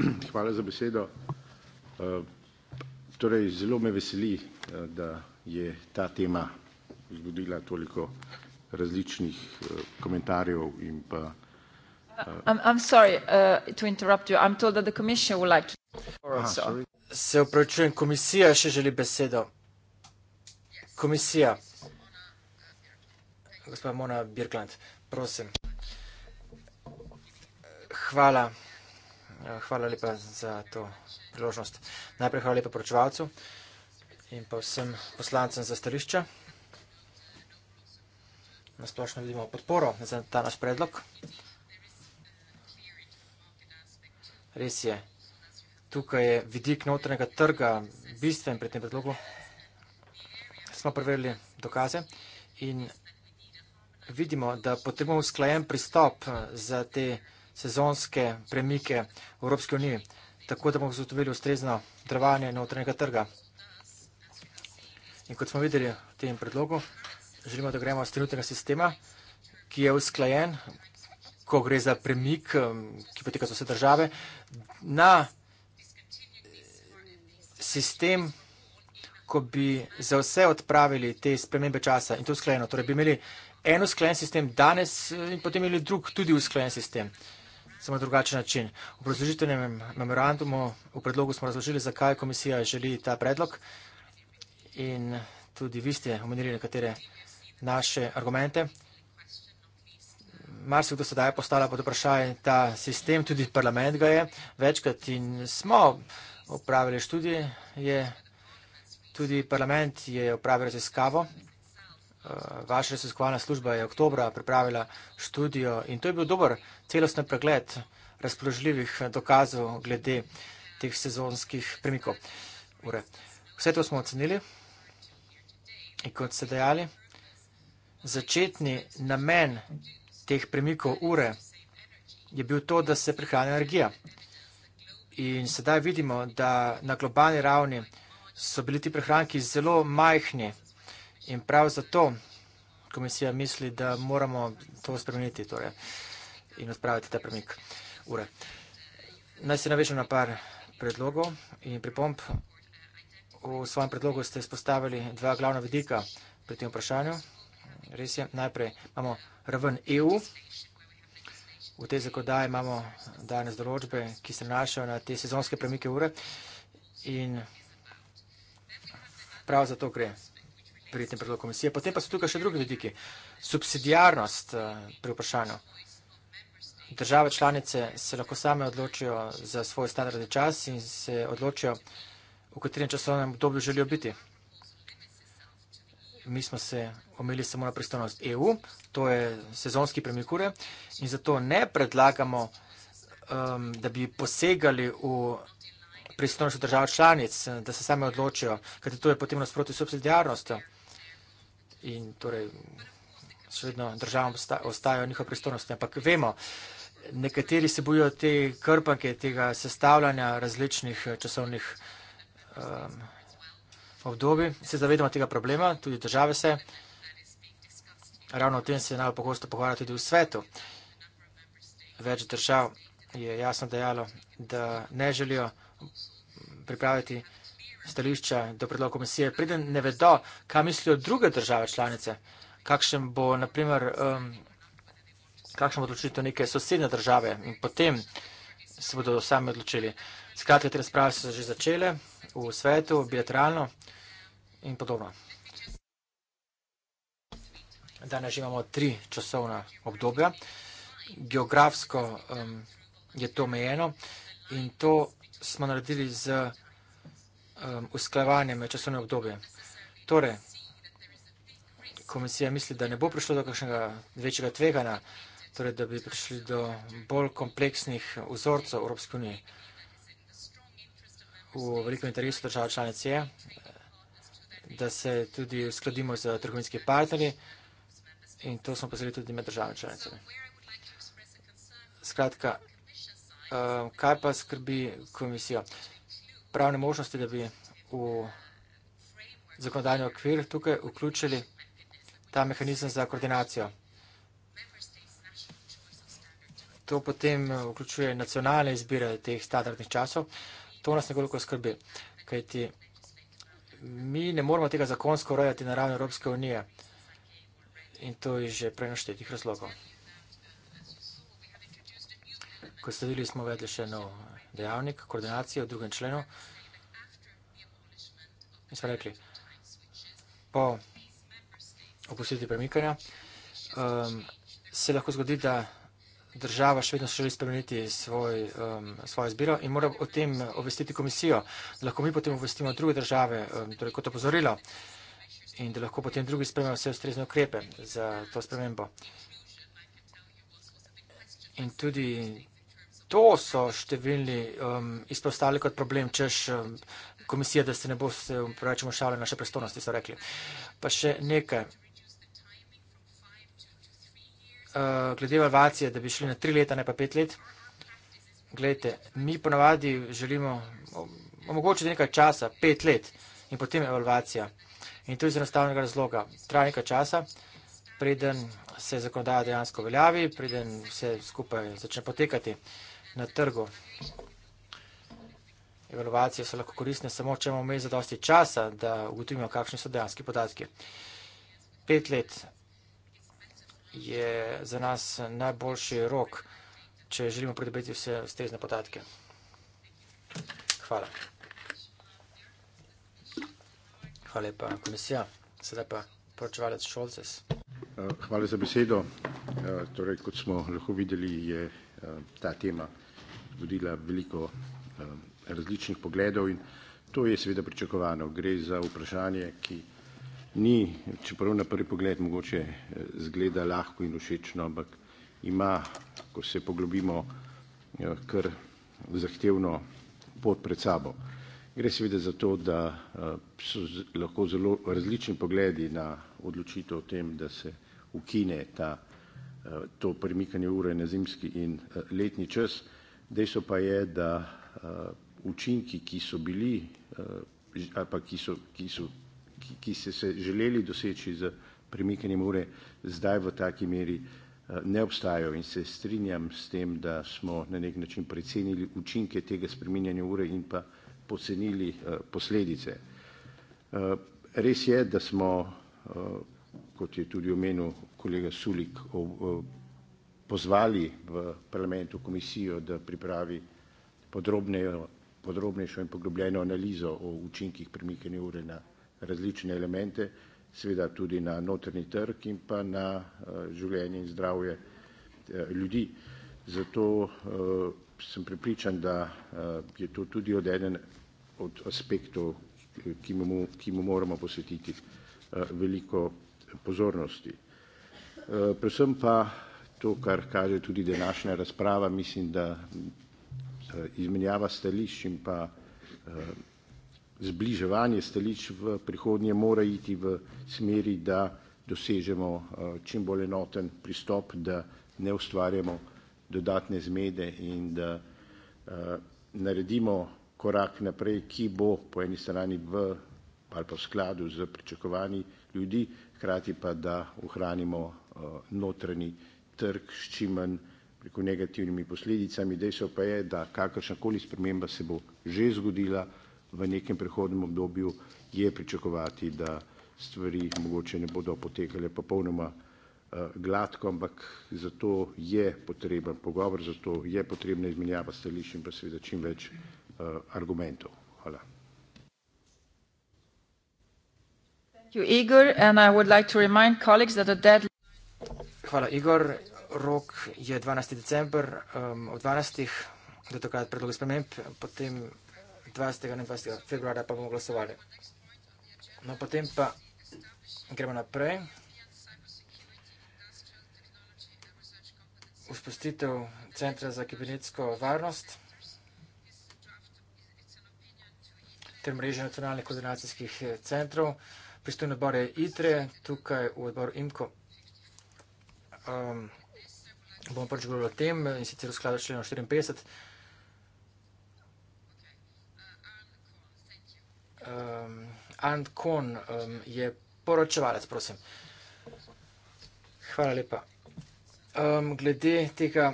Hvala za besedo. Torej, zelo me veseli, Eh, da je ta tema vzbudila toliko različnih eh, komentarjev in pa eh, Se upravičujem, komisija še želi besedo. Komisija. Gospa Mona Birkland, prosim. Hvala. Hvala lepa za to priložnost. Najprej hvala lepa poročevalcu in pa vsem poslancem za starišča. Nasplošno vidimo podporo za ta naš predlog. Res je, tukaj je vidik notranjega trga bistven pred tem predlogu. Smo preverili dokaze in vidimo, da potrebujemo sklajen pristop za te sezonske premike v Evropski uniji, tako da bomo zotovili ustrezno drvanje notranjega trga. In kot smo videli v tem predlogu, želimo, da gremo z trenutnega sistema, ki je usklajen, ko gre za premik, um, ki poteka za vse države, na eh, sistem, ko bi za vse odpravili te spremembe časa in to usklajeno. Torej bi imeli en usklajen sistem danes eh, in potem imeli drug tudi usklajen sistem. Samo drugačen način. V razložitvenem memorandumu v predlogu smo razložili, zakaj komisija želi ta predlog in tudi vi ste omenili nekatere naše argumente. Mar se kdo sedaj postala pod vprašanje ta sistem, tudi parlament ga je večkrat in smo upravili študije, je, tudi parlament je upravil raziskavo. Eh, vaša raziskovalna služba je oktobra pripravila študijo in to je bil dober celostni pregled razpoložljivih dokazov glede teh sezonskih premikov. Ure. Vse to smo ocenili. In kot ste dejali, začetni namen teh premikov ure je bil to, da se prihrani energija. In sedaj vidimo, da na globalni ravni so bili ti prihranki zelo majhni in prav zato komisija misli, da moramo to spremeniti torej, in odpraviti ta premik ure. Naj se navežem na par predlogov in pripomp v svojem predlogu ste spostavili dva glavna vidika pri tem vprašanju. Res je, najprej imamo raven EU. V tej zakodaji imamo danes določbe, ki se našajo na te sezonske premike ure in prav za to gre pri tem predlogu komisije. Potem pa so tukaj še drugi vidiki. Subsidijarnost eh, pri vprašanju. Države članice se lahko same odločijo za svoje standarde čas in se odločijo, v katerem časovnem obdobju želijo biti. Mi smo se omili samo na pristojnost EU, to je sezonski premikure in zato ne predlagamo, um, da bi posegali v pristojnost držav članic, da se same odločijo, kajti to je potem nasproti subsidijarnostjo. In torej, še vedno državam ostajajo njihove pristojnosti, ampak vemo, nekateri se bojijo te krpanke, tega sestavljanja različnih časovnih uh, um, obdobji. Se zavedamo tega problema, tudi države se. Ravno o tem se najbolj pogosto pogovarja tudi v svetu. Več držav je jasno dejalo, da ne želijo pripraviti stališča do predloga komisije, preden ne vedo, kaj mislijo druge države članice, kakšen bo, naprimer, um, kakšen bo odločitev neke sosednje države in potem se bodo sami odločili. Skratka, te razprave so že začele v svetu, bilateralno in podobno. Danes živamo tri časovna obdobja. Geografsko um, je to omejeno in to smo naredili z um, usklajevanjem časovne obdobje. Torej, komisija misli, da ne bo prišlo do kakšnega večjega tveganja, torej, da bi prišli do bolj kompleksnih vzorcev Evropske unije v veliko interesu držav članic je, da se tudi uskladimo z trgovinski partnerji in to smo pozeli tudi med državami članicami. Skratka, um, kaj pa skrbi komisijo? Pravne možnosti, da bi v zakonodajni okvir tukaj vključili ta mehanizem za koordinacijo. To potem vključuje nacionalne izbire teh standardnih časov. To nas nekoliko skrbi, kajti mi ne moramo tega zakonsko urejati na ravni Evropske unije in to je že prenaštetih razlogov. Ko ste videli, smo vedli še nov dejavnik, koordinacije v drugem členu. Mi smo rekli, po opustiti premikanja, um, se lahko zgodi, da država še vedno želi spremeniti svoj, um, svojo izbiro in mora o tem obvestiti komisijo, da lahko mi potem obvestimo druge države, um, torej kot opozorilo, in da lahko potem drugi spremljajo vse ustrezne ukrepe za to spremembo. In tudi to so številni um, izpostavili kot problem, češ um, komisija, da se ne bo se, pravi, mošale naše prestolnosti, so rekli. Pa še nekaj. Eh, glede evalvacije, da bi šli na tri leta, ne pa pet let. Glejte, mi ponavadi želimo omogočiti nekaj časa, pet let in potem evalvacija. In to iz enostavnega razloga. Traja nekaj časa, preden se zakonodaja dejansko veljavi, preden vse skupaj začne potekati na trgu. Evalvacije so lahko koristne samo, če imamo mi za dosti časa, da ugotovimo, kakšni so dejanski podatki. Pet let je za nas najboljši rok, če želimo pridobiti vse strezne podatke. Hvala. Hvala lepa, komisija. Sedaj pa poročevalec Šolces. Eh, hvala za besedo. Eh, torej, kot smo lahko videli, je eh, ta tema vodila veliko različnih pogledov in to je seveda pričakovano. Gre za vprašanje, ki je ni, čeprav na prvi pogled mogoče eh, zgleda lahko in všečno, ampak ima, ko se poglobimo, eh, kar zahtevno pot pred sabo. Gre seveda za to, da eh, so lahko zelo različni pogledi na odločitev o tem, da se ukine ta, to premikanje ure na zimski in letni čas. Dejstvo pa je, da učinki, ki so bili ali pa ki so, ki so ki, ki se se želeli doseči z premikanjem ure, zdaj v taki meri eh, ne obstajajo in se strinjam s tem, da smo na nek način precenili učinke tega spreminjanja ure in pa pocenili eh, posledice. Eh, res je, da smo, kot je tudi omenil kolega Sulik, pozvali v parlamentu komisijo, da pripravi podrobnejo, podrobnejšo in poglobljeno analizo o učinkih premikanja ure na različne elemente, seveda tudi na notrni trg in pa na eh, življenje in zdravje eh, ljudi. Zato eh, sem pripričan, da je to tudi od eden od aspektov, ki mu moramo posvetiti veliko pozornosti. Predvsem pa to, kar kaže tudi današnja razprava, mislim, da izmenjava stališč in pa zbliževanje stališč v prihodnje mora iti v smeri, da dosežemo eh, čim bolj enoten pristop, da ne ustvarjamo dodatne zmede in da eh, naredimo korak naprej, ki bo po eni strani v ali pa v skladu z pričakovanji ljudi, hkrati pa, da ohranimo eh, notranji trg s čim manj preko negativnimi posledicami. Dejstvo pa je, da kakršnakoli sprememba se bo že zgodila, v nekem prehodnem obdobju je pričakovati, da stvari mogoče ne bodo potekale popolnoma eh, gladko, ampak zato je potreben pogovor, zato je potrebna izmenjava stališč in pa seveda čim več eh, argumentov. Hvala. Hvala, Igor. Rok je 12. december. Um, od 12. do takrat predloga sprememb, potem 20. in 20. februarja pa bomo glasovali. No, potem pa gremo naprej. Vzpostitev Centra za kibernetsko varnost ter mreže nacionalnih koordinacijskih eh, centrov. Pristojno bar je ITRE, tukaj v odboru IMKO. Ehm, bomo pač govorili o tem in sicer v skladu členov 54. um, Ant Kohn um, je poročevalec, prosim. Hvala lepa. Um, glede tega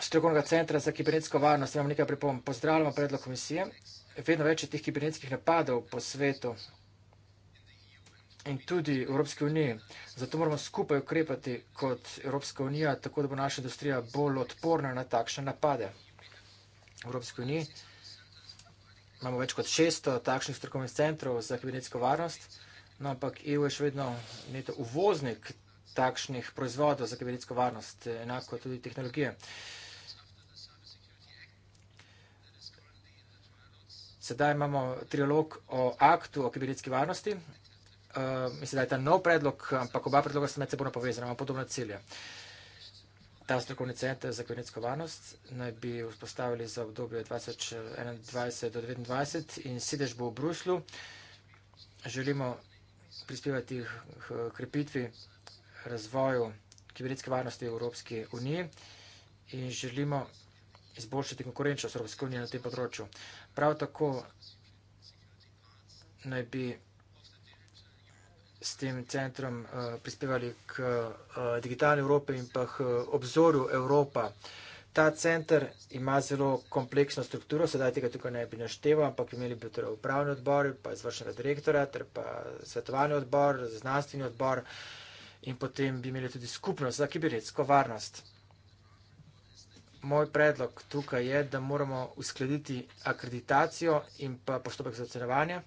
strokovnega centra za kibernetsko varnost imam nekaj pripomb. Pozdravljamo predlog komisije. Vedno več je teh kibernetskih napadov po svetu in tudi v Evropski uniji. Zato moramo skupaj ukrepati kot Evropska unija, tako da bo naša industrija bolj odporna na takšne napade. V Evropski uniji imamo več kot 600 takšnih strokovnih centrov za kibernetsko varnost, no, ampak EU je še vedno neto uvoznik takšnih proizvodov za kibernetsko varnost, enako tudi tehnologije. Sedaj imamo trilog o aktu o kibernetski varnosti. Uh, mislim, da je ta nov predlog, ampak oba predloga sta med seboj povezana, imamo podobne cilje. Uh, Ta strokovni center za kibernetsko varnost naj bi vzpostavili za obdobje 2021 do 2029 in sedež bo v Bruslu. Želimo prispevati k krepitvi razvoju kibernetske varnosti v Evropski uniji in želimo izboljšati konkurenčnost Evropske unije na tem področju. Prav tako naj bi s tem centrom eh, prispevali k eh, digitalni Evropi in pa k eh, obzoru Evropa. Ta center ima zelo kompleksno strukturo, sedaj tega tukaj ne bi našteval, ampak imeli bi torej upravni odbor, pa izvršnega direktora, ter pa svetovalni odbor, znanstveni odbor in potem bi imeli tudi skupnost za kibernetsko varnost. Moj predlog tukaj je, da moramo uskladiti akreditacijo in pa postopek za ocenovanje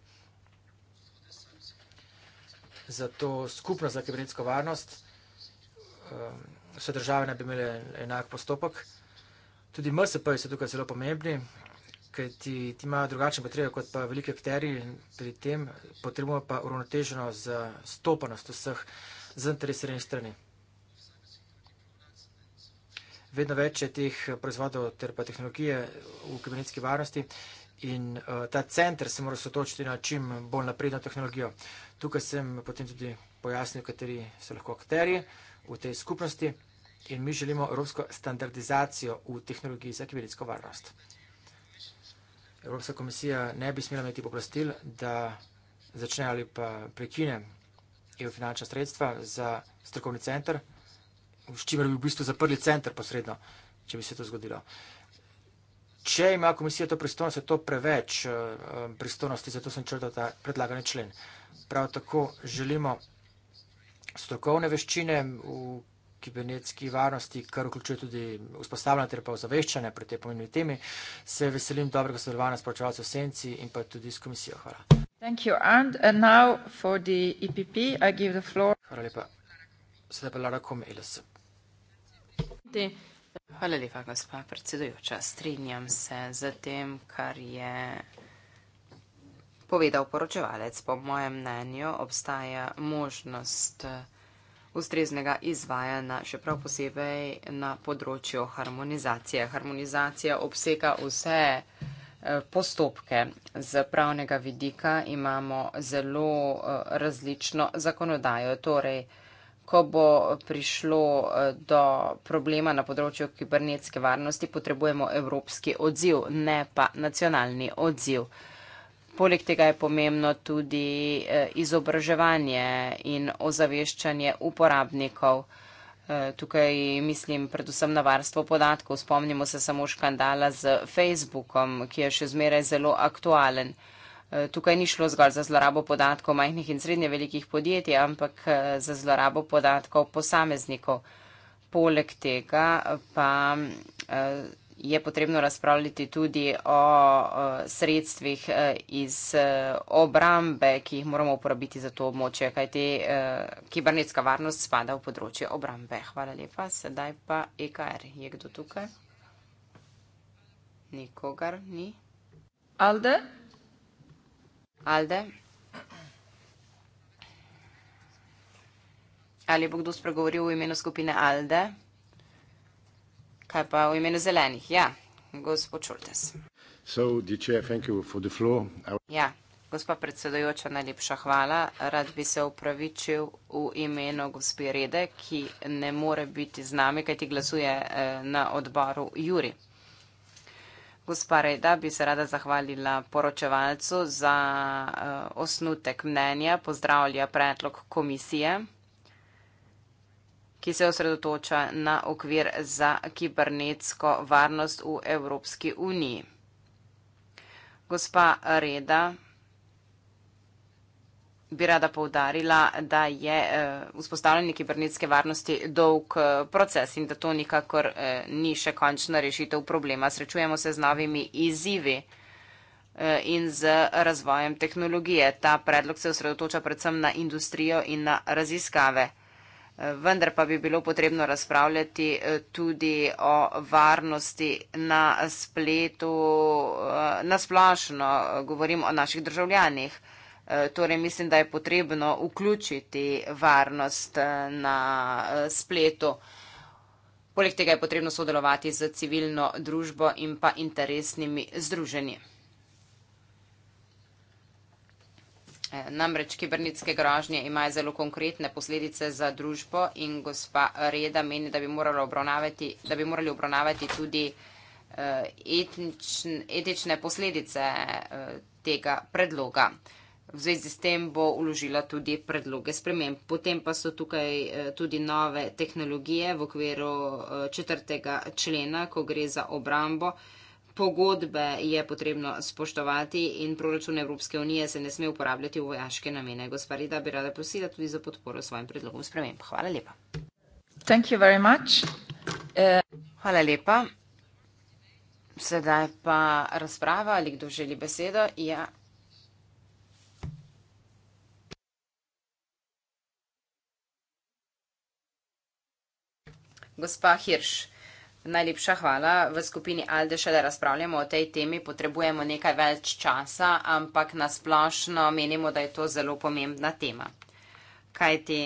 za to skupnost za kibernetsko varnost. Um, vse države naj bi imele enak postopek. Tudi MSP so tukaj zelo pomembni, ker ti, ti imajo drugačne potrebe kot pa veliki akteri pri tem, potrebujemo pa uravnoteženo za stopanost vseh zainteresiranih strani. Vedno več je teh proizvodov ter pa tehnologije v kibernetski varnosti in uh, ta center se mora sotočiti na čim bolj napredno tehnologijo. Tukaj sem potem tudi pojasnil, kateri so lahko akteri v tej skupnosti in mi želimo evropsko standardizacijo v tehnologiji za kibernetsko varnost. Evropska komisija ne bi smela imeti poprostil, da začne ali pa prekine EU finančna sredstva za strokovni center, s čimer bi v bistvu zaprli center posredno, če bi se to zgodilo. Če ima komisija to pristojnost, je to preveč eh, eh, pristojnosti, zato sem črtal ta predlagani člen. Prav tako želimo strokovne veščine v kibernetski varnosti, kar vključuje tudi vzpostavljanje ter pa ozaveščanje pri tej pomembni temi. Se veselim dobrega sodelovanja s poročevalcem Senci in pa tudi s komisijo. Hvala. Thank you, and, and now for the EPP, I give the floor. Hvala lepa. Sedaj pa Lara Kome, LSP. Hvala lepa, gospa predsedujoča. Strinjam se z tem, kar je povedal poročevalec. Po mojem mnenju obstaja možnost ustreznega izvajanja, še prav posebej na področju harmonizacije. Harmonizacija obsega vse eh, postopke. Z pravnega vidika imamo zelo eh, različno zakonodajo. Torej, ko bo prišlo eh, do problema na področju kibernetske varnosti, potrebujemo evropski odziv, ne pa nacionalni odziv. Poleg tega je pomembno tudi eh, izobraževanje in ozaveščanje uporabnikov. Eh, tukaj mislim predvsem na varstvo podatkov. Spomnimo se samo škandala z Facebookom, ki je še zmeraj zelo aktualen. Eh, tukaj ni šlo zgolj za zlorabo podatkov majhnih in srednje velikih podjetij, ampak eh, za zlorabo podatkov posameznikov. Poleg tega pa eh, je potrebno razpravljati tudi o sredstvih iz obrambe, ki jih moramo uporabiti za to območje, kajti kibernetska varnost spada v področje obrambe. Hvala lepa. Sedaj pa EKR. Je kdo tukaj? Nikogar ni. Alde? Alde? Ali bo kdo spregovoril v imenu skupine Alde? Kaj pa v imenu zelenih? Ja, gospod Čultes. Ja, gospod predsedojoča, najlepša hvala. Rad bi se upravičil v imenu gospe Rede, ki ne more biti z nami, kaj ti glasuje eh, na odboru Juri. Gospa Reda, bi se rada zahvalila poročevalcu za uh, osnutek mnenja, pozdravlja predlog komisije, ki se osredotoča na okvir za kibernetsko varnost v Evropski uniji. Gospa Reda, bi rada povdarila, da je eh, vzpostavljanje kibernetske varnosti dolg eh, proces in da to nikakor eh, ni še končna rešitev problema. Srečujemo se z novimi izzivi in z razvojem tehnologije. Ta predlog se osredotoča predvsem na industrijo in na raziskave. Vendar pa bi bilo potrebno razpravljati tudi o varnosti na spletu, na splošno, govorim o naših državljanih. Eh, torej mislim, da je potrebno vključiti varnost eh, na eh, spletu. Poleg tega je potrebno sodelovati z civilno družbo in pa interesnimi združenji. Namreč kibernetske grožnje imajo zelo konkretne posledice za družbo in gospa Reda meni, da bi, da bi morali obravnavati tudi etnične posledice tega predloga. V zvezi s tem bo uložila tudi predloge sprememb. Potem pa so tukaj eh, tudi nove tehnologije v okviru eh, četrtega člena, ko gre za obrambo. Pogodbe je potrebno spoštovati in proračun Evropske unije se ne sme uporabljati v vojaške namene. Gospa Rida bi rada prosila tudi za podporo svojim predlogom sprememb. Hvala lepa. Eh, Hvala lepa. Sedaj pa razprava, ali kdo želi besedo. Ja. Gospa Hirš, najlepša hvala. V skupini Aldeša, da razpravljamo o tej temi, potrebujemo nekaj več časa, ampak nasplošno menimo, da je to zelo pomembna tema. Kajti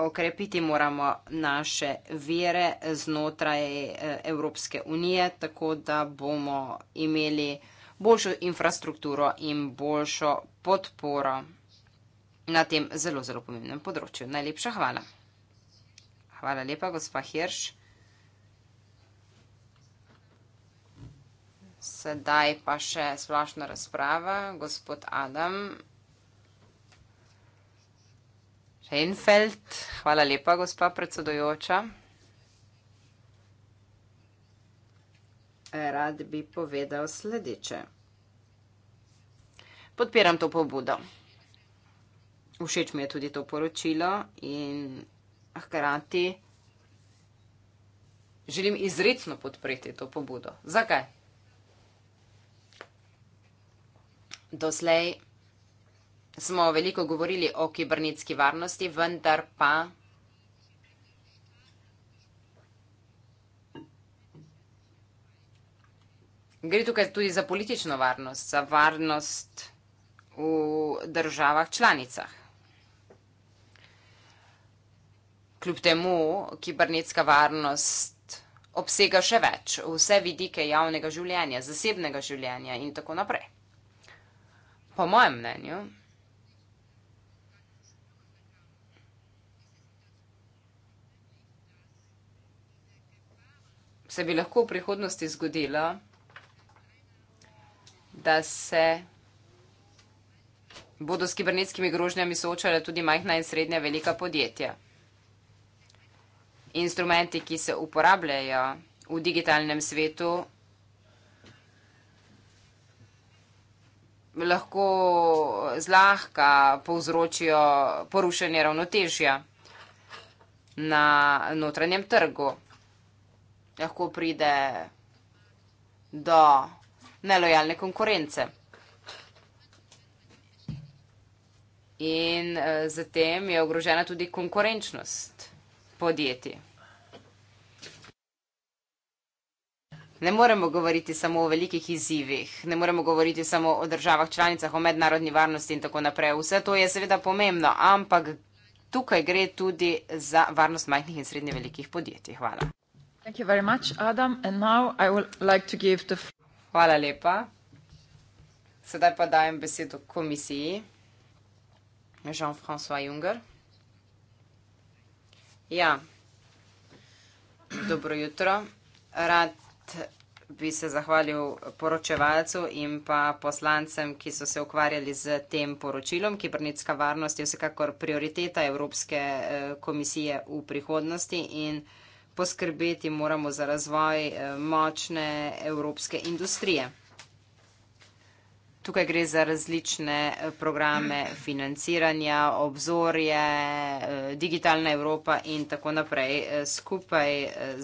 okrepiti moramo naše vere znotraj e, Evropske unije, tako da bomo imeli boljšo infrastrukturo in boljšo podporo na tem zelo, zelo pomembnem področju. Najlepša hvala. Hvala lepa, gospa Hirš. Sedaj pa še splošna razprava, gospod Adam Reinfeldt. Hvala lepa, gospa predsedojoča. Rad bi povedal sledeče. Podpiram to pobudo. Všeč mi je tudi to poročilo in hkrati želim izredno podpreti to pobudo. Zakaj? Doslej smo veliko govorili o kibernetski varnosti, vendar pa gre tukaj tudi za politično varnost, za varnost v državah članicah. Kljub temu kibernetska varnost obsega še več, vse vidike javnega življenja, zasebnega življenja in tako naprej. Po mojem mnenju. Se bi lahko v prihodnosti zgodilo, da se bodo s kibernetskimi grožnjami soočale tudi majhna in srednja velika podjetja instrumenti, ki se uporabljajo v digitalnem svetu, lahko zlahka povzročijo porušenje ravnotežja na notranjem trgu. Lahko pride do nelojalne konkurence. In eh, zatem je ogrožena tudi konkurenčnost podjetij. Ne moremo govoriti samo o velikih izzivih, ne moremo govoriti samo o državah članicah, o mednarodni varnosti in tako naprej. Vse to je seveda pomembno, ampak tukaj gre tudi za varnost majhnih in srednje velikih podjetij. Hvala. Much, like the... Hvala lepa. Sedaj pa dajem besedo komisiji. Jean-François Juncker. Ja. Dobro jutro. Rad bi se zahvalil poročevalcu in pa poslancem, ki so se ukvarjali z tem poročilom. Kibernetska varnost je vsekakor prioriteta Evropske eh, komisije v prihodnosti in poskrbeti moramo za razvoj eh, močne evropske industrije. Tukaj gre za različne eh, programe financiranja, obzorje, eh, digitalna Evropa in tako naprej. Eh, skupaj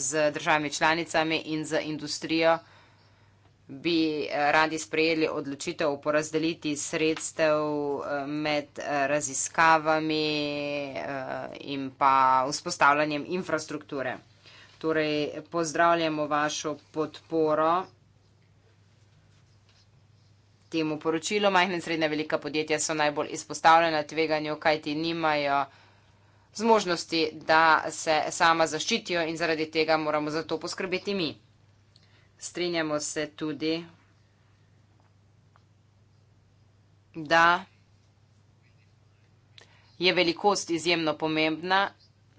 z državami članicami in z industrijo bi radi sprejeli odločitev o porazdeliti sredstev med raziskavami in pa vzpostavljanjem infrastrukture. Torej, pozdravljamo vašo podporo temu poročilu. Majhne in srednje velika podjetja so najbolj izpostavljena tveganju, kajti nimajo zmožnosti, da se sama zaščitijo in zaradi tega moramo za to poskrbeti mi. Strinjamo se tudi, da je velikost izjemno pomembna,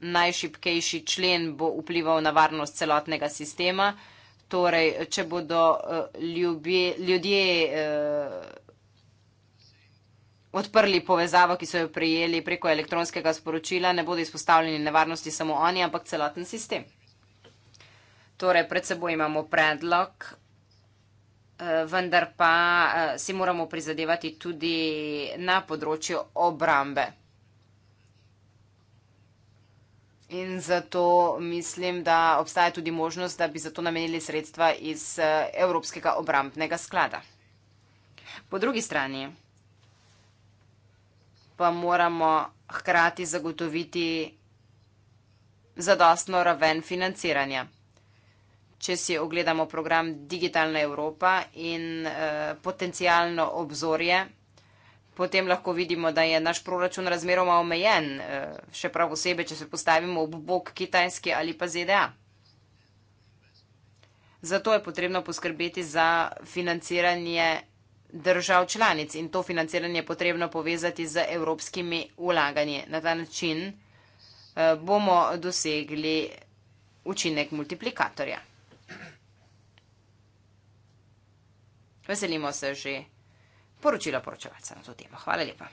najšipkejši člen bo vplival na varnost celotnega sistema torej, če bodo uh, ljubje, ljudje uh, odprli povezavo, ki so jo prijeli preko elektronskega sporočila, ne bodo izpostavljeni nevarnosti samo oni, ampak celoten sistem. Torej, pred seboj imamo predlog, uh, vendar pa uh, si moramo prizadevati tudi na področju obrambe. In zato mislim, da obstaja tudi možnost, da bi za to namenili sredstva iz eh, Evropskega obrambnega sklada. Po drugi strani pa moramo hkrati zagotoviti zadostno raven financiranja. Če si ogledamo program Digitalna Evropa in eh, potencijalno obzorje, potem lahko vidimo, da je naš proračun razmeroma omejen, eh, še prav osebe, če se postavimo ob bok Kitajske ali pa ZDA. Zato je potrebno poskrbeti za financiranje držav članic in to financiranje je potrebno povezati z evropskimi ulaganji. Na ta način eh, bomo dosegli učinek multiplikatorja. Veselimo se že poročilo poročevalca na to temo. Hvala lepa.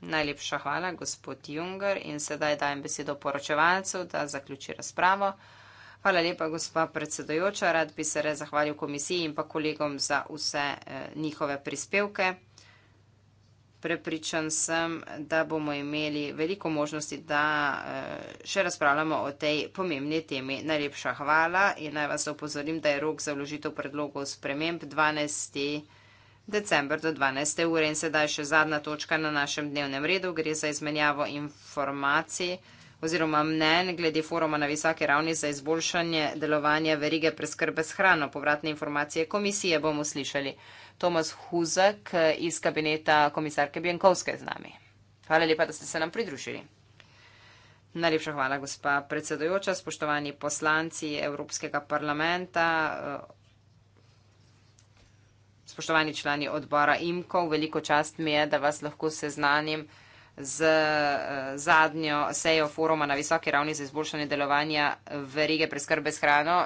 Najlepša hvala, gospod Junger. In sedaj dajem besedo poročevalcu, da zaključi razpravo. Hvala lepa, gospa predsedojoča. Rad bi se re zahvalil komisiji in pa kolegom za vse eh, njihove prispevke. Prepričan sem, da bomo imeli veliko možnosti, da eh, še razpravljamo o tej pomembni temi. Najlepša hvala in naj vas opozorim, da je rok za vložitev predlogov sprememb 12 december do 12. ure. In sedaj še zadnja točka na našem dnevnem redu gre za izmenjavo informacij oziroma mnen glede foruma na visoke ravni za izboljšanje delovanja verige preskrbe s hrano. Povratne informacije komisije bomo slišali. Tomas Huzek iz kabineta komisarke Bjankovske z nami. Hvala lepa, da ste se nam pridružili. Najlepša hvala, gospa predsedujoča, spoštovani poslanci Evropskega parlamenta. Spoštovani člani odbora IMKO, veliko čast mi je, da vas lahko seznanim z eh, zadnjo sejo foruma na visoki ravni za izboljšanje delovanja verige preskrbe s hrano.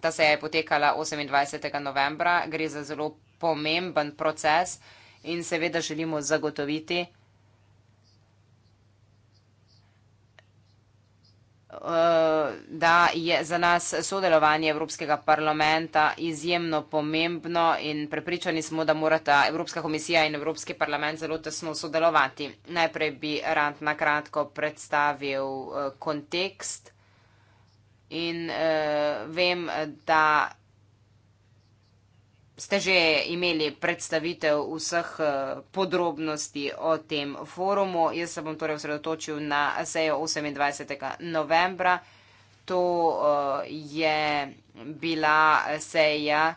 Ta seja je potekala 28. novembra, gre za zelo pomemben proces in seveda želimo zagotoviti, Eh, da je za nas sodelovanje Evropskega parlamenta izjemno pomembno in prepričani smo, da morata Evropska komisija in Evropski parlament zelo tesno sodelovati. Najprej bi rad na kratko predstavil eh, kontekst in eh, vem, da. Ste že imeli predstavitev vseh eh, podrobnosti o tem forumu. Jaz se bom torej osredotočil na sejo 28. novembra. To eh, je bila seja,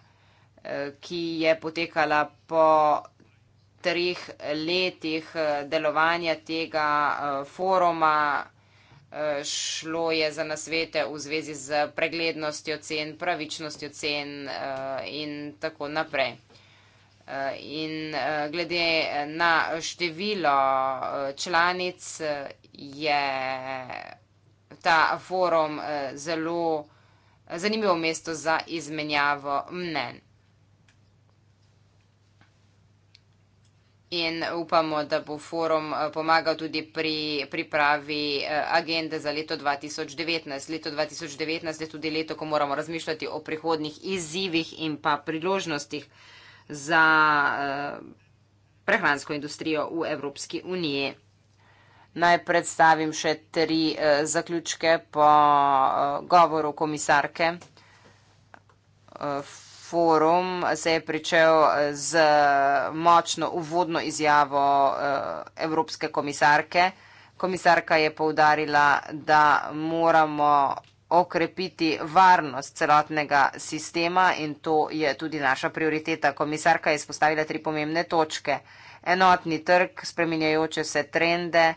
eh, ki je potekala po treh letih delovanja tega foruma. Eh, šlo je za nasvete v zvezi z preglednostjo cen, pravičnostjo cen eh, in tako naprej. Eh, in glede na število članic je ta forum zelo zanimivo mesto za izmenjavo mnen. in upamo, da bo forum eh, pomagal tudi pri pripravi eh, agende za leto 2019. Leto 2019 je tudi leto, ko moramo razmišljati o prihodnih izzivih in pa priložnostih za eh, prehransko industrijo v Evropski uniji. Naj predstavim še tri zaključke po govoru komisarke forum se je pričel eh, z močno uvodno izjavo eh, Evropske komisarke. Komisarka je povdarila, da moramo okrepiti varnost celotnega sistema in to je tudi naša prioriteta. Komisarka je spostavila tri pomembne točke. Enotni trg, spreminjajoče se trende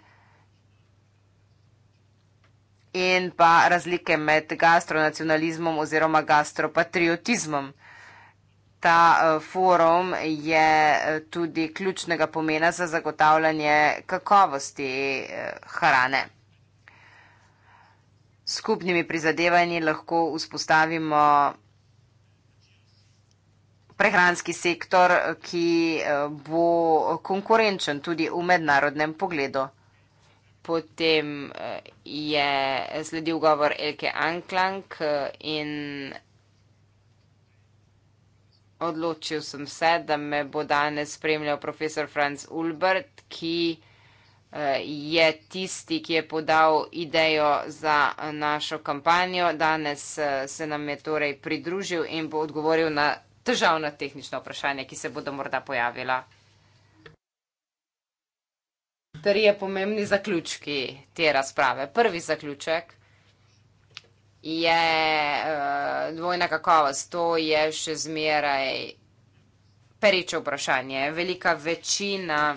in pa razlike med gastronacionalizmom oziroma gastropatriotizmom. Ta eh, forum je eh, tudi ključnega pomena za zagotavljanje kakovosti eh, hrane. Skupnimi prizadevanji lahko vzpostavimo prehranski sektor, ki bo konkurenčen tudi v mednarodnem pogledu. Potem je sledil govor Elke Anklang in. Odločil sem se, da me bo danes spremljal profesor Franz Ulbert, ki eh, je tisti, ki je podal idejo za eh, našo kampanjo. Danes eh, se nam je torej pridružil in bo odgovoril na težavna tehnična vprašanja, ki se bodo morda pojavila. Trije pomembni zaključki te razprave. Prvi zaključek je uh, dvojna kakovost. To je še zmeraj pereče vprašanje. Velika večina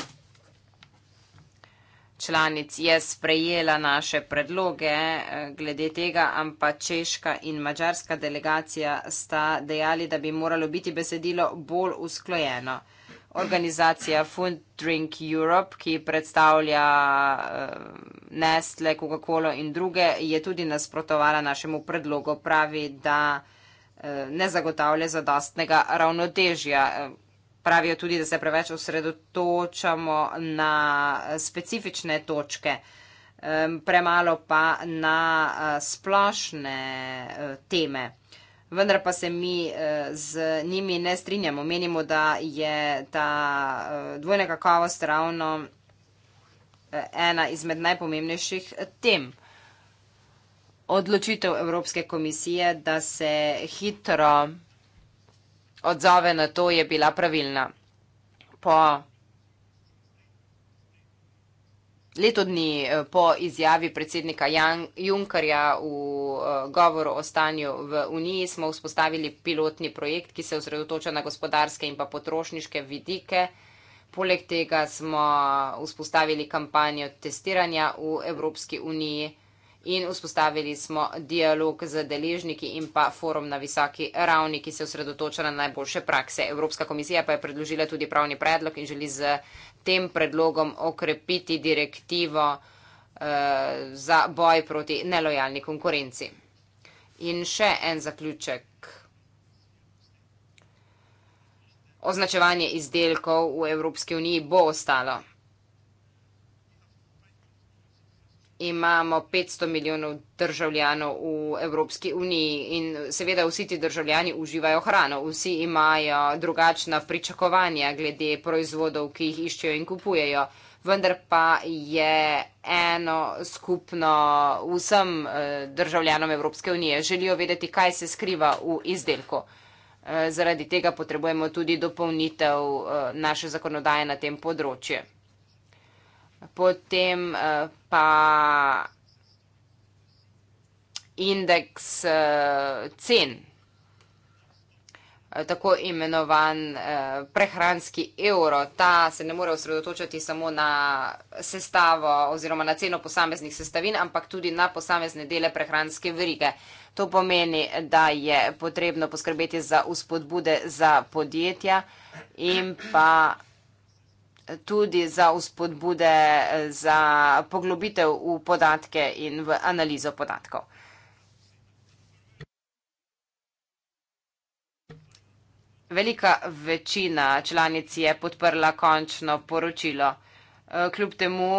članic je sprejela naše predloge eh, glede tega, ampak češka in mađarska delegacija sta dejali, da bi moralo biti besedilo bolj usklojeno organizacija Food Drink Europe, ki predstavlja uh, Nestle, Coca-Cola in druge, je tudi nasprotovala našemu predlogu. Pravi, da uh, ne zagotavlja zadostnega ravnotežja. Eh, pravijo tudi, da se preveč osredotočamo na specifične točke, premalo pa na splošne teme vendar pa se mi eh, z njimi ne strinjamo. Menimo, da je ta eh, dvojna kakovost ravno eh, ena izmed najpomembnejših tem. Odločitev Evropske komisije, da se hitro odzove na to, je bila pravilna. Po Leto dni eh, po izjavi predsednika Junkarja v eh, govoru o stanju v Uniji smo vzpostavili pilotni projekt, ki se osredotoča na gospodarske in pa potrošniške vidike. Poleg tega smo vzpostavili kampanjo testiranja v Evropski uniji in vzpostavili smo dialog z deležniki in pa forum na visoki ravni, ki se osredotoča na najboljše prakse. Evropska komisija pa je predložila tudi pravni predlog in želi z tem predlogom okrepiti direktivo eh, za boj proti nelojalni konkurenci. In še en zaključek. Označevanje izdelkov v Evropski uniji bo ostalo. imamo 500 milijonov državljanov v Evropski uniji in seveda vsi ti državljani uživajo hrano, vsi imajo drugačna pričakovanja glede proizvodov, ki jih iščejo in kupujejo. Vendar pa je eno skupno vsem eh, državljanom Evropske unije. Želijo vedeti, kaj se skriva v izdelku. Eh, zaradi tega potrebujemo tudi dopolnitev eh, naše zakonodaje na tem področju potem uh, pa indeks uh, cen, eh, tako imenovan uh, prehranski evro. Ta se ne more osredotočati samo na sestavo oziroma na ceno posameznih sestavin, ampak tudi na posamezne dele prehranske verige. To pomeni, da je potrebno poskrbeti za uspodbude za podjetja in pa tudi za vzpodbude za poglobitev v podatke in v analizo podatkov. Velika večina članic je podprla končno poročilo. Kljub temu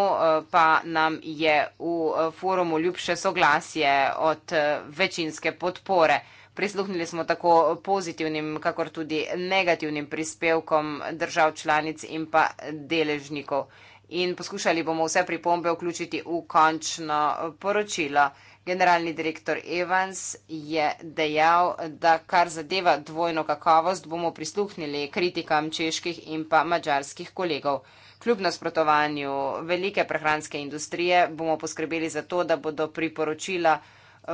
pa nam je v forumu ljubše soglasje od večinske podpore. Prisluhnili smo tako pozitivnim, kakor tudi negativnim prispevkom držav članic in pa deležnikov. In poskušali bomo vse pripombe vključiti v končno poročilo. Generalni direktor Evans je dejal, da kar zadeva dvojno kakovost, bomo prisluhnili kritikam čeških in pa mačarskih kolegov. Kljub nasprotovanju velike prehranske industrije bomo poskrbeli za to, da bodo priporočila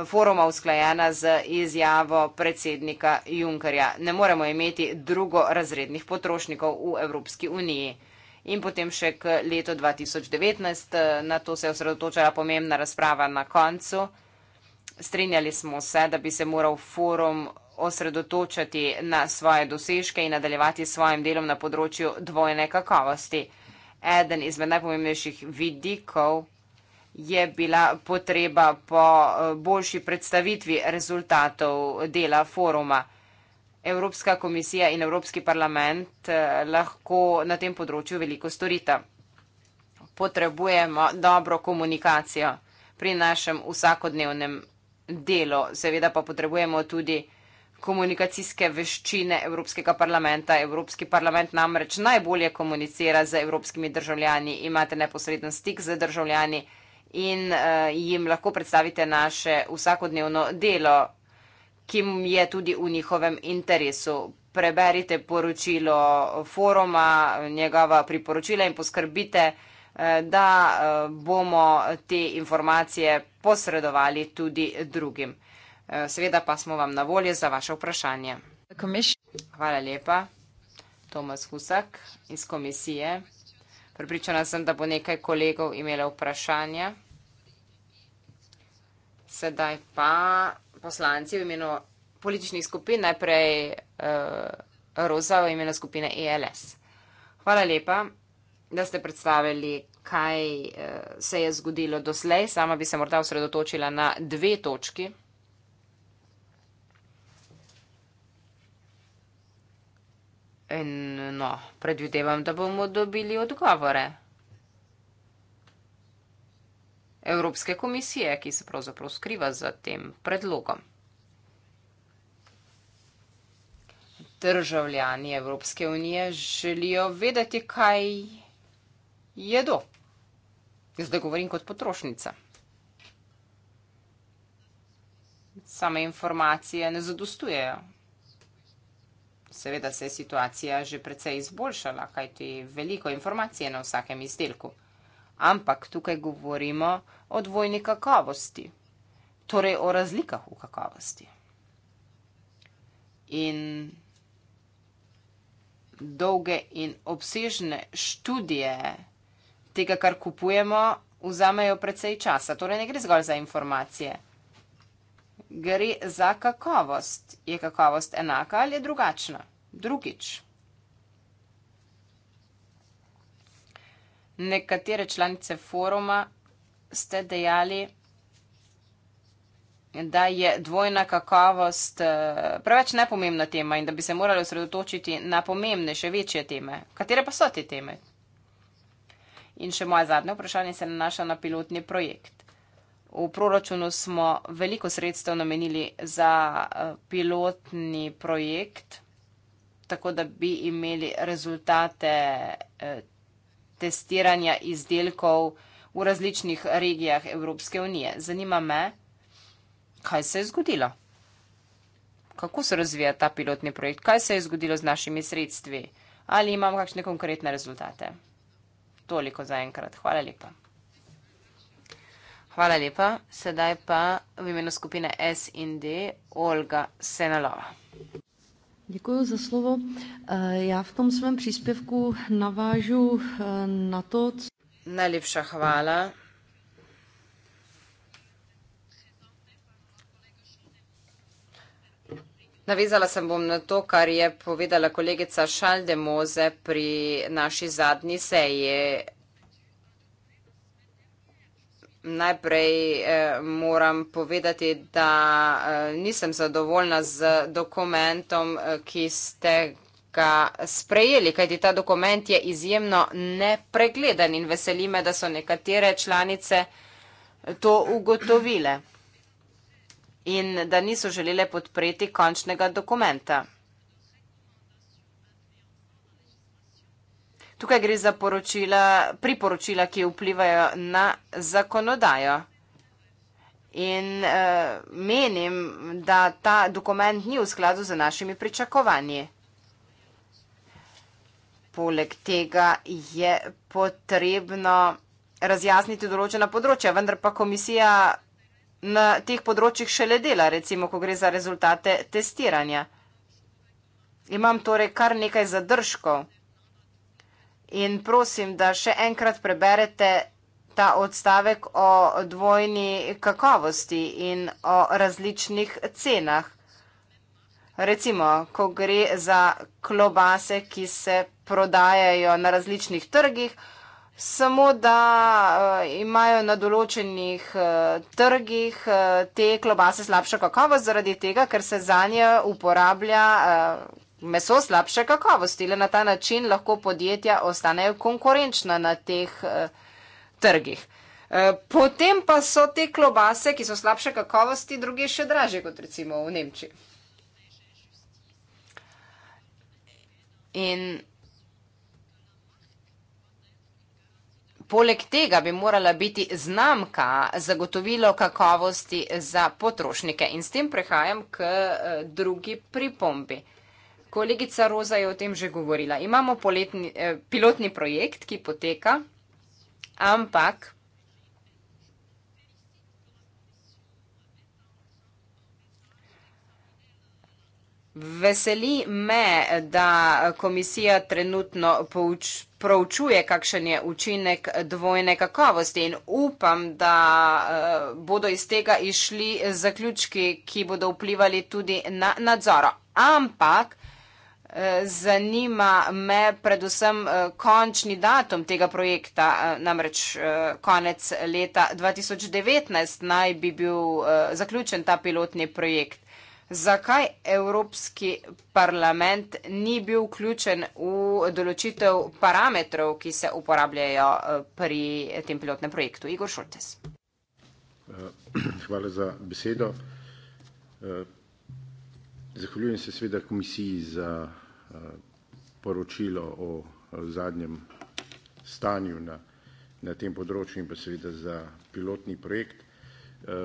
foruma usklajena z izjavo predsednika Junkerja. Ne moremo imeti drugorazrednih potrošnikov v Evropski uniji. In potem še k letu 2019, eh, na to se je osredotočala pomembna razprava na koncu. Strinjali smo se, da bi se moral forum osredotočati na svoje dosežke in nadaljevati s svojim delom na področju dvojne kakovosti. Eden izmed najpomembnejših vidikov je bila potreba po eh, boljši predstavitvi rezultatov dela foruma. Evropska komisija in Evropski parlament eh, lahko na tem področju veliko storita. Potrebujemo dobro komunikacijo pri našem vsakodnevnem delu. Seveda pa potrebujemo tudi komunikacijske veščine Evropskega parlamenta. Evropski parlament namreč najbolje komunicira z evropskimi državljani, imate neposreden stik z državljani in uh, jim lahko predstavite naše vsakodnevno delo, ki je tudi v njihovem interesu. Preberite poročilo foruma, njegova priporočila in poskrbite, eh, da eh, bomo te informacije posredovali tudi drugim. Seveda pa smo vam na voljo za vaše vprašanje. Hvala lepa. Tomas Husak iz komisije. Pripričana sem, da bo nekaj kolegov imelo vprašanje. Sedaj pa poslanci v imenu političnih skupin, najprej uh, Roza v imenu skupine ELS. Hvala lepa, da ste predstavili, kaj uh, se je zgodilo doslej. Sama bi se morda osredotočila na dve točki. In, no, predvidevam, da bomo dobili odgovore Evropske komisije, ki se pravzaprav skriva za tem predlogom. Državljani Evropske unije želijo vedeti, kaj jedo. Zdaj govorim kot potrošnica. Same informacije ne zadostujejo. Seveda se je situacija že precej izboljšala, kajti veliko informacije na vsakem izdelku. Ampak tukaj govorimo o dvojni kakovosti, torej o razlikah v kakovosti. In dolge in obsežne študije tega, kar kupujemo, vzamejo precej časa. Torej ne gre zgolj za informacije gre za kakovost. Je kakovost enaka ali je drugačna? Drugič. Nekatere članice foruma ste dejali, da je dvojna kakovost eh, preveč nepomembna tema in da bi se morali osredotočiti na pomembnejše, večje teme. Katere pa so te teme? In še moje zadnje vprašanje se nanaša na pilotni projekt. V proračunu smo veliko sredstev namenili za eh, pilotni projekt, tako da bi imeli rezultate eh, testiranja izdelkov v različnih regijah Evropske unije. Zanima me, kaj se je zgodilo? Kako se razvija ta pilotni projekt? Kaj se je zgodilo z našimi sredstvi? Ali imamo kakšne konkretne rezultate? Toliko za enkrat. Hvala lepa. Hvala lepa. Sedaj pa v imenu skupine S in D Olga Senalova. Děkuji za slovo. Eh, já v tom svém příspěvku navážu eh, na to, co... Najlepša hvala. Navezala sem bom na to, kar je povedala kolegica Šaldemoze pri naši zadnji seji. Najprej eh, moram povedati, da eh, nisem zadovoljna z dokumentom, eh, ki ste ga sprejeli, kajti ta dokument je izjemno nepregleden in veseli me, da so nekatere članice to ugotovile in da niso želele podpreti končnega dokumenta. Tukaj gre za poročila, priporočila, ki vplivajo na zakonodajo. In uh, menim, da ta dokument ni v skladu z našimi pričakovanji. Poleg tega je potrebno razjasniti določena področja, vendar pa komisija na teh področjih šele dela, recimo, ko gre za rezultate testiranja. Imam torej kar nekaj zadržkov. In prosim, da še enkrat preberete ta odstavek o dvojni kakovosti in o različnih cenah. Recimo, ko gre za klobase, ki se prodajajo na različnih trgih, samo da eh, imajo na določenih eh, trgih eh, te klobase slabšo kakovost zaradi tega, ker se za nje uporablja meso slabše kakovosti. Le na ta način lahko podjetja ostanejo konkurenčna na teh uh, trgih. Uh, potem pa so te klobase, ki so slabše kakovosti, druge še draže, kot recimo v Nemčiji. In Poleg tega bi morala biti znamka zagotovilo kakovosti za potrošnike in s tem prehajam k eh, drugi pripombi. Kolegica Roza je o tem že govorila. Imamo poletni, eh, pilotni projekt, ki poteka, ampak veseli me, da komisija trenutno pouč, proučuje, kakšen je učinek dvojne kakovosti in upam, da eh, bodo iz tega išli zaključki, ki bodo vplivali tudi na nadzor. Ampak, Eh, zanima me predvsem eh, končni datum tega projekta, eh, namreč konec leta 2019 naj bi bil zaključen ta pilotni projekt. Zakaj Evropski parlament ni bil vključen v določitev parametrov, ki se uporabljajo pri tem pilotnem projektu? Igor Šultes. Hvala za besedo. Zahvaljujem se seveda komisiji za poročilo o zadnjem stanju na, na tem področju in pa seveda za pilotni projekt. E,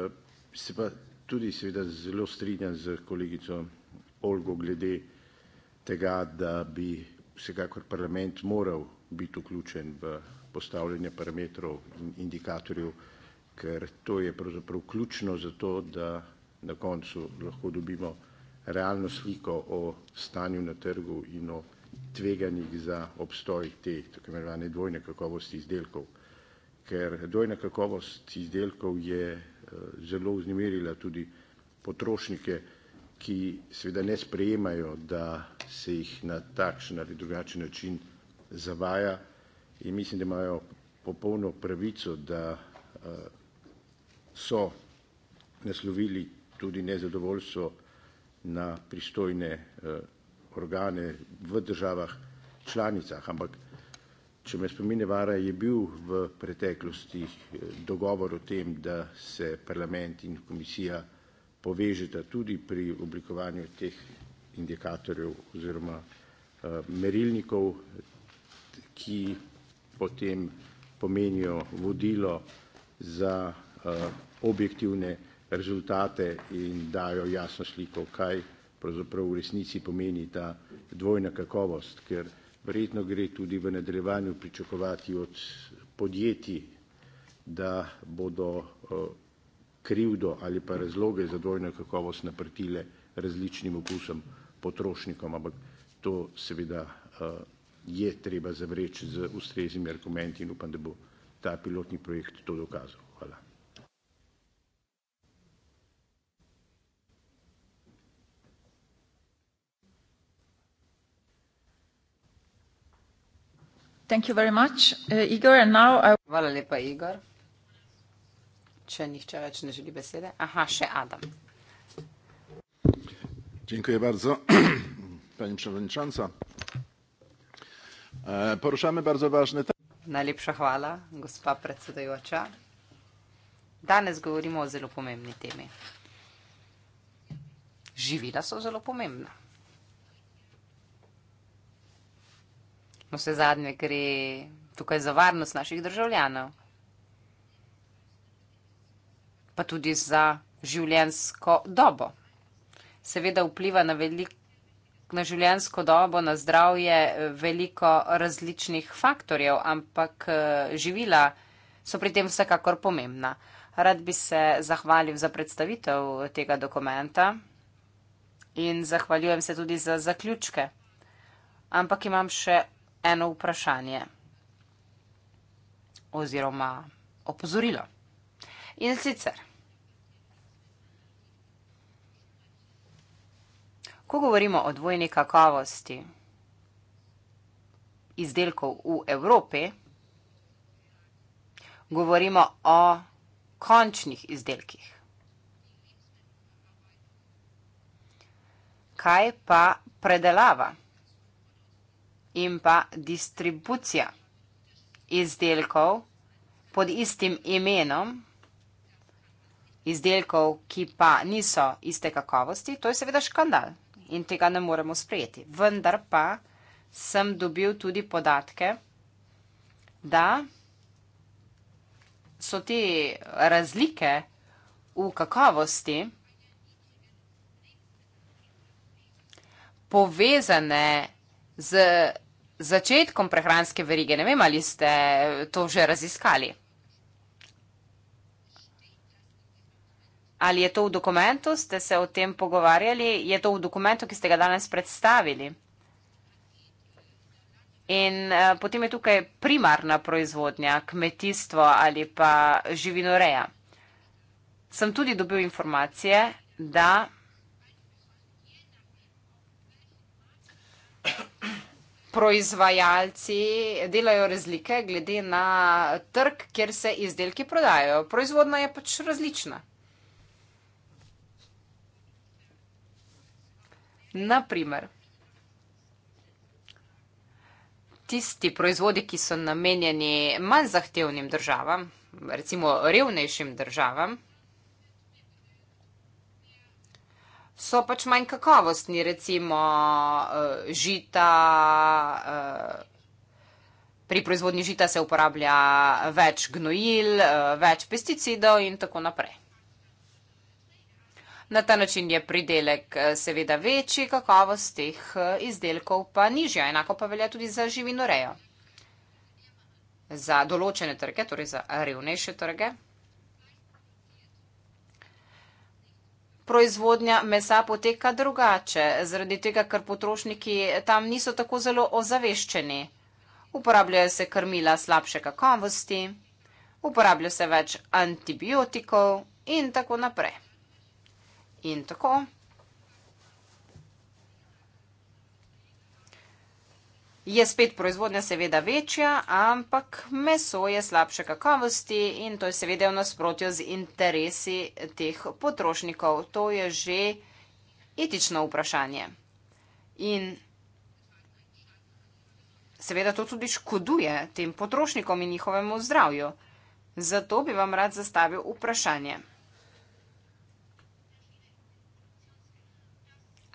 se pa tudi seveda zelo strinjam z kolegico Olgo glede tega, da bi vsekakor parlament moral biti vključen v postavljanje parametrov in indikatorjev, ker to je pravzaprav ključno za to, da na koncu lahko dobimo realno sliko o stanju na trgu in o tveganjih za obstoj te tako imenovane dvojne kakovosti izdelkov. Ker dvojna kakovost izdelkov je eh, zelo vznemirila tudi potrošnike, ki seveda ne sprejemajo, da se jih na takšen ali drugačen način zavaja in mislim, da imajo popolno pravico, da eh, so naslovili tudi nezadovoljstvo na pristojne eh, organe v državah članicah. Ampak, če me spomine vara, je bil v preteklosti eh, dogovor o tem, da se parlament in komisija povežeta tudi pri oblikovanju teh indikatorjev oziroma eh, merilnikov, ki potem pomenijo vodilo za objektivne rezultate in dajo jasno sliko, kaj pravzaprav v resnici pomeni ta dvojna kakovost, ker verjetno gre tudi v nadaljevanju pričakovati od podjetij, da bodo eh, krivdo ali pa razloge za dvojno kakovost naprtile različnim okusom potrošnikom, ampak to seveda eh, je treba zavreči z ustreznimi argumenti in upam, da bo ta pilotni projekt to dokazal. Hvala. Uh, Hvala lepa, Igor. Če nihče več ne želi besede. Aha, še Adam. Dziękuję bardzo, pani przewodnicząca. E, poruszamy bardzo ważny temat. Najlepsza chwała, gospa predsedujoča. Danes govorimo o zelo pomembni temi. Živila so zelo pomembna. vse zadnje gre tukaj za varnost naših državljanov, pa tudi za življensko dobo. Seveda vpliva na, velik, na življensko dobo, na zdravje veliko različnih faktorjev, ampak živila so pri tem vsekakor pomembna. Rad bi se zahvalil za predstavitev tega dokumenta in zahvaljujem se tudi za zaključke. Ampak imam še eno vprašanje oziroma opozorilo. In sicer, ko govorimo o dvojni kakovosti izdelkov v Evropi, govorimo o končnih izdelkih. Kaj pa predelava? in pa distribucija izdelkov pod istim imenom, izdelkov, ki pa niso iste kakovosti, to je seveda škandal in tega ne moremo sprejeti. Vendar pa sem dobil tudi podatke, da so te razlike v kakovosti povezane z razlikami, začetkom prehranske verige. Ne vem, ali ste to že raziskali. Ali je to v dokumentu, ste se o tem pogovarjali, je to v dokumentu, ki ste ga danes predstavili. In uh, potem je tukaj primarna proizvodnja, kmetijstvo ali pa živinoreja. Sem tudi dobil informacije, da proizvajalci delajo razlike glede na trg, kjer se izdelki prodajajo. Proizvodna je pač različna. Naprimer, tisti proizvodi, ki so namenjeni manj zahtevnim državam, recimo revnejšim državam, so pač manj kakovostni, recimo uh, žita. Uh, Pri proizvodnji žita se uporablja več gnojil, eh, več pesticidov in tako naprej. Na ta način je pridelek seveda večji, kakovost teh izdelkov pa nižja. Enako pa velja tudi za živinorejo. Za določene trge, torej za revnejše trge, proizvodnja mesa poteka drugače, zaradi tega, ker potrošniki tam niso tako zelo ozaveščeni. Uporabljajo se krmila slabše kakovosti, uporabljajo se več antibiotikov in tako naprej. In tako. je spet proizvodnja seveda večja, ampak meso je slabše kakovosti in to je seveda v nasprotju z interesi teh potrošnikov. To je že etično vprašanje. In seveda to tudi škoduje tem potrošnikom in njihovemu zdravju. Zato bi vam rad zastavil vprašanje.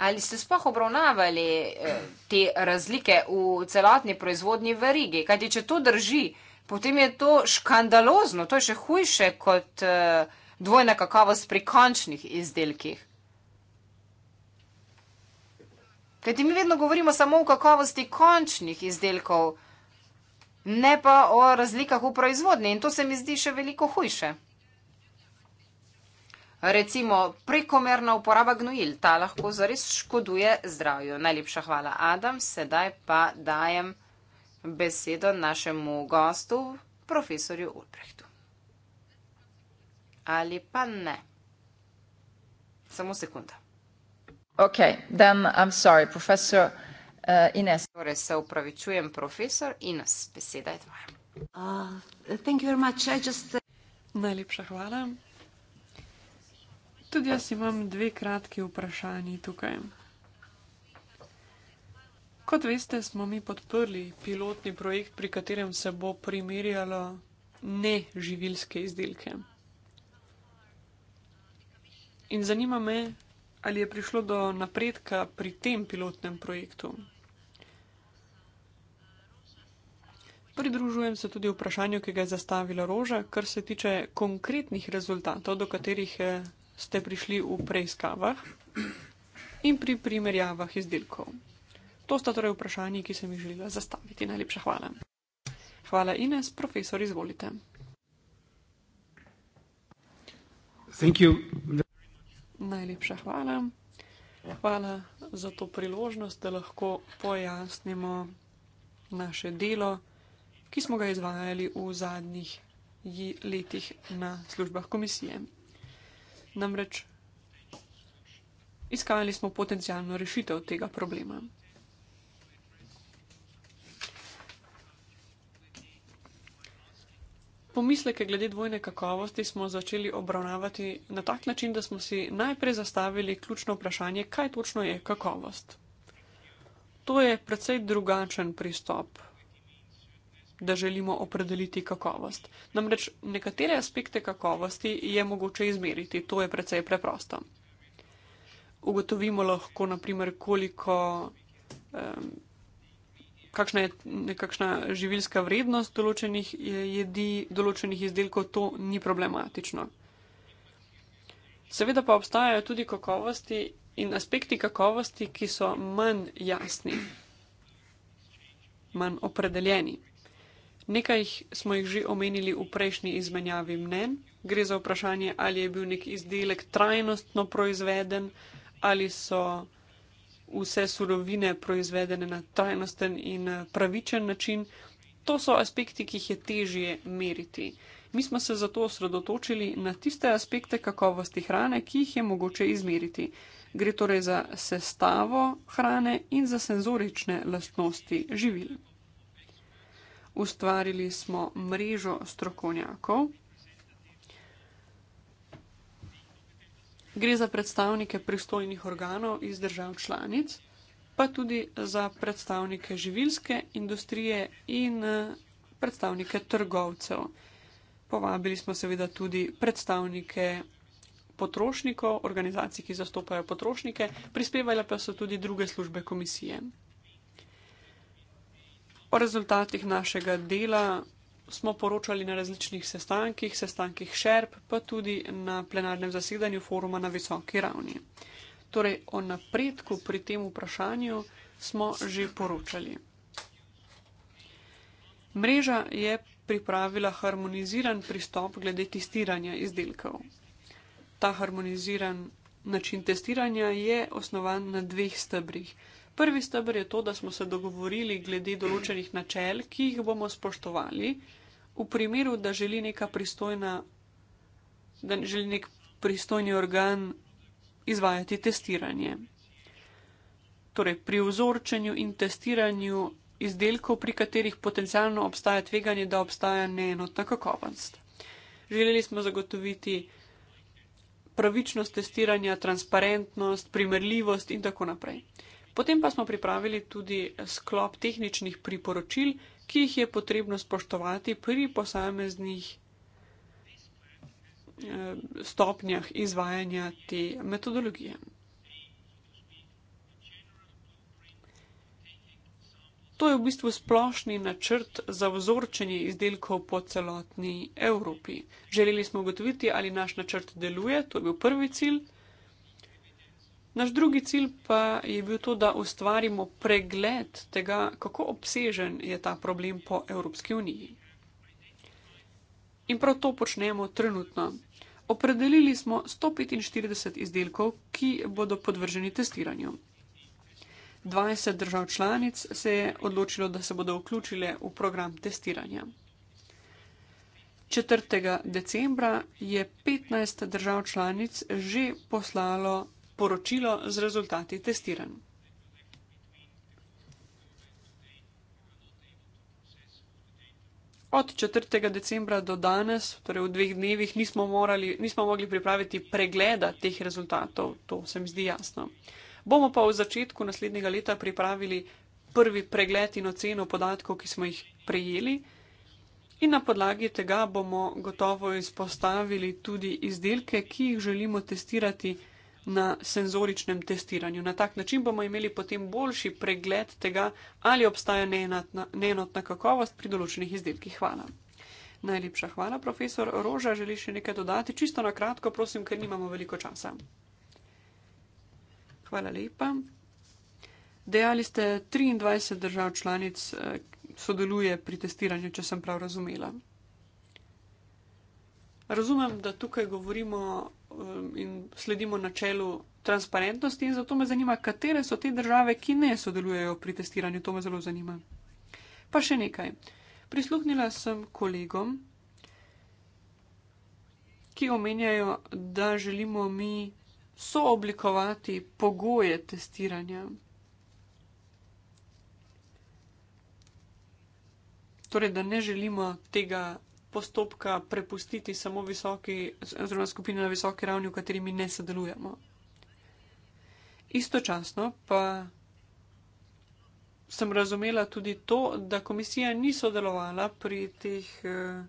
Ali ste sploh obravnavali eh, te razlike v celotni proizvodni verigi? Kajti, če to drži, potem je to škandalozno, to je še hujše kot eh, dvojna kakovost pri končnih izdelkih. Kajti mi vedno govorimo samo o kakovosti končnih izdelkov, ne pa o razlikah v proizvodni in to se mi zdi še veliko hujše recimo prekomerna uporaba gnojil, ta lahko zares škoduje zdravju. Najlepša hvala, Adam. Sedaj pa dajem besedo našemu gostu, profesorju Ulprehtu. Ali pa ne? Samo sekunda. Ok, then I'm sorry, profesor uh, Ines. Torej se upravičujem, profesor Ines, beseda je tvoja. Uh, thank you very much. I just. Uh, Najlepša hvala. Tudi jaz imam dve kratki vprašanji tukaj. Kot veste, smo mi podprli pilotni projekt, pri katerem se bo primerjalo neživilske izdelke. In zanima me, ali je prišlo do napredka pri tem pilotnem projektu. Pridružujem se tudi vprašanju, ki ga je zastavila Roža, kar se tiče konkretnih rezultatov, do katerih ste prišli v preiskavah in pri primerjavah izdelkov. To sta torej vprašanji, ki sem jih želela zastaviti. Najlepša hvala. Hvala Ines, profesor, izvolite. Najlepša hvala. Hvala za to priložnost, da lahko pojasnimo naše delo, ki smo ga izvajali v zadnjih letih na službah komisije. Namreč iskali smo potencijalno rešitev tega problema. Pomisleke glede dvojne kakovosti smo začeli obravnavati na tak način, da smo si najprej zastavili ključno vprašanje, kaj točno je kakovost. To je precej drugačen pristop da želimo opredeliti kakovost. Namreč nekatere aspekte kakovosti je mogoče izmeriti, to je precej preprosto. Ugotovimo lahko, naprimer, koliko, um, kakšna je nekakšna življska vrednost določenih eh, jedi, določenih izdelkov, to ni problematično. Seveda pa obstajajo tudi kakovosti in aspekti kakovosti, ki so manj jasni, manj opredeljeni. Nekaj smo jih že omenili v prejšnji izmenjavi mnen. Gre za vprašanje, ali je bil nek izdelek trajnostno proizveden, ali so vse surovine proizvedene na trajnosten in eh, pravičen način. To so aspekti, ki jih je težje meriti. Mi smo se zato osredotočili na tiste aspekte kakovosti hrane, ki jih je mogoče izmeriti. Gre torej za sestavo hrane in za senzorične lastnosti živil ustvarili smo mrežo strokovnjakov. Gre za predstavnike pristojnih organov iz držav članic, pa tudi za predstavnike živilske industrije in eh, predstavnike trgovcev. Povabili smo seveda tudi predstavnike potrošnikov, organizacij, ki zastopajo potrošnike, prispevali pa so tudi druge službe komisije. O rezultatih našega dela smo poročali na različnih sestankih, sestankih šerp, pa tudi na plenarnem zasedanju foruma na visoki ravni. Torej, o napredku pri tem vprašanju smo že poročali. Mreža je pripravila harmoniziran pristop glede testiranja izdelkov. Ta harmoniziran način testiranja je osnovan na dveh stebrih. Prvi stebr je to, da smo se dogovorili glede določenih načel, ki jih bomo spoštovali. V primeru, da želi neka pristojna, da želi nek pristojni organ izvajati testiranje. Torej, pri vzorčenju in testiranju izdelkov, pri katerih potencialno obstaja tveganje, da obstaja neenotna kakovost. Želeli smo zagotoviti pravičnost testiranja, transparentnost, primerljivost in tako naprej. Potem pa smo pripravili tudi sklop tehničnih priporočil, ki jih je potrebno spoštovati pri posameznih eh, stopnjah izvajanja te metodologije. To je v bistvu splošni načrt za vzorčenje izdelkov po celotni Evropi. Želeli smo ugotoviti, ali naš načrt deluje, to je bil prvi cilj. Naš drugi cilj pa je bil to, da ustvarimo pregled tega, kako obsežen je ta problem po Evropski uniji. In prav to počnemo trenutno. Opredelili smo 145 izdelkov, ki bodo podvrženi testiranju. 20 držav članic se je odločilo, da se bodo vključile v program testiranja. 4. decembra je 15 držav članic že poslalo poročilo z rezultati testiranj. Od 4. decembra do danes, torej v dveh dnevih, nismo, morali, nismo mogli pripraviti pregleda teh rezultatov, to se mi zdi jasno. Bomo pa v začetku naslednjega leta pripravili prvi pregled in oceno podatkov, ki smo jih prejeli in na podlagi tega bomo gotovo izpostavili tudi izdelke, ki jih želimo testirati na senzoričnem testiranju. Na tak način bomo imeli potem boljši pregled tega, ali obstaja neenotna kakovost pri določenih izdelkih. Hvala. Najlepša hvala, profesor Roža. Želi še nekaj dodati? Čisto na kratko, prosim, ker nimamo veliko časa. Hvala lepa. Dejali ste, 23 držav članic eh, sodeluje pri testiranju, če sem prav razumela. Razumem, da tukaj govorimo um, in sledimo načelu transparentnosti in zato me zanima, katere so te države, ki ne sodelujejo pri testiranju. To me zelo zanima. Pa še nekaj. Prisluhnila sem kolegom, ki omenjajo, da želimo mi sooblikovati pogoje testiranja. Torej, da ne želimo tega postopka prepustiti samo visoki, oziroma skupini na visoki ravni, v kateri mi ne sodelujemo. Istočasno pa sem razumela tudi to, da komisija ni sodelovala pri teh eh,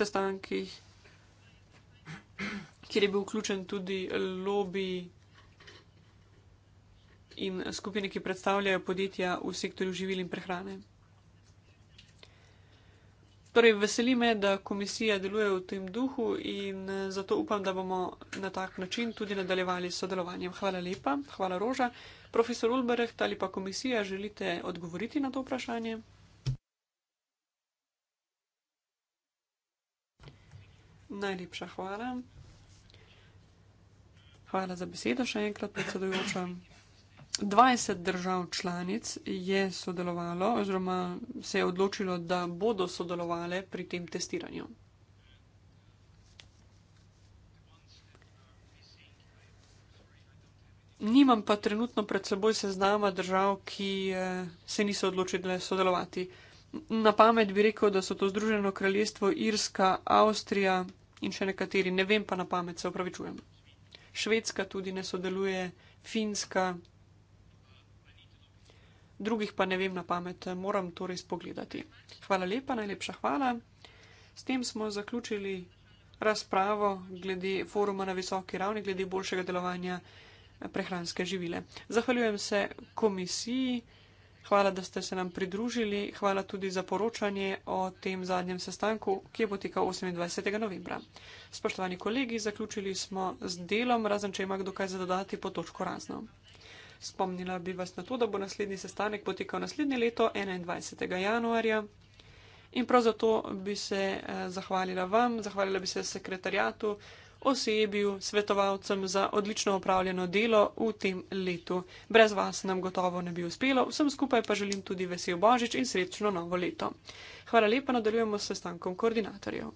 sestankih, kjer je bil vključen tudi lobby in skupine, ki predstavljajo podjetja v sektorju živil in prehrane. Torej, veseli me, da komisija deluje v tem duhu in eh, zato upam, da bomo na tak način tudi nadaljevali s sodelovanjem. Hvala lepa, hvala Roža. Profesor Ulbrecht ali pa komisija, želite odgovoriti na to vprašanje? Najlepša hvala. Hvala za besedo še enkrat, predsedujoča. 20 držav članic je sodelovalo, oziroma se je odločilo, da bodo sodelovali pri tem testiranju. Nimam pa trenutno pred seboj seznama držav, ki eh, se niso odločile sodelovati. Na pamet bi rekel, da so to Združeno kraljestvo, Irska, Avstrija in še nekateri, ne vem pa na pamet, se opravičujem. Švedska tudi ne sodeluje, Finska drugih pa ne vem na pamet, moram torej spogledati. Hvala lepa, najlepša hvala. S tem smo zaključili razpravo glede foruma na visoki ravni, glede boljšega delovanja eh, prehranske živile. Zahvaljujem se komisiji, hvala, da ste se nam pridružili, hvala tudi za poročanje o tem zadnjem sestanku, ki je potekal 28. novembra. Spoštovani kolegi, zaključili smo z delom, razen če ima kdo kaj za dodati po točko razno. Spomnila bi vas na to, da bo naslednji sestanek potekal naslednje leto, 21. januarja. In prav zato bi se eh, zahvalila vam, zahvalila bi se sekretarjatu, osebju, svetovalcem za odlično opravljeno delo v tem letu. Brez vas nam gotovo ne bi uspelo, vsem skupaj pa želim tudi vesel Božič in srečno novo leto. Hvala lepa, nadaljujemo s sestankom koordinatorjev.